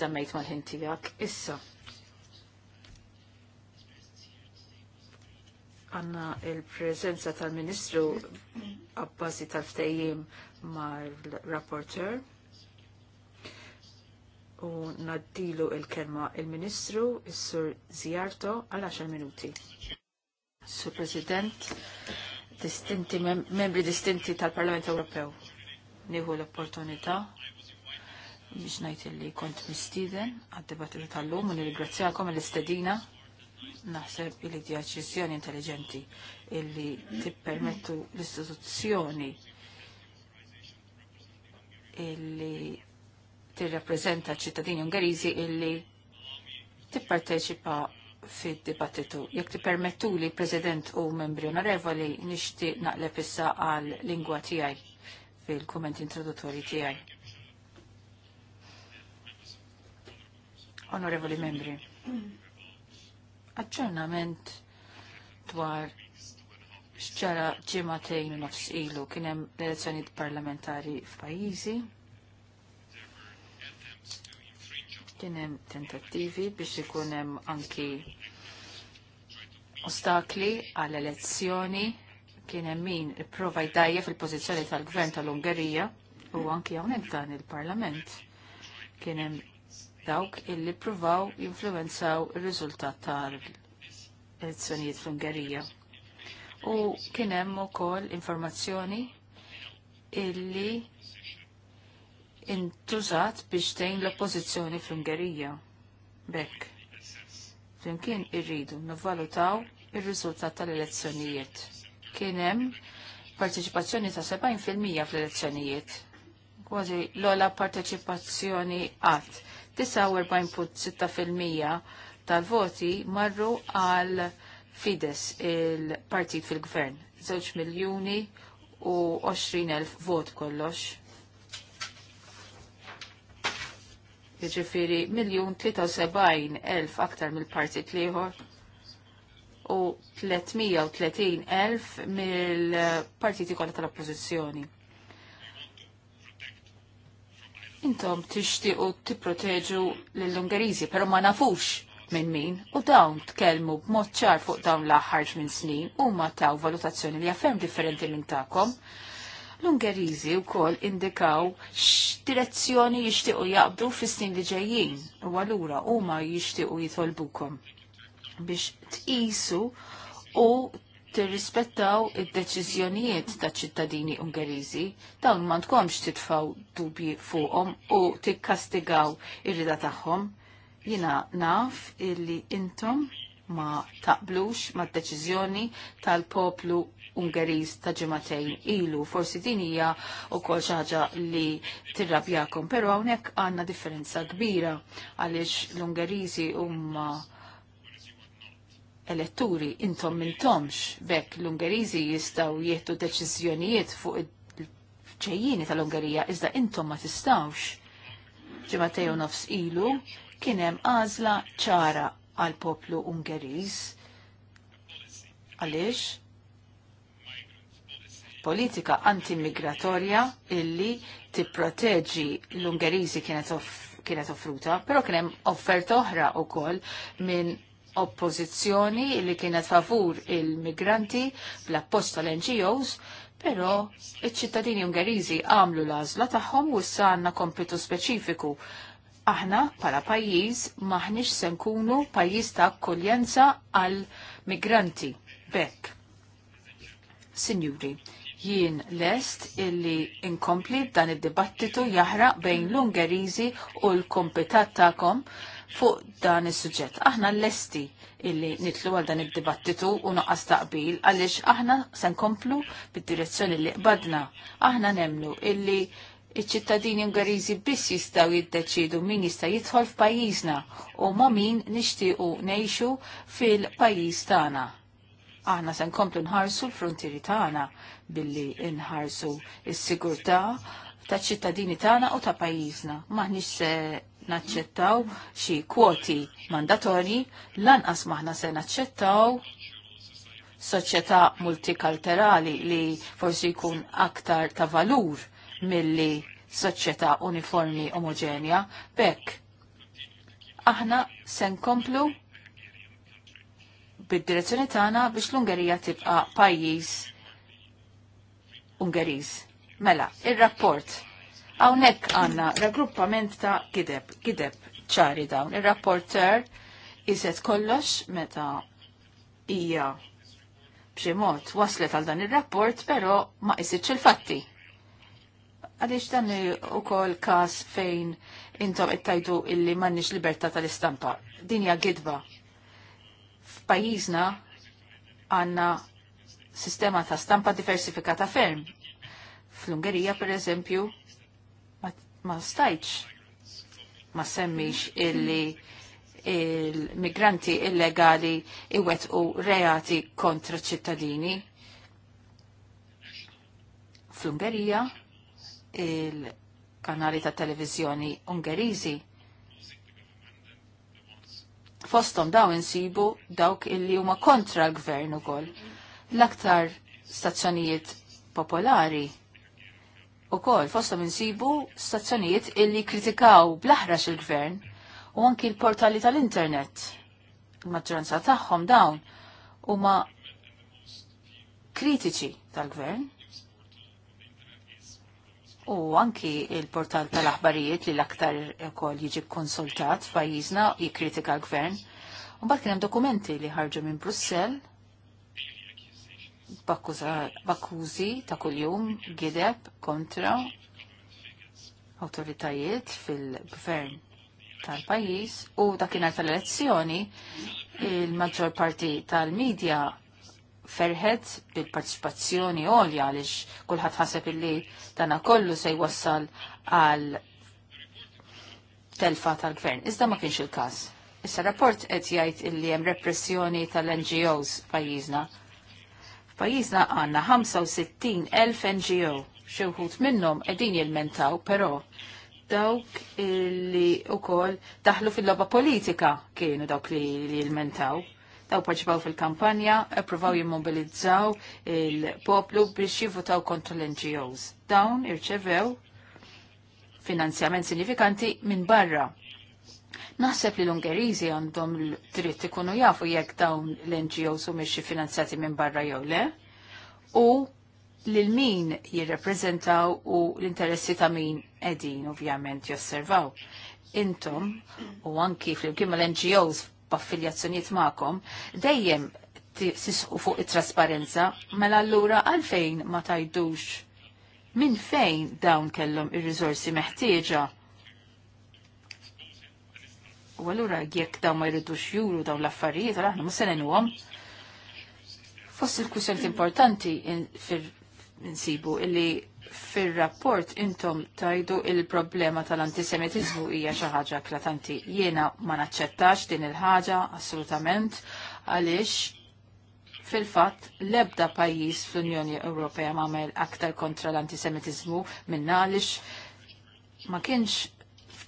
semmejt mal-ħin tiegħek issa. għanna il-prezenza tal-Ministru għabbażi tal-ftejjim mal-rapporter u naddilu il-kelma il-Ministru, il-Sur Zijarto għal 10 minuti. Sur President, distinti, mem membri distinti tal-Parlament Ewropew, nieħu l-opportunità biex najt li kont mistiden għad-debattu tal-lum u nirgrazzjakom l-istedina Naħseb illi di deċiżjoni intelligenti illi tippermettu l-istituzzjoni illi tirrappreżenta ċittadini Ungeriżi illi tipparteċipa fid-dibattitu. Jekk tippermettu li President u membri onorevoli nixti naqleb issa għal lingwa tiegħi fil-kumment introduttori tiegħi. Onorevoli membri, aċċernament dwar xġara ġimatejn u nofs ilu kien hemm l-elezzjoni parlamentari f'pajjiżi. Kien hemm tentattivi biex ikun hemm anki ostakli għal elezzjoni kien hemm min ipprova jdajja fil-pożizzjoni tal-Gvern tal-Ungerija u anki hawnhekk dan il-Parlament kien hemm dawk illi pruvaw jinfluenzaw il-riżultat ta' elezzjonijiet fl-Ungerija. U kien hemm ukoll informazzjoni illi intużat biex tgħin l-oppożizzjoni fl-Ungerija. Bekk. Flimkien irridu nivvalutaw ir-riżultat tal-elezzjonijiet. Kien hemm parteċipazzjoni ta' 70% fl-elezzjonijiet. Kważi l-ola parteċipazzjoni għat 49.6% tal-voti marru għal Fides il-partit fil-gvern. 2 miljoni u 20.000 vot kollox. Jiġifieri miljun 73.000 aktar mill-partit liħor u 330.000 mill-partiti kollha tal-oppożizzjoni intom tixtiqu tipproteġu lill-Ungeriżi, però ma nafux minn min u dawn tkellmu b'mod ċar fuq dawn l-aħħar minn snin u ma taw valutazzjoni li għafem differenti minn takom l-Ungeriżi wkoll indikaw x'direzzjoni jixtiequ jaqbdu fis-snin li ġejjin u allura huma jixtiequ jitolbukom biex tqisu u tirrispettaw id-deċiżjonijiet ta' ċittadini Ungeriżi, dawn ma tkomx titfaw dubji fuqhom u tikkastigaw ir-rida tagħhom. Jina naf illi intom ma taqblux ma deċiżjoni tal-poplu Ungeriż ta' ġematejn ilu. Forsi din hija wkoll ħaġa li tirrabjakom, però hawnhekk għandna differenza kbira għaliex l-Ungeriżi huma eletturi intom mintomx bekk l-Ungeriżi jistaw jieħdu deċiżjonijiet fuq il-ċejjini tal-Ungerija iżda intom ma tistawx. Ġematejo nofs ilu kienem għażla ċara għal poplu Ungeriż. Għaliex? Politika antimigratorja illi tipproteġi l-Ungeriżi kienet offruta, pero kienem offerta oħra u koll minn oppożizzjoni li kienet favur il-migranti bl-appost tal-NGOs, però iċ-ċittadini Ungeriżi għamlu l-għażla tagħhom u issa għandna kompitu speċifiku. Aħna bħala pajjiż maħniex se nkunu pajjiż ta' akkoljenza għal migranti. Bekk. Sinjuri, jien lest illi inkompli dan id-dibattitu jahra bejn l-Ungerizi u l-kompetat ta'kom fuq dan is-suġġett. Aħna lesti illi nitlu għal dan id-dibattitu u noqqas taqbil għaliex aħna se nkomplu bid-direzzjoni li qbadna. Aħna nemlu illi iċ-ċittadini Ungarizi biss jistgħu jiddeċidu min jista' jidħol f'pajjiżna u ma min nixtiequ ngħixu fil-pajjiż tagħna. Aħna se nkomplu nħarsu l-frontieri tagħna billi nħarsu s-sigurtà ta' ċittadini tagħna u ta' pajjiżna. Maħniex naċċettaw xi kwoti mandatorji, lanqas maħna se naċċettaw soċjetà multikulturali li forsi jkun aktar ta' valur milli soċjetà uniformi omogenja, bekk aħna se nkomplu bid-direzzjoni tagħna biex l-Ungerija tibqa' pajjiż Ungeriż. Mela, ir-rapport Hawnhekk għandna raggruppament ta' kideb, kideb ċari dawn. Ir-rapporter jizet kollox meta hija b'xi waslet għal dan ir-rapport, però ma isitx il-fatti. Għaliex dan ukoll każ fejn intom qed tajdu illi m'għandniex libertà tal-istampa. Din hija gidba. F'pajjiżna għandna sistema ta' stampa diversifikata ferm. Fl-Ungerija, per eżempju, ma stajċ ma semmix illi il-migranti illegali iwet u reati kontra ċittadini. Fl-Ungerija, il-kanali ta' televizjoni Ungerizi fostom daw insibu dawk illi huma kontra l-gvern ukoll. L-aktar stazzjonijiet popolari u kol fostom insibu stazzjonijiet illi kritikaw blaħrax il-gvern u anki l-portali tal-internet. Il-maġġoranza tagħhom dawn huma kritiċi tal-gvern u anki il-portal tal-aħbarijiet li l-aktar ukoll jiġi konsultat f'pajjiżna jikkritika l-gvern. U mbagħad kien hemm dokumenti li ħarġu minn Brussell bakkużi ta' kuljum gideb kontra autoritajiet fil-gvern tal-pajis u dakinhar tal-elezzjoni il-maġġor parti tal-medja ferħet bil-partiċipazzjoni għolja għaliex kulħadd ħaseb illi dana kollu se jwassal għal telfa tal-gvern. Iżda ma kienx il-każ. Issa rapport qed jgħid illi hemm repressjoni tal-NGOs pajjiżna Pajjiżna għandna 65,000 NGO, xi wħud minnhom qegħdin jilmentaw, però dawk li wkoll daħlu fil-logħba politika kienu dawk li jilmentaw daw parċipaw fil-kampanja, approvaw jimmobilizzaw il-poplu biex jivvotaw kontra l-NGOs. Dawn irċevew finanzjament sinifikanti minn barra Naħseb li l-Ungeriżi għandhom dritt ikunu jafu jekk dawn l-NGOs u miexi finanzjati minn barra jew le, u lil min jirrepreżentaw u l-interessi ta' min edin ovvjament josservaw. Intom, u anki fl-imkien l-NGOs b'affiljazzjonijiet magħkom, dejjem tisqu fuq it-trasparenza, mela allura għalfejn ma tajdux minn fejn dawn kellhom ir-riżorsi meħtieġa U allura jekk dawn ma jridux juru dawn l-affarijiet, għal aħna musen għom. Fost il-kwissjoni importanti insibu illi fil-rapport intom tajdu il-problema tal-antisemitizmu hija xi ħaġa klatanti. Jiena ma naċċettax din il-ħaġa assolutament għaliex fil-fatt l-ebda pajjiż fl-Unjoni Ewropea ma' aktar kontra l-antisemitizmu minna għaliex ma kienx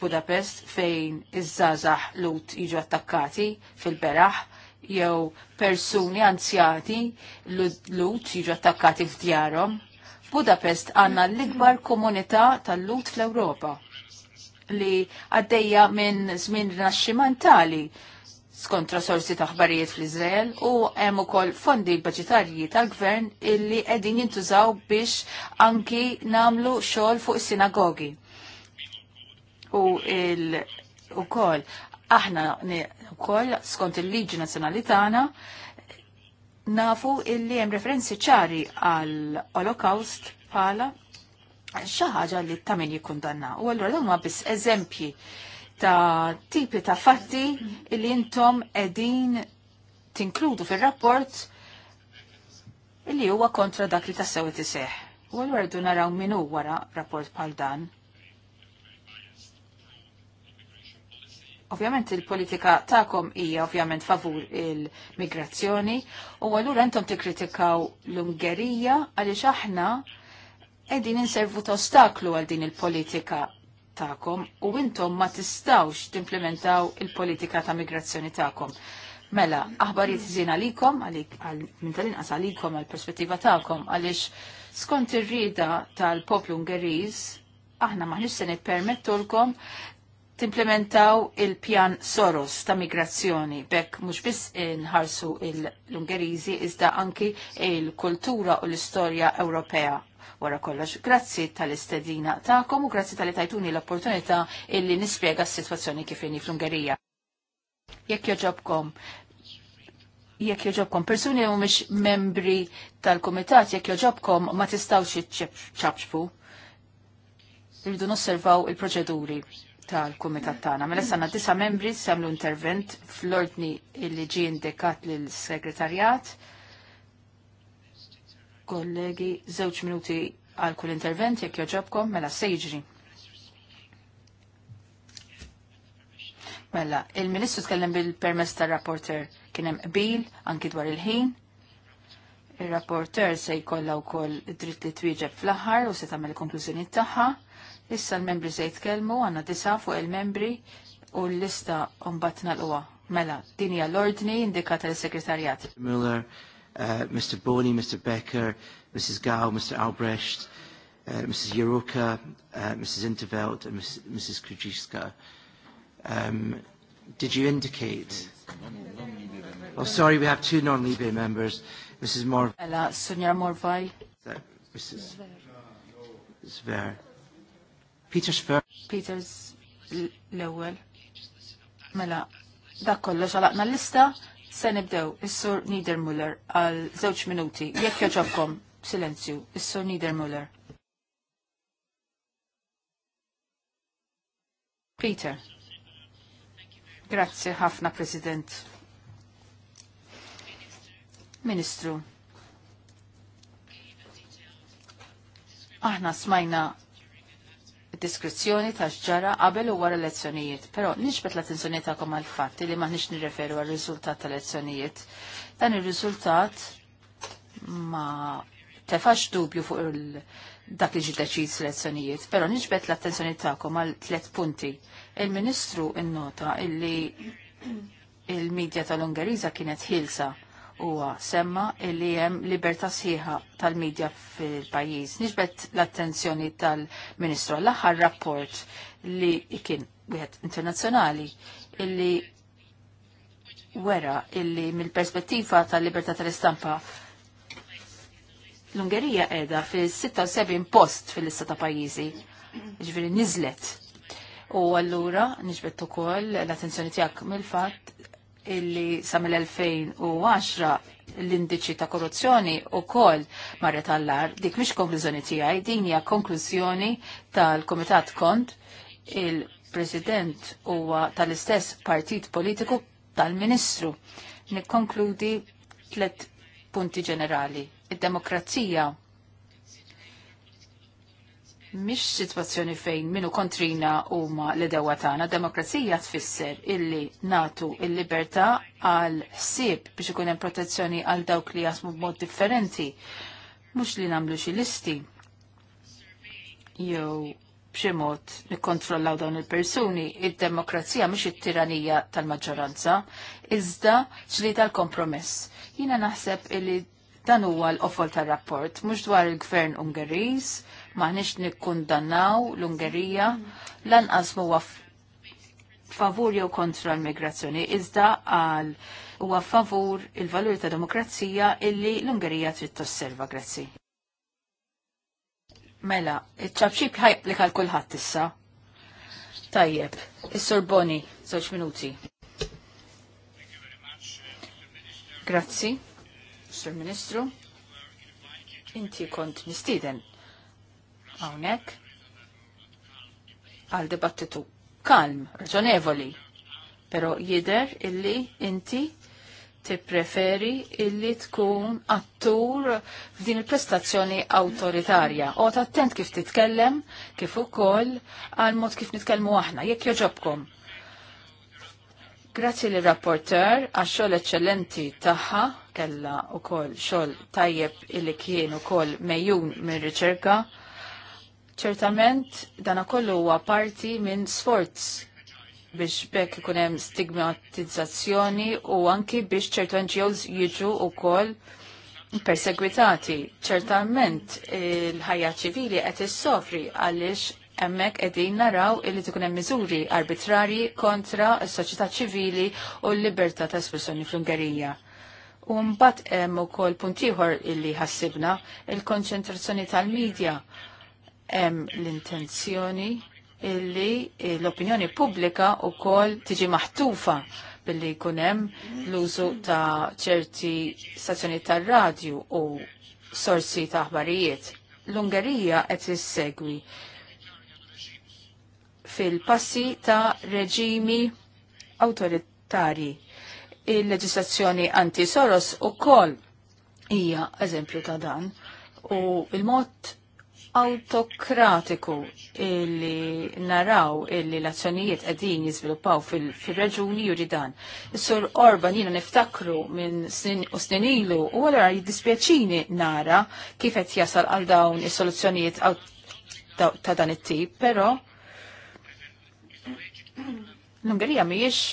Budapest fejn iż-żazax lut jiġu attakkati fil-beraħ jew persuni anzjati lut jiġu attakkati f'djarhom. Budapest għanna l-ikbar komunità tal-lut fl-Ewropa li għaddejja minn żmien rinaxximentali skontra sorsi taħbarijiet fl-Izrael u hemm ukoll fondi baġitarji tal-gvern illi qegħdin jintużaw biex anki namlu xogħol fuq is-sinagogi u il u kol aħna u kol skont il-liġi nazjonali tagħna nafu illi hemm referenzi ċari għal Holocaust bħala xi ħaġa li min jikkundanna. U allura dawn huma biss eżempji ta' tipi ta' fatti illi intom edin tinkludu fil-rapport illi huwa kontra dak li tassew tiseħ. U għal-wardu naraw minu wara rapport bħal dan. Ovvjament il-politika ta'kom hija ovvjament favur il-migrazzjoni u għallura intom tikkritikaw l-Ungerija għaliex aħna qegħdin inservu ta' ostaklu għal din il-politika ta'kom u intom ma tistawx timplementaw il-politika ta' migrazzjoni ta'kom. Mela, aħbarijiet iżin għalikom, għalik minn tal-inqas għalikom għal-perspettiva ta'kom għaliex skont ir-rida tal-poplu Ungeriż aħna maħniex se nippermettulkom timplementaw il-pjan Soros ta' migrazzjoni bekk mhux biss inħarsu l-Ungeriżi iżda anki il-kultura u l-istorja Ewropea. Wara kollox, grazzi tal-istedina ta'kom u grazzi tal-li tajtuni l-opportunità illi nispjega s-sitwazzjoni kif inhi fl-Ungerija. Jekk joġobkom, jekk joġobkom persuni u mhux membri tal-kumitat, jekk joġobkom ma tistgħux iċċabxfu. Irridu nosservaw il-proċeduri tal-Kumitat tagħna. Mela sanna disa membri semlu intervent fl-ordni li ġie indikat lill-Segretarjat. Kollegi, żewġ minuti għal kull intervent jekk joġobkom mela se jiġri. Mela, il-Ministru tkellem bil-permess tar-rapporter kien hemm qbil anki dwar il-ħin. Ir-rapporter se jkollha wkoll dritt li twieġeb fl-aħħar u se tagħmel il-konklużjoni tagħha. Issa l-membri se jitkellmu għanna disa fuq il-membri u l-lista unbatna l-uwa. Mela, dinja l-ordni indikata l-Segretarjat. Muller, uh, Mr. Boni, Mr. Becker, Mrs. Gau, Mr. Albrecht, uh, Mrs. Yuruka, uh, Mrs. Interveld, and Mrs. Mrs. Krujiska. Um, did you indicate? Oh, sorry, we have two non libyan members. Mrs. Morvai. Mrs. Zver. Peters first. Peters l ewel Mela, dak kollox għalakna l-lista, se nibdew is-sur Niedermuller għal żewġ minuti. Jekk joġobkom, silenzju, is-sur Niedermuller. Peter. Grazie ħafna, President. Ministru. Aħna smajna diskrizzjoni ta' xġara qabel u wara l-lezzjonijiet, però nixbet l-attenzjoni tagħkom għal fatt li maħniex nirreferu għal riżultat tal-elezzjonijiet. Dan ir-riżultat ma tefax dubju fuq il- dak li ġi deċiż l-elezzjonijiet, però l-attenzjoni tagħkom għal tliet punti. Il-Ministru innota illi il-medja tal-Ungeriża kienet ħilsa huwa semma li hemm libertà sħiħa tal-medja fil-pajjiż. Nixbet l-attenzjoni tal-Ministru l-aħħar rapport li kien wieħed internazzjonali illi wera illi mill-perspettiva tal-libertà tal-istampa l-Ungerija edha fil-76 post fil-lista ta' pajjiżi, ġviri jiġifieri nizlet. U allura nġbet ukoll l-attenzjoni tiegħek mill-fatt illi sa mill-2010 l-indiċi ta' korruzzjoni u kol marret allar, dik mish konklużjoni tijaj, din hija konklużjoni tal-Komitat Kont, il-President huwa tal-istess partit politiku tal-Ministru. Nikkonkludi tlet punti ġenerali. Id-demokrazija Mish situazzjoni fejn minu kontrina huma l dewa tagħna demokrazija tfisser illi natu il-libertà għal ħsieb biex ikun hemm protezzjoni għal dawk li jasmu b'mod differenti. Mhux li nagħmlu xi listi jew b'xi mod nikkontrollaw dawn il-persuni, id-demokrazija mhux it-tiranija tal-maġġoranza, iżda xli tal-kompromess. Jiena naħseb illi dan huwa l-qofol tar-rapport, mhux dwar il-Gvern Ungeriż, maħniex nikkundannaw l-Ungerija lanqas huwa favur jew kontra l-migrazzjoni, iżda għal huwa favur il-valuri ta' demokrazija illi l-Ungerija trid tosserva, grazzi. Mela, iċ-ċabxib li għal kulħadd issa. Tajjeb, is-Sorboni, żewġ minuti. Grazzi, Sur Ministru. Inti kont mistiden hawnhekk għal dibattitu kalm, raġonevoli, pero jider illi inti tippreferi illi tkun attur f'din il-prestazzjoni autoritarja. U attent kif titkellem, kif ukoll għal mod kif nitkellmu aħna, jekk joġobkom. Grazzi li rapporter għax xogħol eċċellenti tagħha kella kol xogħol tajjeb illi kien ukoll mejjun minn riċerka Ċertament dana kollu huwa parti minn sforz biex bekk ikun hemm stigmatizzazzjoni u anki biex ċertu NGOs jiġu wkoll persegwitati. Ċertament il-ħajja ċivili qed issofri għaliex hemmhekk qegħdin naraw illi tkun hemm miżuri arbitrarji kontra s-soċjetà ċivili u l-libertà ta' espressjoni fl-Ungerija. U mbagħad hemm ukoll punt ieħor illi ħassibna il-konċentrazzjoni tal-medja hemm l-intenzjoni illi l-opinjoni pubblika wkoll tiġi maħtufa billi jkun hemm l-użu ta' ċerti stazzjoni tar-radju u sorsi ta' aħbarijiet. L-Ungerija qed segwi fil-passi ta' reġimi awtoritarji. Il-leġislazzjoni anti-Soros ukoll hija eżempju ta' dan u il-mod autokratiku illi naraw illi l-azzjonijiet qegħdin jizviluppaw fil-reġuni juri dan. Sur Orban jina niftakru minn snin u snin ilu u għallura jiddispjaċini nara kif qed jasal għal dawn is-soluzzjonijiet ta' dan it-tip, però l-Ungerija mhijiex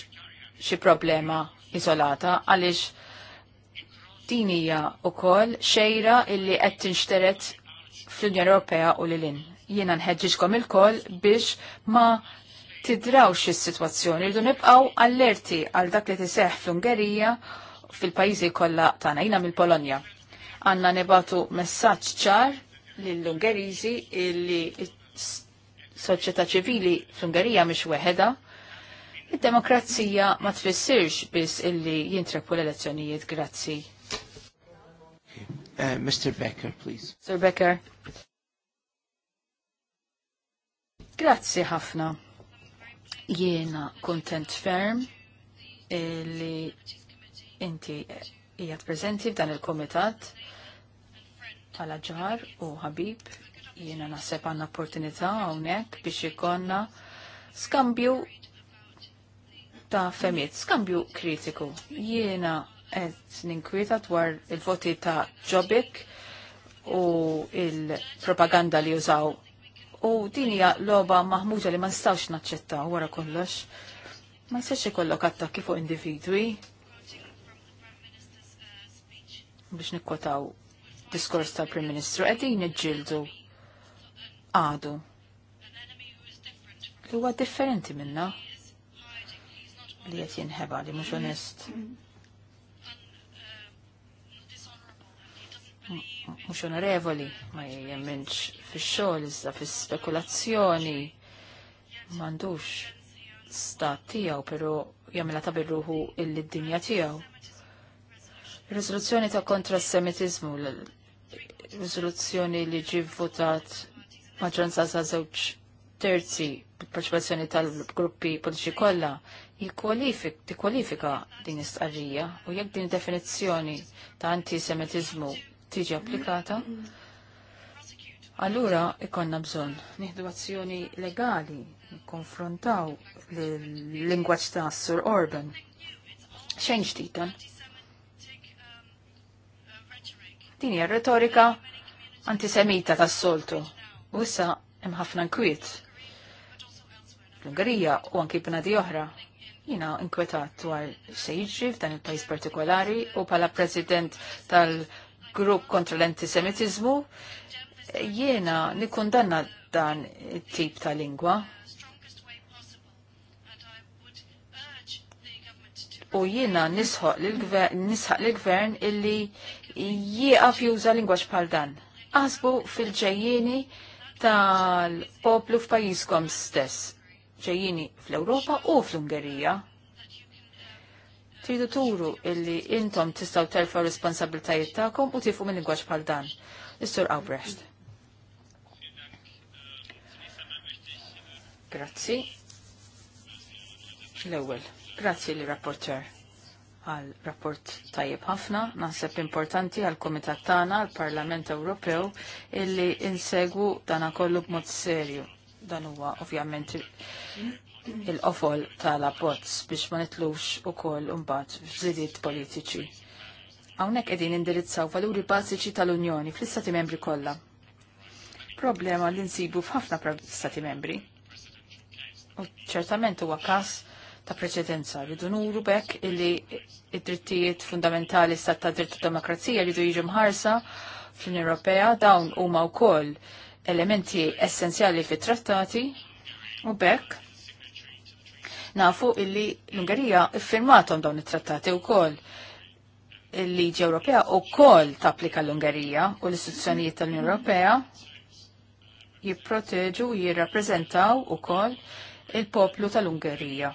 xi problema izolata għaliex din hija wkoll xejra illi qed tinxteret fl-Unjoni Ewropea u lilin. Jiena nħeġġiġkom il biex ma tidrawx is-sitwazzjoni rridu nibqgħu allerti għal dak li tiseħħ fl-Ungerija fil-pajjiżi kollha tagħna jiena mill-Polonja. Għandna nibatu messaġġ ċar lill-Ungeriżi illi s-soċjetà ċivili fl-Ungerija mhix weħeda. Id-demokrazija ma tfissirx biss illi jintrepu l-elezzjonijiet grazzi Uh, Mr. Becker, please. Sir Becker. Grazzi ħafna. Jiena kontent ferm li inti jgħat prezenti f'dan il-komitat għala ġar u ħabib jiena naħseb għanna opportunità hawnhekk biex ikonna skambju ta' femiet, skambju kritiku. Jiena qed ninkwieta dwar il-voti ta' Jobbik u il-propaganda li jużaw. U din hija logħba maħmuġa li ma nistgħux naċċettaw wara kollox. Ma jistax ikollok attakki fuq individwi biex nikkotaw diskors tal-Prim Ministru qegħdin niġġieldu għadu. Li huwa differenti minna li qed jinħeba li mhux onest. Mm -hmm. mhux onorevoli, ma jemminx fix-xogħol iżda fis-spekulazzjoni m'għandux stat tiegħu pero jagħmilha ta' illi il-dinja tiegħu. Riżoluzzjoni ta' kontra s-semitizmu, riżoluzzjoni li ġi votat maġġoranza za' żewġ terzi bil-parċipazzjoni tal-gruppi politiċi kollha jikkwalifika din istqarrija u jekk din definizzjoni ta' antisemitizmu tiġi applikata, allura ikonna bżon nieħdu azzjoni legali, konfrontaw l-lingwaġġ ta' Sur Orban. Xejn ġdidan. Din hija retorika antisemita tas-soltu. U issa hemm ħafna nkwiet. L-Ungerija u anki b'nadi oħra jina inkwetat dwar sejġi jiġri f'dan il-pajis partikolari u pala president tal grupp kontra l-antisemitizmu, jiena nikundanna dan tip ta' lingwa. U jiena nisħaq l-gvern illi jieqaf juża lingwa bħal dan. Qasbu fil ġejjini tal-poplu f'pajjiżkom stess, Ġejjini fl-Ewropa u fl-Ungerija. Tridu turu illi intom tistaw telfa responsabiltajiet ta'kom u tifu minn lingwaġġ bħal dan. is Awbrecht. Albrecht. Grazzi. L-ewwel, grazzi li rapporter għal rapport tajjeb ħafna, naħseb importanti għal komitat tagħna għal Parlament Ewropew illi insegwu dana kollu b'mod serju. Dan huwa ovvjament il-qofol tal-abbozz biex ma nitlux u koll umbat f'żidiet politiċi. Hawnhekk qegħdin indirizzaw valuri bażiċi tal-Unjoni fl-Istati Membri kollha. Problema li nsibu f'ħafna Stati Membri. U ċertament huwa każ ta' preċedenza. rridu nuru bekk illi id-drittijiet fundamentali stat ta' dritt demokrazija ridu jiġu mħarsa fl-Unjoni Ewropea dawn huma wkoll elementi essenzjali fit trattati u bekk Nafu illi l-Ungerija firmatom dawn it-trattati wkoll il-liġi Ewropea u kol tapplika l-Ungerija u l-istituzzjonijiet tal-Unjoni Ewropea jipproteġu u jirrappreżentaw u kol il-poplu tal-Ungerija.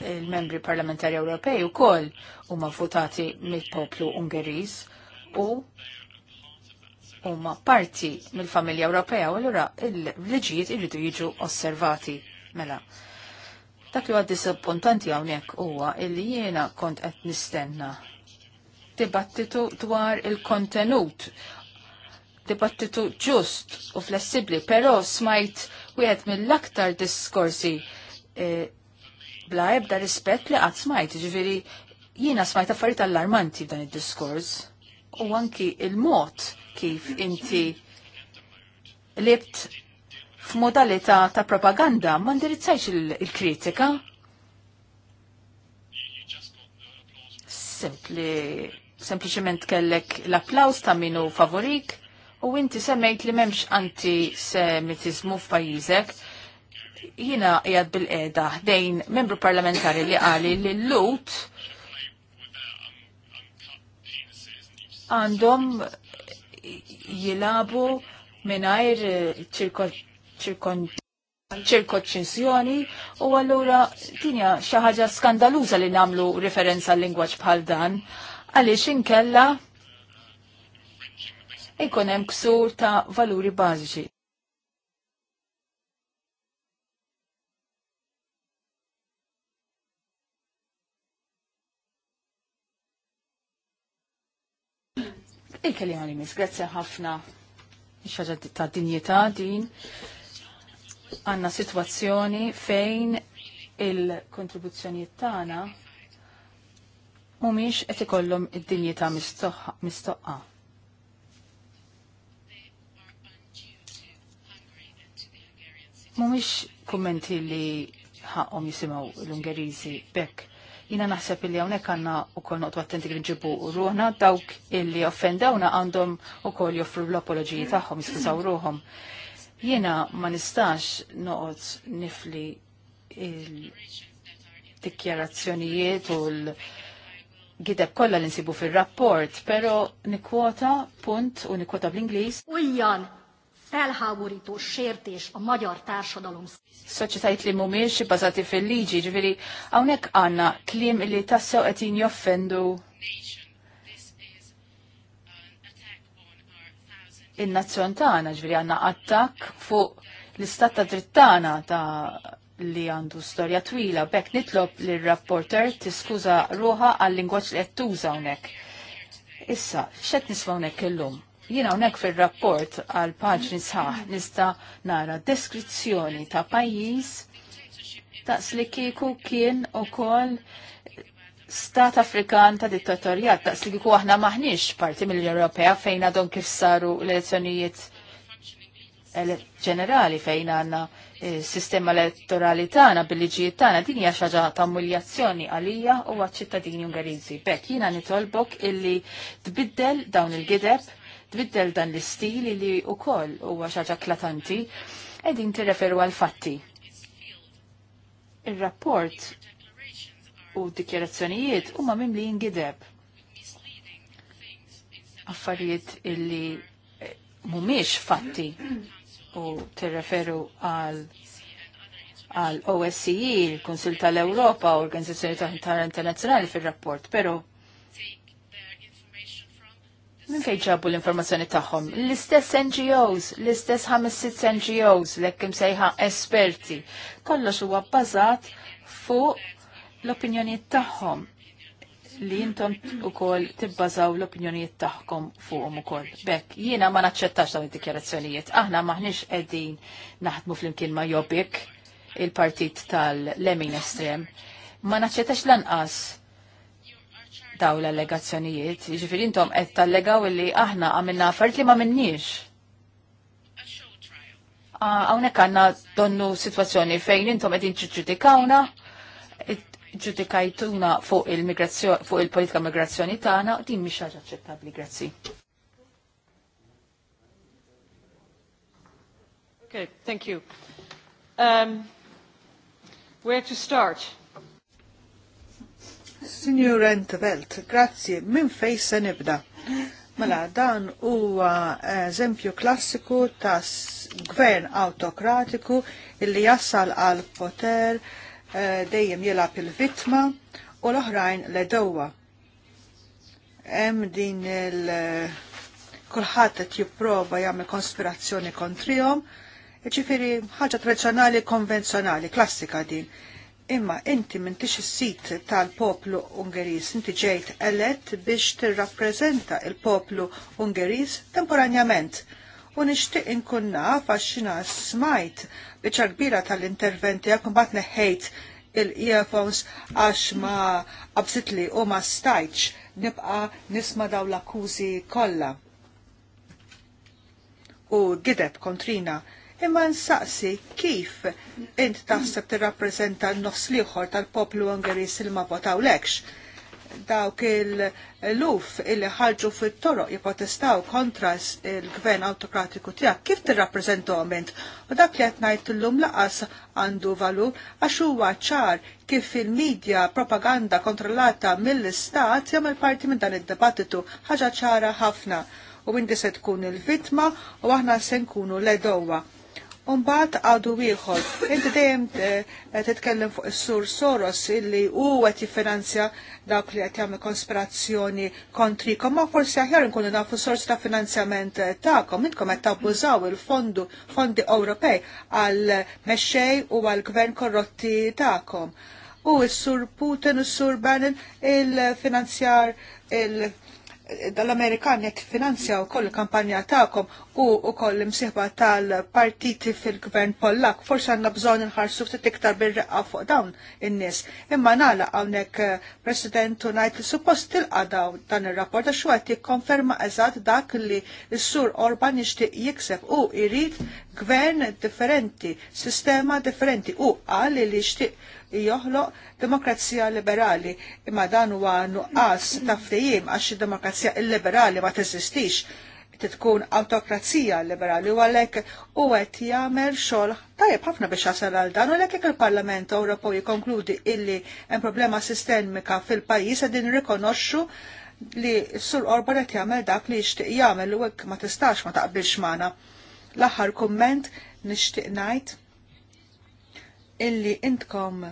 Il-membri parlamentari Ewropej u kol huma votati mill-poplu Ungeriż u huma parti mill-familja Ewropea u l-ura il-liġijiet irridu jiġu osservati. Mela, dak li għad disappuntanti għawnek huwa illi jiena kont qed nistenna dibattitu dwar il-kontenut dibattitu ġust u flessibli, pero smajt wieħed mill-aktar diskorsi e, bla ebda rispett li qatt smajt, ġifieri jiena smajt affarijiet allarmanti dan id-diskors u anki il-mod kif inti libt f'modalità ta' propaganda ma ndirizzajx il-kritika. Simpli, sempliciment kellek l-applaus ta' minu favorik u inti semmejt li memx antisemitizmu f'pajjiżek jina jgħad bil eda dejn membru parlamentari li għali li l-lut għandhom jilabu minajr ċirkot ċirkoċċinsjoni u allura tinja xi ħaġa skandaluża li nagħmlu referenza l lingwaġġ bħal dan għaliex inkella ikun hemm ksur ta' valuri bażiċi. Il-kelli għalimis, grazie ħafna xaġa ta' dinjeta din għanna situazzjoni fejn il-kontribuzzjonijiet tagħna mhumiex qed ikollhom id-dinjità mistoqqa. Mhumiex kummenti li ħaqhom jisimgħu l-Ungeriżi bekk. Jina naħseb li hawnhekk għandna wkoll noqgħdu attenti li nġibu ruħna dawk illi offendawna għandhom ukoll joffru l-apoloġiji tagħhom jiskużaw ruħhom. Jiena ma nistax noqgħod nifli il-dikjarazzjonijiet u l-gideb kollha li nsibu fir-rapport, pero nikwota punt u nikwota bl-Ingliż. Ujjan, felháborító sértés a magyar társadalom. Soċetajt li mumiex bazati fil-liġi, ġviri, għawnek għanna klim li tassew għetin joffendu in-nazzjon tagħna, ġifieri għandna attakk fuq l-istat ta' drittana ta' li għandu storja twila, bekk nitlob li rapporter tiskuża ruħa għal lingwaġġ li qed tuża hawnhekk. Issa, x'qed nisma' hawnhekk illum? Jiena hawnhekk fir-rapport għal paġni sħaħ nista' nara deskrizzjoni ta' pajjiż daqs li kieku kien ukoll stat Afrikan ta' dittatorjat, ta' s-liku aħna maħnix parti mill-Unjoni Ewropea fejn għadhom kif saru l-elezzjonijiet ġenerali fejn għanna eh, sistema elettorali tagħna bil-liġijiet tagħna din hija xaġa ta' ammuljazzjoni għalija u għaċ-ċittadini Ungeriżi. Bekk jiena nitolbok illi tbiddel dawn il-gideb, tbiddel dan l-istil li wkoll huwa għaxħaġa klatanti qegħdin tirreferu għal fatti. Ir-rapport u dikjerazzjonijiet huma mimli jingideb. Affarijiet illi eh, mumiex fatti u tirreferu għal għal OSCE, il-Konsil tal-Europa, Organizzazzjoni tal-Internazzjonali fil-rapport, pero Minn fej ġabu l-informazzjoni tagħhom? L-istess NGOs, l-istess 5-6 NGOs, l-ekkim sejħa esperti. Kollox huwa bbażat fuq l-opinjonijiet tagħhom li jintom u kol tibbazaw l-opinjonijiet taħkom fuqom u kol. Bek, jiena ma naċċettax dawn id-dikjarazzjonijiet. Aħna maħniex qegħdin naħdmu flimkien ma' Jobbik, il-partit tal-Lemin Estrem. Ma naċċettax lanqas daw l-allegazzjonijiet. jintom jiġifieri intom qed tallegaw li aħna għamilna affarijiet li ma minniex. Hawnhekk għandna donnu sitwazzjoni fejn intom qegħdin ċiċċitikawna ġudikajtuna fuq il-migrazzjoni fuq il-politika migrazzjoni tagħna din mhix ħaġa aċċettabbli grazzi. Okay, thank you. Um, where to start? Signor Entvelt, grazie. Min fej se nibda. Mela, dan huwa eżempju klassiku ta' gvern autokratiku illi jassal għal poter Eh, dejjem jilab il-vittma u l-oħrajn le dowa. Hemm din il- eh, kulħadd qed jipprova jagħmel konspirazzjoni kontrihom, jiġifieri ħaġa tradizzjonali konvenzjonali, klassika din. Imma inti m'intix is-sit tal-poplu Ungeris, inti ġejt elett biex tirrappreżenta il-poplu Ungeris temporanjament u nixtieq inkun naf għax xina smajt biċa kbira tal-interventi jekk bat neħejt il-earphones għax ma qabsitli u ma stajċ nibqa nisma daw l-akkużi kollha. U gideb kontrina imma nsaqsi kif int taħseb tirrappreżenta n-nofs liħor tal-poplu Ungeris il ma lekx dawk il-luf illi ħarġu fit-toroq jipotestaw kontra il-gvern autokratiku tiegħek, kif tirrappreżentahom int? U dak li qed ngħid illum laqas għandu valu għax huwa ċar kif il-medja propaganda kontrollata mill-istat jagħmel parti minn dan id-dibattitu ħaġa ċara ħafna u minn se tkun il-vitma u aħna se nkunu l-edowa Umbat għadu wieħor. Inti dejjem eh, titkellem fuq is-sur Soros illi u qed jiffinanzja dawk li qed jagħmlu konspirazzjoni kontrikom, ma forsi aħjar nkunu nafu sors ta' finanzjament eh, tagħkom, intkom qed tabbużaw il-fondu fondi Ewropej għal mexxej u għal gvern korrotti tagħkom. U s-sur Putin u s-sur Bannon il-finanzjar il-finanzjar dall amerikan jek finanzjaw koll kampanja ta'kom u u koll imsiħba tal-partiti fil-gvern Pollak, forse għanna bżon nħarsu ftit iktar bil-reqqa fuq dawn in-nies. Imma nala għawnek eh, President United suppost tilqa' tilqadaw dan il-rapport għaxu għati konferma eżat dak li s-sur Orban jixtieq jikseb u irrid gvern differenti, sistema differenti u għalli li xtiq joħloq demokrazija liberali imma dan huwa nuqqas ta' taftijim għax id-demokrazija illiberali ma teżistix titkun autokrazija liberali u għalek u għet jgħamil xol tajab ħafna biex jasal għal dan u għalek il-Parlament Ewropew jikonkludi illi hemm problema sistemika fil-pajjiż għedin rikonoxxu li sur Orban qed jagħmel dak li jixtieq jagħmel u hekk ma tistax ma taqbilx magħna. L-aħħar komment nixtieq ngħid illi intkom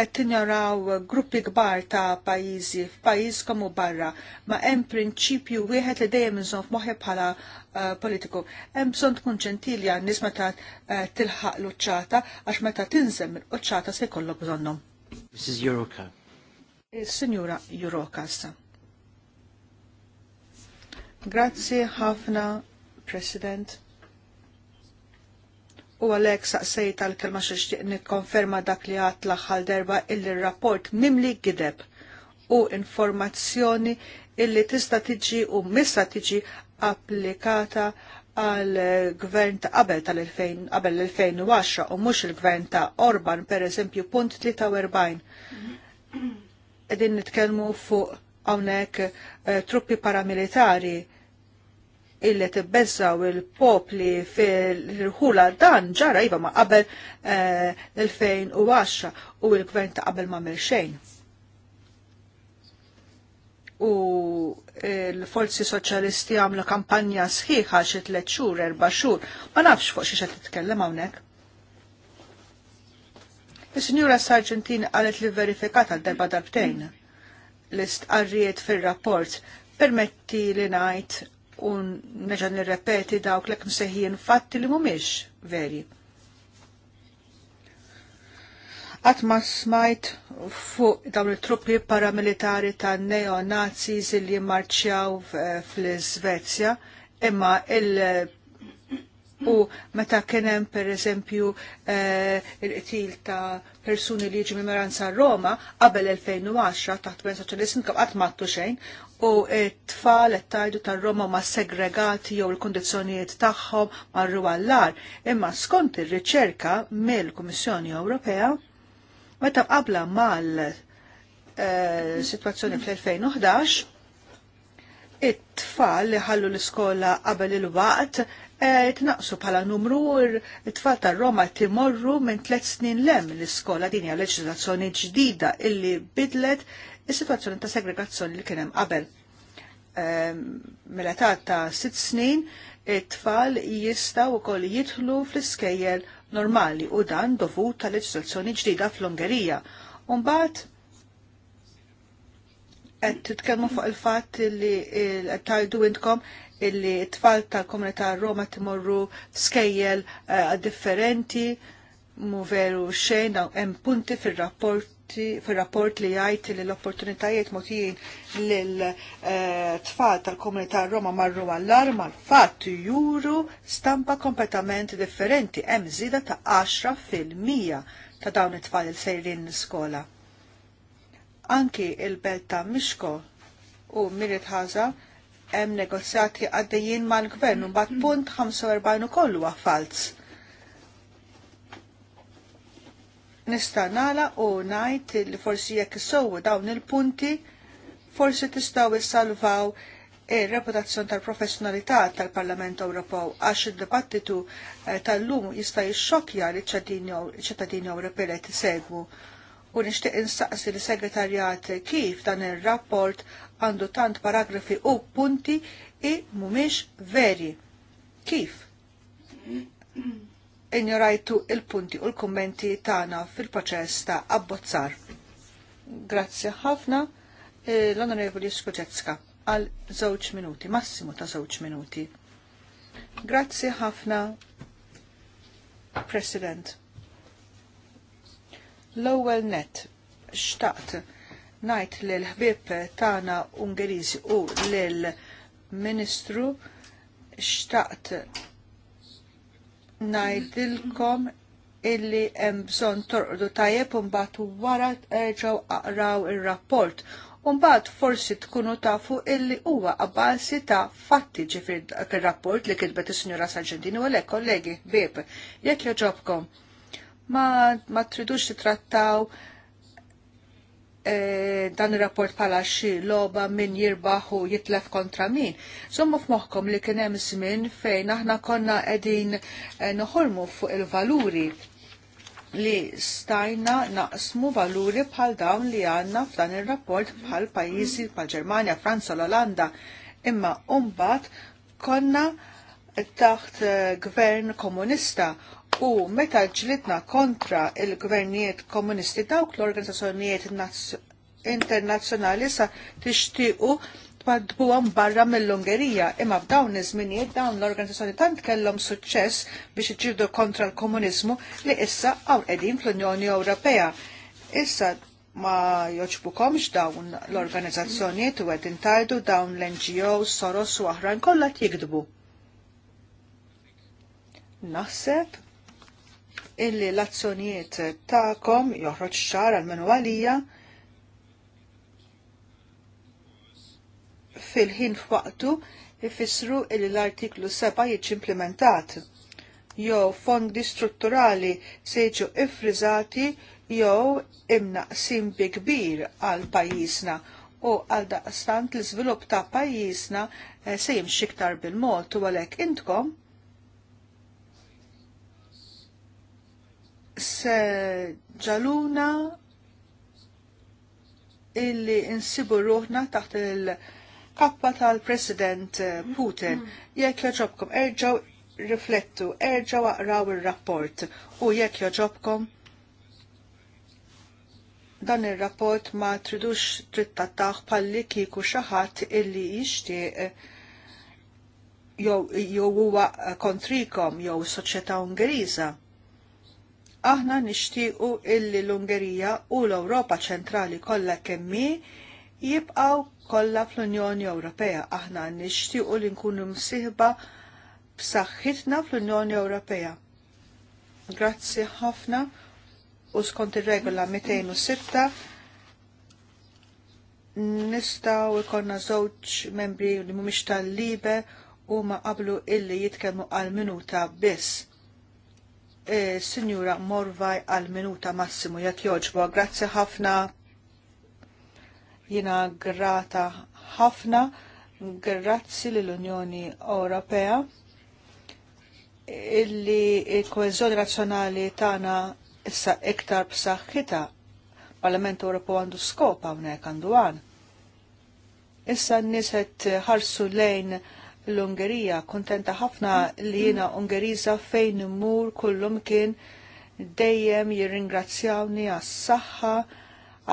qed tinjaraw gruppi kbar ta' pajjiżi f'pajjiżkom u barra, ma hemm prinċipju wieħed li dejjem inżomm f'moħħi bħala uh, politiku. Hemm bżonn tkun ċentili għan nies meta uh, tilħaq l-uċċata għax meta tinżem l-uċċata se jkollok bżonnhom. Mrs. Juroka. Eh, Signora Jurokas. Grazzi ħafna President. U għalek saqsejt tal kelma xiex nikkonferma dak li għat l derba illi rapport mimli gideb u informazzjoni illi tista tiġi u missa tiġi applikata għal gvern ta' qabel tal qabel l-2010 u mhux il-gvern ta' Orban per eżempju punt 43. Qegħdin nitkellmu fuq hawnhekk eh, truppi paramilitari illi tibbezzaw il-popli fil-ħula dan ġara jiva ma' qabel eh, 2010 u il-gvern ta' qabel ma' xejn. U l-forzi soċjalisti għamlu kampanja sħiħa xi tliet xhur, erba' xhur, ma nafx fuq xi xed titkellem hawnhekk. Is-Sinjura Sargentin qalet li verifikata darba darbtejn l-istqarrijiet fil-rapport permetti li najt u neġa nirrepeti dawk l msejħin fatti li mhumiex veri. Atma ma smajt fuq dawn il-truppi paramilitari ta' neonazis li marċjaw fl-Svezja imma il- U meta kienem per eżempju eh, il-qtil ta' persuni li jiġu minoranza Roma qabel 2010 taħt ben soċjalismu kif qatt mattu xejn u t-tfal et tajdu tar-Roma ma segregati jew il-kondizzjonijiet tagħhom marru għall-ar. Imma skont ir-riċerka mill-Kummissjoni Ewropea meta qabla mal eh, situazzjoni fl-2011 it-tfal li ħallu l-iskola qabel il-waqt eh, tnaqsu bħala numru it-tfal ta' Roma timorru minn tliet snin lem l-iskola din hija leġiżlazzjoni ġdida illi bidlet is-sitwazzjoni ta' segregazzjoni li kien hemm qabel. Ehm, mela ta' sitt snin, it-tfal jistaw ukoll jidħlu fl-iskejjel normali u dan dovut tal leġislazzjoni ġdida fl-Ungerija. Umbat, qed titkellmu fuq il-fatt li qed tajdu intkom illi t-tfal tal-komunità Roma timorru f'skejjel eh, differenti mu veru xejn hemm punti fir-rapport fil-rapport li jgħid li l-opportunitajiet motijin l-tfal eh, tal-komunità Roma marru għall arma l fatt juru stampa kompletament differenti hemm żieda ta' 10 fil-mija ta' dawn it-tfal il-sejrin l-iskola. Anki il-belt ta' Mixko u Mirit Haza hemm negozjati għaddejjin mal-gvern u bat punt 45 huwa għafalz nista' nala u ngħid li forsi jekk isowu dawn il-punti forsi tistgħu issalvaw ir-reputazzjoni tal-professjonalità tal-Parlament Ewropew għax id-dibattitu eh, tal-lum jista' jixxokja li ċittadini Ewropej qed isegwu u nixtieq insaqsi li segretarjat kif dan ir-rapport għandu tant paragrafi u punti i mhumiex veri. Kif? injorajtu il-punti u l-kummenti tagħna fil-proċess ta' abbozzar. Grazzi ħafna eh, l-Onorevoli Skoċezka għal żewġ minuti, massimu ta' żewġ minuti. Grazzi ħafna, President. L-ewwel net xtaqt ngħid lil ħbieb tagħna Ungeriżi u lill ministru xtaqt najdilkom illi hemm bżonn torqdu tajjeb u mbagħad wara erġgħu aqraw ir-rapport. U mbagħad forsi tkunu tafu illi huwa qabbalsi ta' fatti ir rapport li kitbet is-Sinjura Sargentini u għalhekk kollegi bieb jekk joġobkom. Ma, ma tridux titrattaw trattaw E, dan il-rapport pala xi loba min jirbaħ u jitlef kontra min. Zommu f'moħkom li kien hemm żmien fejn aħna konna qegħdin e, noħolmu fuq il-valuri li stajna naqsmu valuri bħal dawn li għanna f'dan il-rapport bħal pajjiżi bħal Ġermania, Franza, l-Olanda. Imma umbat konna taħt e, gvern komunista u meta ġlitna kontra il-gvernijiet komunisti dawk l-organizzazzjonijiet internazzjonali sa tixtiequ twadbuhom barra mill-Ungerija imma f'dawn iż-żminijiet dawn l-organizzazzjoni tant kellhom suċċess biex iġġieldu kontra l-komuniżmu li issa hawn qegħdin fl-Unjoni Ewropea. Issa ma joċbukomx dawn l organizzazzjonijiet u qegħdin intajdu dawn l-NGOs, Soros u oħrajn kollha jikdbu. Naħseb illi l-azzjonijiet ta'kom joħroġ xar għal-menu għalija fil-ħin f'waqtu ifissru illi l-artiklu 7 jiġi implementat jew fondi strutturali se jiġu ifriżati jew imnaqsim bi kbir għal pajjiżna u għal daqstant l iżvilupp ta' pajjiżna eh, se jimxi iktar bil-mod u għalhekk intkom se ġaluna illi insibu ruħna taħt il-kappa tal-President Putin. Mm. Jekk joġobkom erġaw riflettu, erġaw aqraw il-rapport u jekk joġobkom dan il-rapport ma tridux trittattaħ palli kiku xaħat illi ixti jew huwa kontrikom jew soċjetà Ungeriża aħna nixtiequ illi l-Ungerija u l-Ewropa ċentrali kollha kemmi jibqaw kollha fl-Unjoni Ewropea. Aħna nixtiequ li nkunu msiħba b'saħħitna fl-Unjoni Ewropea. Grazzi ħafna u skont ir-regola 206 nistgħu ikonna żewġ membri li mhumiex tal-libe huma qablu illi jitkellmu għal minuta biss E, Signora Morvaj għal minuta massimu jekk joġbo. Grazzi ħafna. Jina grata ħafna. Grazzi l-Unjoni Ewropea illi il-koezjoni nazjonali tagħna issa iktar b'saħħita Parlament Ewropew għandu skop hawnhekk għandu għan. Issa n-nies ħarsu lejn l-Ungerija. Kontenta ħafna li jiena Ungeriża fejn immur kullum kien dejjem jirringrazzjawni għas-saħħa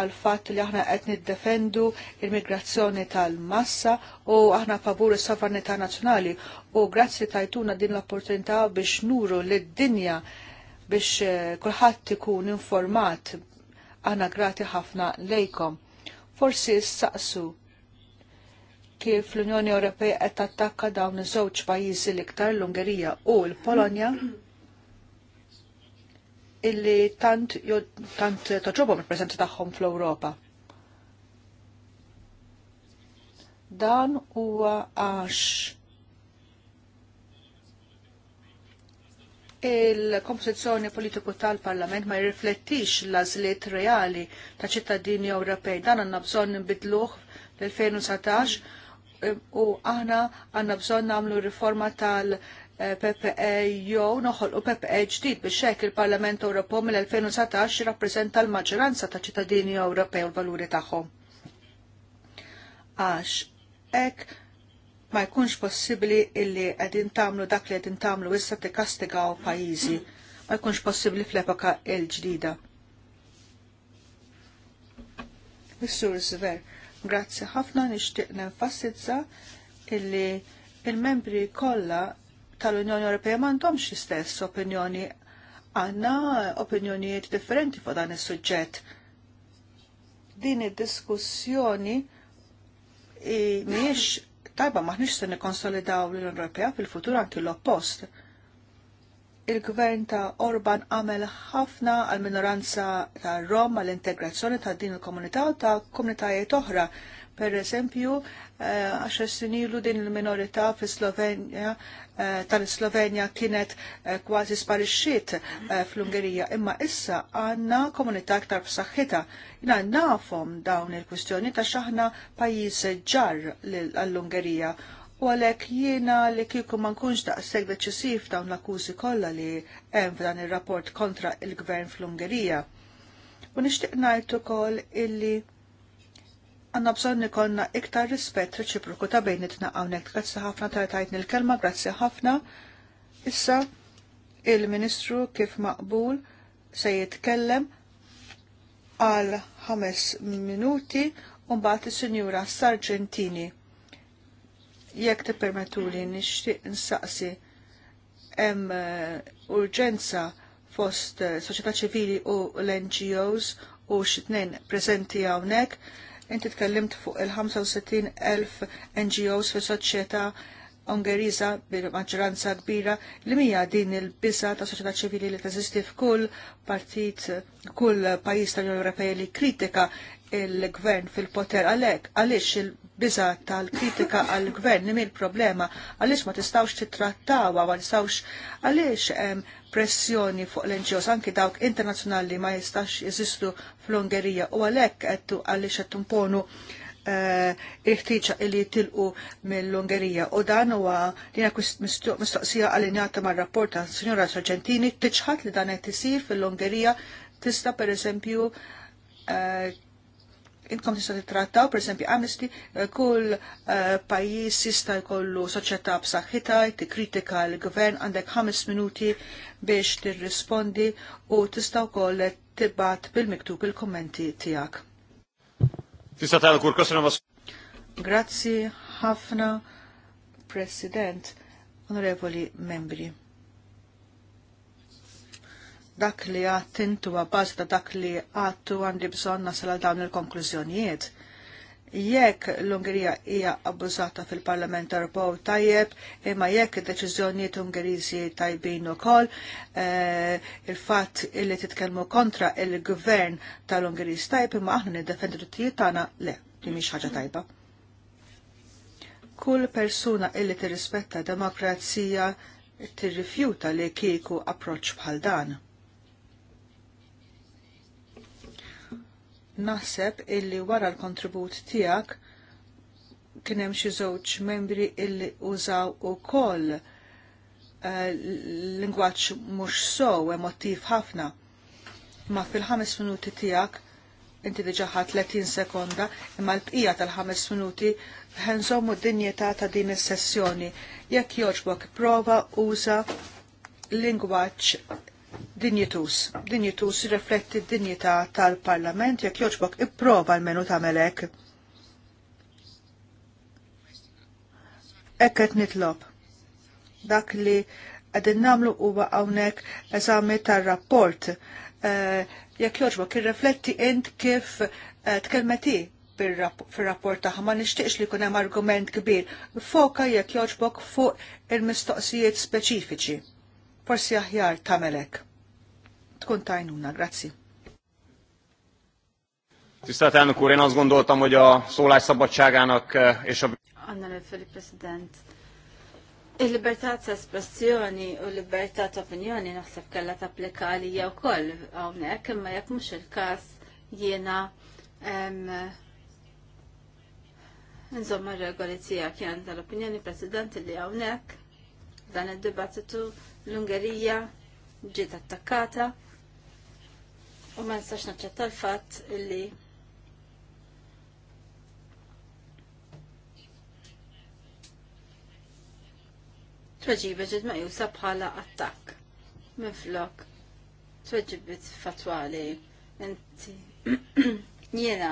għal fatt li aħna qed niddefendu il-migrazzjoni tal-massa u aħna favur is-sovranità nazzjonali u grazzi tajtuna din l-opportunità biex nuru lid-dinja biex eh, kulħadd ikun informat aħna grati ħafna lejkom. Forsi saqsu kif l-Unjoni Ewropea qed attakka dawn iż-żewġ pajjiżi l-iktar l-Ungerija u l-Polonja illi tant tant toġobhom il-preżenza tagħhom fl-Ewropa. Dan huwa għax il-kompożizzjoni politiku tal-Parlament ma jirriflettix l azliet reali ta' ċittadini Ewropej. Dan għandna bżonn nbidluħ l-2019 u aħna għanna bżon namlu riforma tal- PPE noħol noħolqu PPE ġdid biex hekk il-Parlament Ewropew mill 2017 rappreżenta l-maġġoranza ta' ċittadini Ewropew u l-valuri tagħhom. Għax hekk ma jkunx possibbli illi qegħdin tagħmlu dak li qegħdin tagħmlu issa tikkastigaw pajjiżi. Ma jkunx possibbli fl-epoka l-ġdida. Missur Sever. Grazzi ħafna nixtieq nenfasizza illi il-membri kollha tal-Unjoni Ewropea m'għandhomx l-istess opinjoni għandna opinjonijiet differenti fuq dan is-suġġett. Din id-diskussjoni mhijiex tajba maħniex se nikkonsolidaw l-Unjoni Ewropea fil-futur anki l-oppost il-gvern ta' Orban għamel ħafna għal minoranza ta' Rom għal integrazzjoni ta' din il-komunità u ta' komunitajiet oħra. Per eżempju, eh, għax eh, sinilu din il-minorità fis Slovenja eh, tal-Slovenja kienet eh, kważi sparixxiet fl-Ungerija, imma issa għanna komunità aktar b'saħħitha. Jina nafhom dawn il-kwistjoni ta' xaħna pajjiż ġar għall-Ungerija U għalhekk jiena li kieku ma nkunx daqshekk deċisiv dawn l-akkużi kollha li hemm f'dan ir-rapport kontra il-Gvern fl-Ungerija. U nixtieq ngħid ukoll illi għanna bżonn ikollna iktar rispett reċiproku ta' bejnitna hawnhekk. Grazzi ħafna tal tajtni l-kelma, grazzi ħafna. Issa il-Ministru kif maqbul se jitkellem għal ħames minuti u mbagħad is-Sinjura Sargentini Jekk permetuli nixtieq nsaqsi hemm eh, urġenza fost eh, soċjetà ċivili u l-NGOs u xitnejn preżenti hawnhekk. Inti tkellimt fuq il-65,000 NGOs fi soċjetà Ungeriża bil-maġġoranza kbira li mija din il-biża ta' soċjetà ċivili li teżisti f'kull partit, kull pajjiż tal-Unjoni Ewropea li kritika il-gvern fil-poter għalek, għalix il bizat tal-kritika għal-gvern nimi il-problema, għalix ma tistawx titrattawa, ma tistawx, għalix pressjoni fuq l-NGOs, anki dawk internazjonali ma jistax jizistu fl-Ungerija, u għalek għettu għalix għettu mponu eh, irtiċa illi tilqu mill-Ungerija. U dan huwa dina mistoqsija allinjata mar-rapport ta' Signora Sargentini tiċħat li dan qed isir fil-Ungerija tista' pereżempju eh, inkom tista' titrattaw, esempio, Amnesty, eh, kull eh, pajjiż sista jkollu soċjetà b'saħħitha, tikkritika l-gvern għandek ħames minuti biex tirrispondi u tista' wkoll tibat bil-miktub il-kommenti tiegħek. Tista' tagħmel kull Grazzi ħafna, President, Onorevoli Membri dak li għattintu għabbaż ta' dak li għattu għandi bżon nasal għal dawn il-konklużjonijiet. Jekk l-Ungerija hija abbużata fil-Parlament Ewropew tajjeb, imma jekk id-deċiżjonijiet Ungeriżi tajbin ukoll, eh, il-fatt illi titkellmu kontra il-gvern tal-Ungeriż tajb imma aħna niddefendu t-tijiet tagħna le, li mhix ħaġa tajba. Kull persuna illi tirrispetta demokrazija tirrifjuta li kieku approċċ bħal dan naħseb illi wara l-kontribut tijak kien hemm xi żewġ membri illi użaw ukoll uh, eh, lingwaġġ mhux sow emottiv ħafna. Ma fil-ħames minuti tiegħek inti diġà ħadd 30 sekonda, imma l-bqija tal-ħames minuti ħenżommu d-dinjetà ta' din is-sessjoni. Jekk jogħġbok prova uża lingwaġġ dinjitus. Dinjitus rifletti d-dinjità tal-Parlament jekk i ipprova l-menu ta' Hekk qed nitlob. Dak li qegħdin nagħmlu huwa hawnhekk eżami tar-rapport. Eh, jekk i irrifletti int kif eh, tkelmeti fil-rapport taħ ma nixtieqx li kunem argument kbir. Foka jekk joċbok fuq il-mistoqsijiet speċifiċi. Forsi aħjar tamelek tkun tajnuna. Grazzi. Tisztelt elnök úr, én azt gondoltam, hogy a szabadságának eh, és a... Anna Filip President, il-libertà ta' espressjoni u l-libertà ta' opinjoni naħseb kellha tapplika għalija wkoll hawnhekk, imma jekk mhux il-każ jiena Insomma, regoli tiegħek kien tal-opinjoni president li hawnhekk dan id-dibattitu l-Ungerija ġiet attakkata U ma nistax naċċetta l-fatt illi tweġiba ma jusa bħala attakk minn flok tweġibit fatwali inti jiena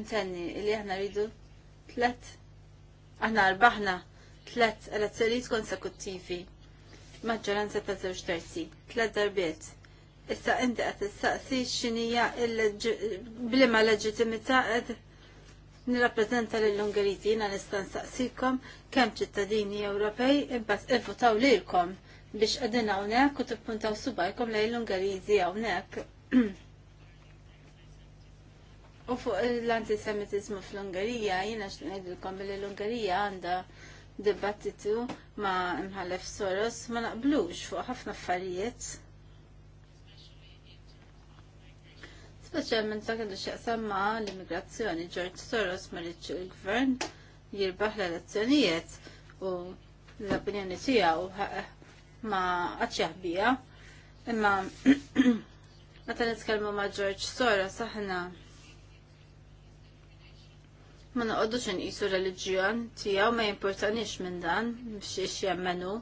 intenni illi aħna ridu tlet aħna rbaħna tlet elezzjonijiet konsekuttivi maġġoranza ta' żewġ terzi tlet darbiet Issa inti qed issaqsi x'inhija bliema leġitimità qed nirrappreżenta lill ungeriti jiena nista' nsaqsikom kemm ċittadini Ewropej imbagħad ivvutaw lilkom biex qegħdin hawnhekk u tippuntaw subajkom lejn l-Ungeriżi hawnhekk. U fuq l-antisemitizmu fl-Ungerija, jiena x'ngħidilkom li l-Ungerija għandha dibattitu ma' imħallef Soros ma naqblux fuq ħafna affarijiet. Speċjalment dak li x'jaqsam ma' l-immigrazzjoni, George Soros ma rridx il-gvern jirbaħ l-elezzjonijiet u l-opinjoni tiegħu eh, ma' jaħbija. Imma meta nitkellmu ma' George Soros aħna ma noqogħdux inqisu reliġjon tiegħu ma jimpurtanix minn dan x'ix jemmenu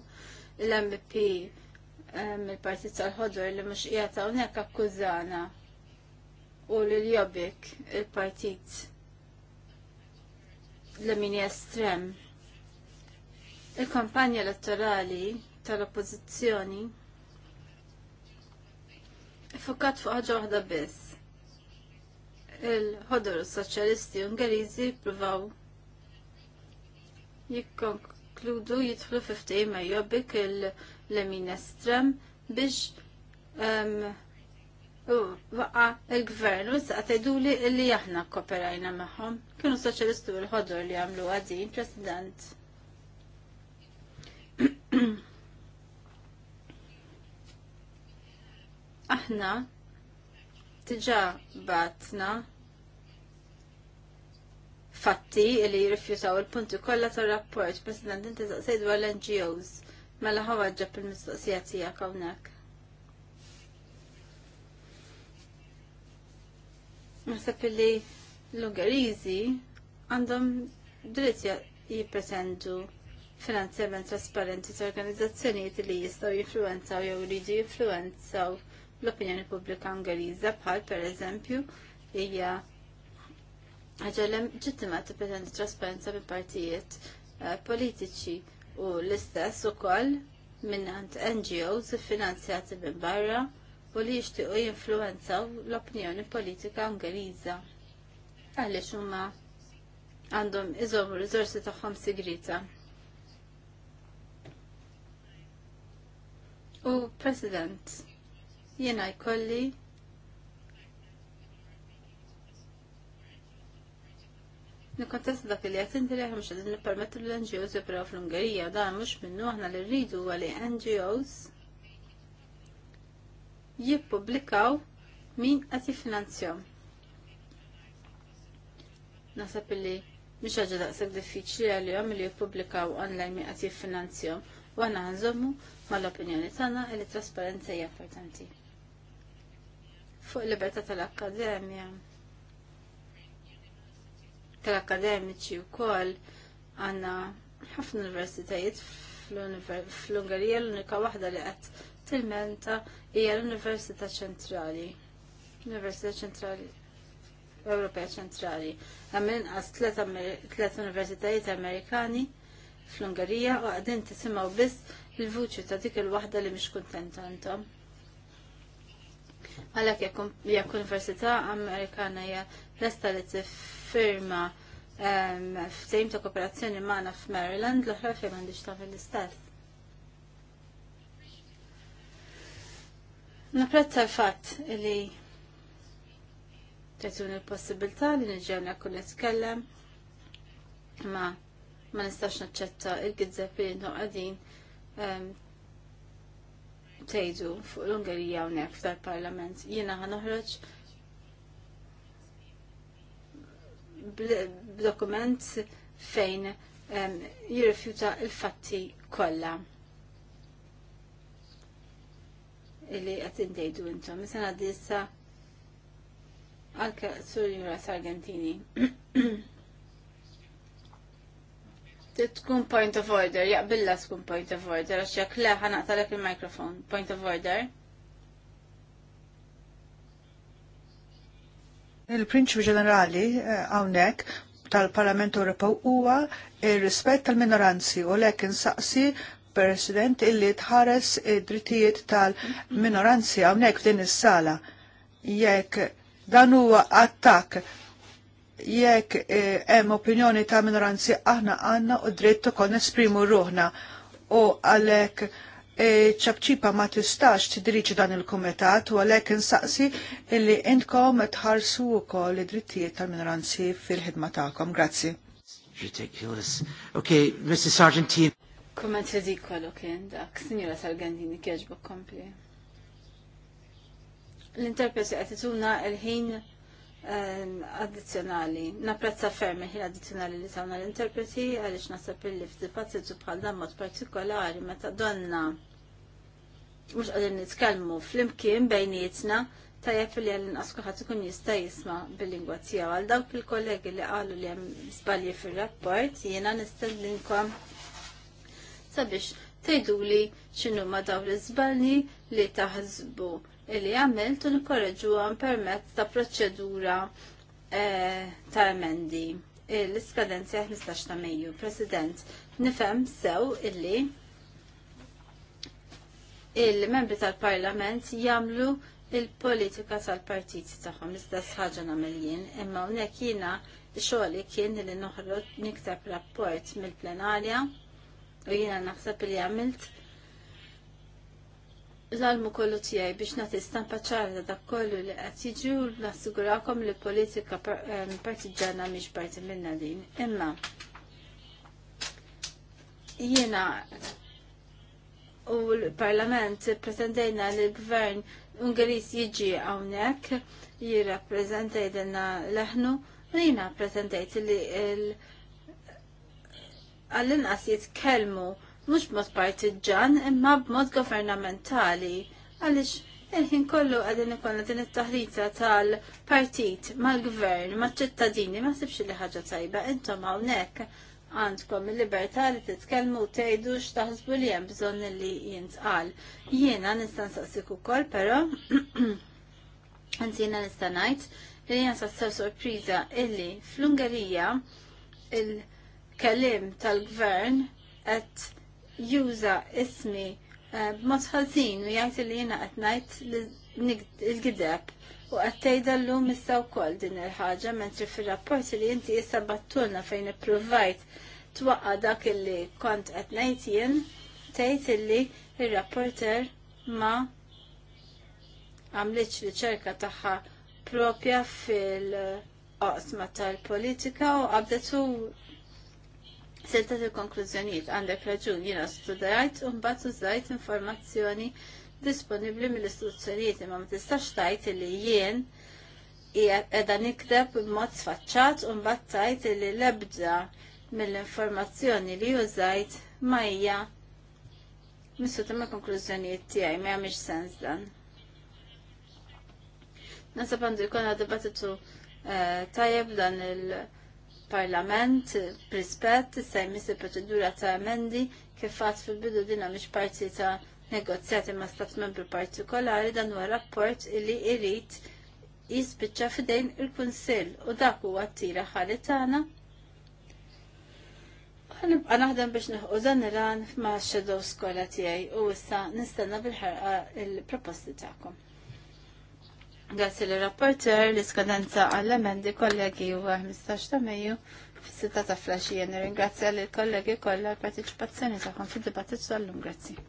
l-MP eh, mill-Partit tal-Ħodur li mhux qiegħed hawnhekk akkużana u l-jobbik il-partit l-mini estrem. Il-kampanja elettorali tal-oppozizjoni fukat fuq ħagġa waħda biss. Il-ħodur soċjalisti Ungeriżi pruvaw jikkonkludu jitħlu 50 ma jobbik il-lemin estrem biex um, waqa il-gvern u issa tgħidu li aħna kkoperajna magħhom. Kienu soċjalistu l ħodur li għamlu għadin, President. aħna tġa batna fatti li jirrifjutaw il-punti kollha tar-rapport President inti saqsej dwar l-NGOs mela ħawaġġab il-mistoqsija tiegħek hawnhekk. Naħseb li l-Ungarizi għandhom dritt jippretendu finanzjament trasparenti ta' organizzazzjonijiet li jistgħu jinfluenzaw jew jridu jinfluenzaw l-opinjoni pubblika Ungariża bħal pereżempju hija ħaġa leġittima tippretendi trasparenza minn partijiet eh, politiċi u l-istess ukoll minn NGOs finanzjati minn barra u li jixtiequ jinfluwenzaw l-opinjoni politika Ungeriża għaliex huma għandhom iżommu riżorsi tagħhom sigrita. U President, jiena jkolli Nikontest dak li għat inti liħem xedin nippermettu l-NGOs jopraw fl-Ungerija, dan mux minnu aħna li rridu għali NGOs jippubblikaw min qed jiffinanzjahom. Naħseb illi mhix ħaġa daqshekk diffiċli għalihom li jippubblikaw online min qed jiffinanzjahom u għandna nżommu mal-opinjoni tagħna li trasparenza hija importanti. Fuq libertà tal-akkademja tal-akademiċi wkoll għandna ħafna universitajiet fl-Ungarija l-unika waħda li qed tilmenta hija l-Università Ċentrali. Università Ċentrali Ewropea Ċentrali. Hemm inqas tliet universitajiet Amerikani fl-Ungerija u qegħdin tisimgħu biss il-vuċi ta' dik il-waħda li mhix kuntenta għandhom. Għalhekk jekk università Amerikana hija lesta li tiffirma ehm, f'tejm ta' kooperazzjoni magħna f'Maryland, l-oħra fejn m'għandix tagħmel l-istess. Napretta l-fatt li ġetun il-possibilità li nġewna kun nitkellem ma ma nistax naċċetta il-gizzab li noqgħodin ehm, tgħidu fuq l-Ungerija hawnhekk fil parlament Jiena għan uħroċ b'dokument fejn ehm, jirrifjuta il-fatti kollha. illi qed intejdu intom. Issa ngħaddi issa għal sur Jura Sargentini. Tkun point of order, jaqbilla tkun point of order, għax jekk le ħanaqtalek il-mikrofon. Point of order. Il-prinċipi ġenerali eh, hawnhekk tal-Parlament Ewropew huwa ir-rispett tal-minoranzi u lek insaqsi President, illi tħares id-drittijiet tal-minoranzi hawnhekk f'din is-sala. Jekk dan huwa attakk jekk eh, hemm opinjoni ta' minoranzi aħna għandna u dritt ukoll nesprimu ruħna u għalhekk eh, ċabċipa ma tistax tidriċi dan il-komitat u għalhekk insaqsi illi intkom tħarsu wkoll id-drittijiet tal-minoranzi fil-ħidma tagħkom. Grazzi. Ridiculous. Okay, Mrs. Sargentini. Komment kollu kien dak, Sinjura tal-Gandini kieġbu kompli. L-interpreti għatituna il-ħin ehm, addizzjonali. Napprezza ferm il-ħin addizzjonali li tawna l-interpreti għaliex nasab illi f'dibattitu bħal dan dammot partikolari meta donna mhux għadin nitkellmu fl-imkien bejnietna tajjeb li għallin inqas ikun jista' jisma' bil-lingwa tiegħu. Għal dawk il-kollegi li qalu li hemm żbalji fir-rapport jiena nistellinkom sabiex tgħiduli xinu ma dawn l-iżbalji li taħsbu li għamilt u għan permezz ta' proċedura eh, ta' emendi. l skadenzja 15 ta' Mejju. President, nifhem sew illi il-membri tal-Parlament jagħmlu il-politika tal-partit tagħhom iżda sħaġa nagħmel jien, imma hawnhekk jiena xogħli kien li noħroġ niktab rapport mill-plenarja U jiena naħseb li għamilt l-almu kollu tijaj biex nati stampa ċarda da kollu li għatiġu jiġu nassigurakom li politika partiġana miex parti minna din. Imma, jiena u l-parlament pretendejna li l-gvern Ungeris jiġi għawnek jirrapprezentajdena leħnu u jiena pretendajt li l- għall-inqas jitkellmu mhux b'mod partiġan imma b'mod governamentali għaliex il-ħin kollu għadin ikollna din it-taħlita tal-partit mal-gvern maċ-ċittadini ma sibx li ħaġa tajba intom hawnhekk għandkom il-libertà li titkellmu u tgħidu x'taħsbu li hemm bżonn li jintqal. Jiena nista' nsaqsik ukoll però jiena nista' ngħid li jiena sa sorpriża illi fl-Ungerija il- kelim tal-gvern qed juża ismi eh, b'mod ħażin u jgħid li jiena qed ngħid il-gideb u qed tgħidha llum issa wkoll din il-ħaġa mentri fir-rapporti li inti issa battulna fejn ipprovajt twaqqa dak illi kont qed ngħid jien tgħid illi ir-rapporter ma għamlitx riċerka tagħha propja fil- qosma tal-politika u qabdet Silta il-konklużjonijiet għandek raġun jiena studajt u mbagħad użajt informazzjoni disponibbli mill istruzzjonijiet imma ma tistax tajt li jien edha nikdeb b'mod sfaċċat u mbagħad tajt li l-ebda mill-informazzjoni li użajt ma hija Missu tamma konklużjonijiet tiegħi ma jagħmilx sens dan. Nasab għandu jkun dibattitu eh, tajjeb dan il- il-Parlament prispett sejmis il-procedura ta' amendi kif fatt fil-bidu dina mhix parti ta' negozjati ma' stat membru partikolari dan huwa rapport li jrid jispiċċa f'idejn il-Kunsill u dak huwa t-tira ħali tagħna. Nibqa' naħdem biex neħu dan ir-ran ma' shadow skola tiegħi u issa nistenna bil-ħarqa il-proposti tagħkom. Grazzi li rapporter li skadenza għall-emendi kollegi u 15 ta' Mejju fis ta' flaxija. Nirringrazzja li kollegi kollha l-partiċipazzjoni tagħhom fid-dibattit tal-lum. Grazzi.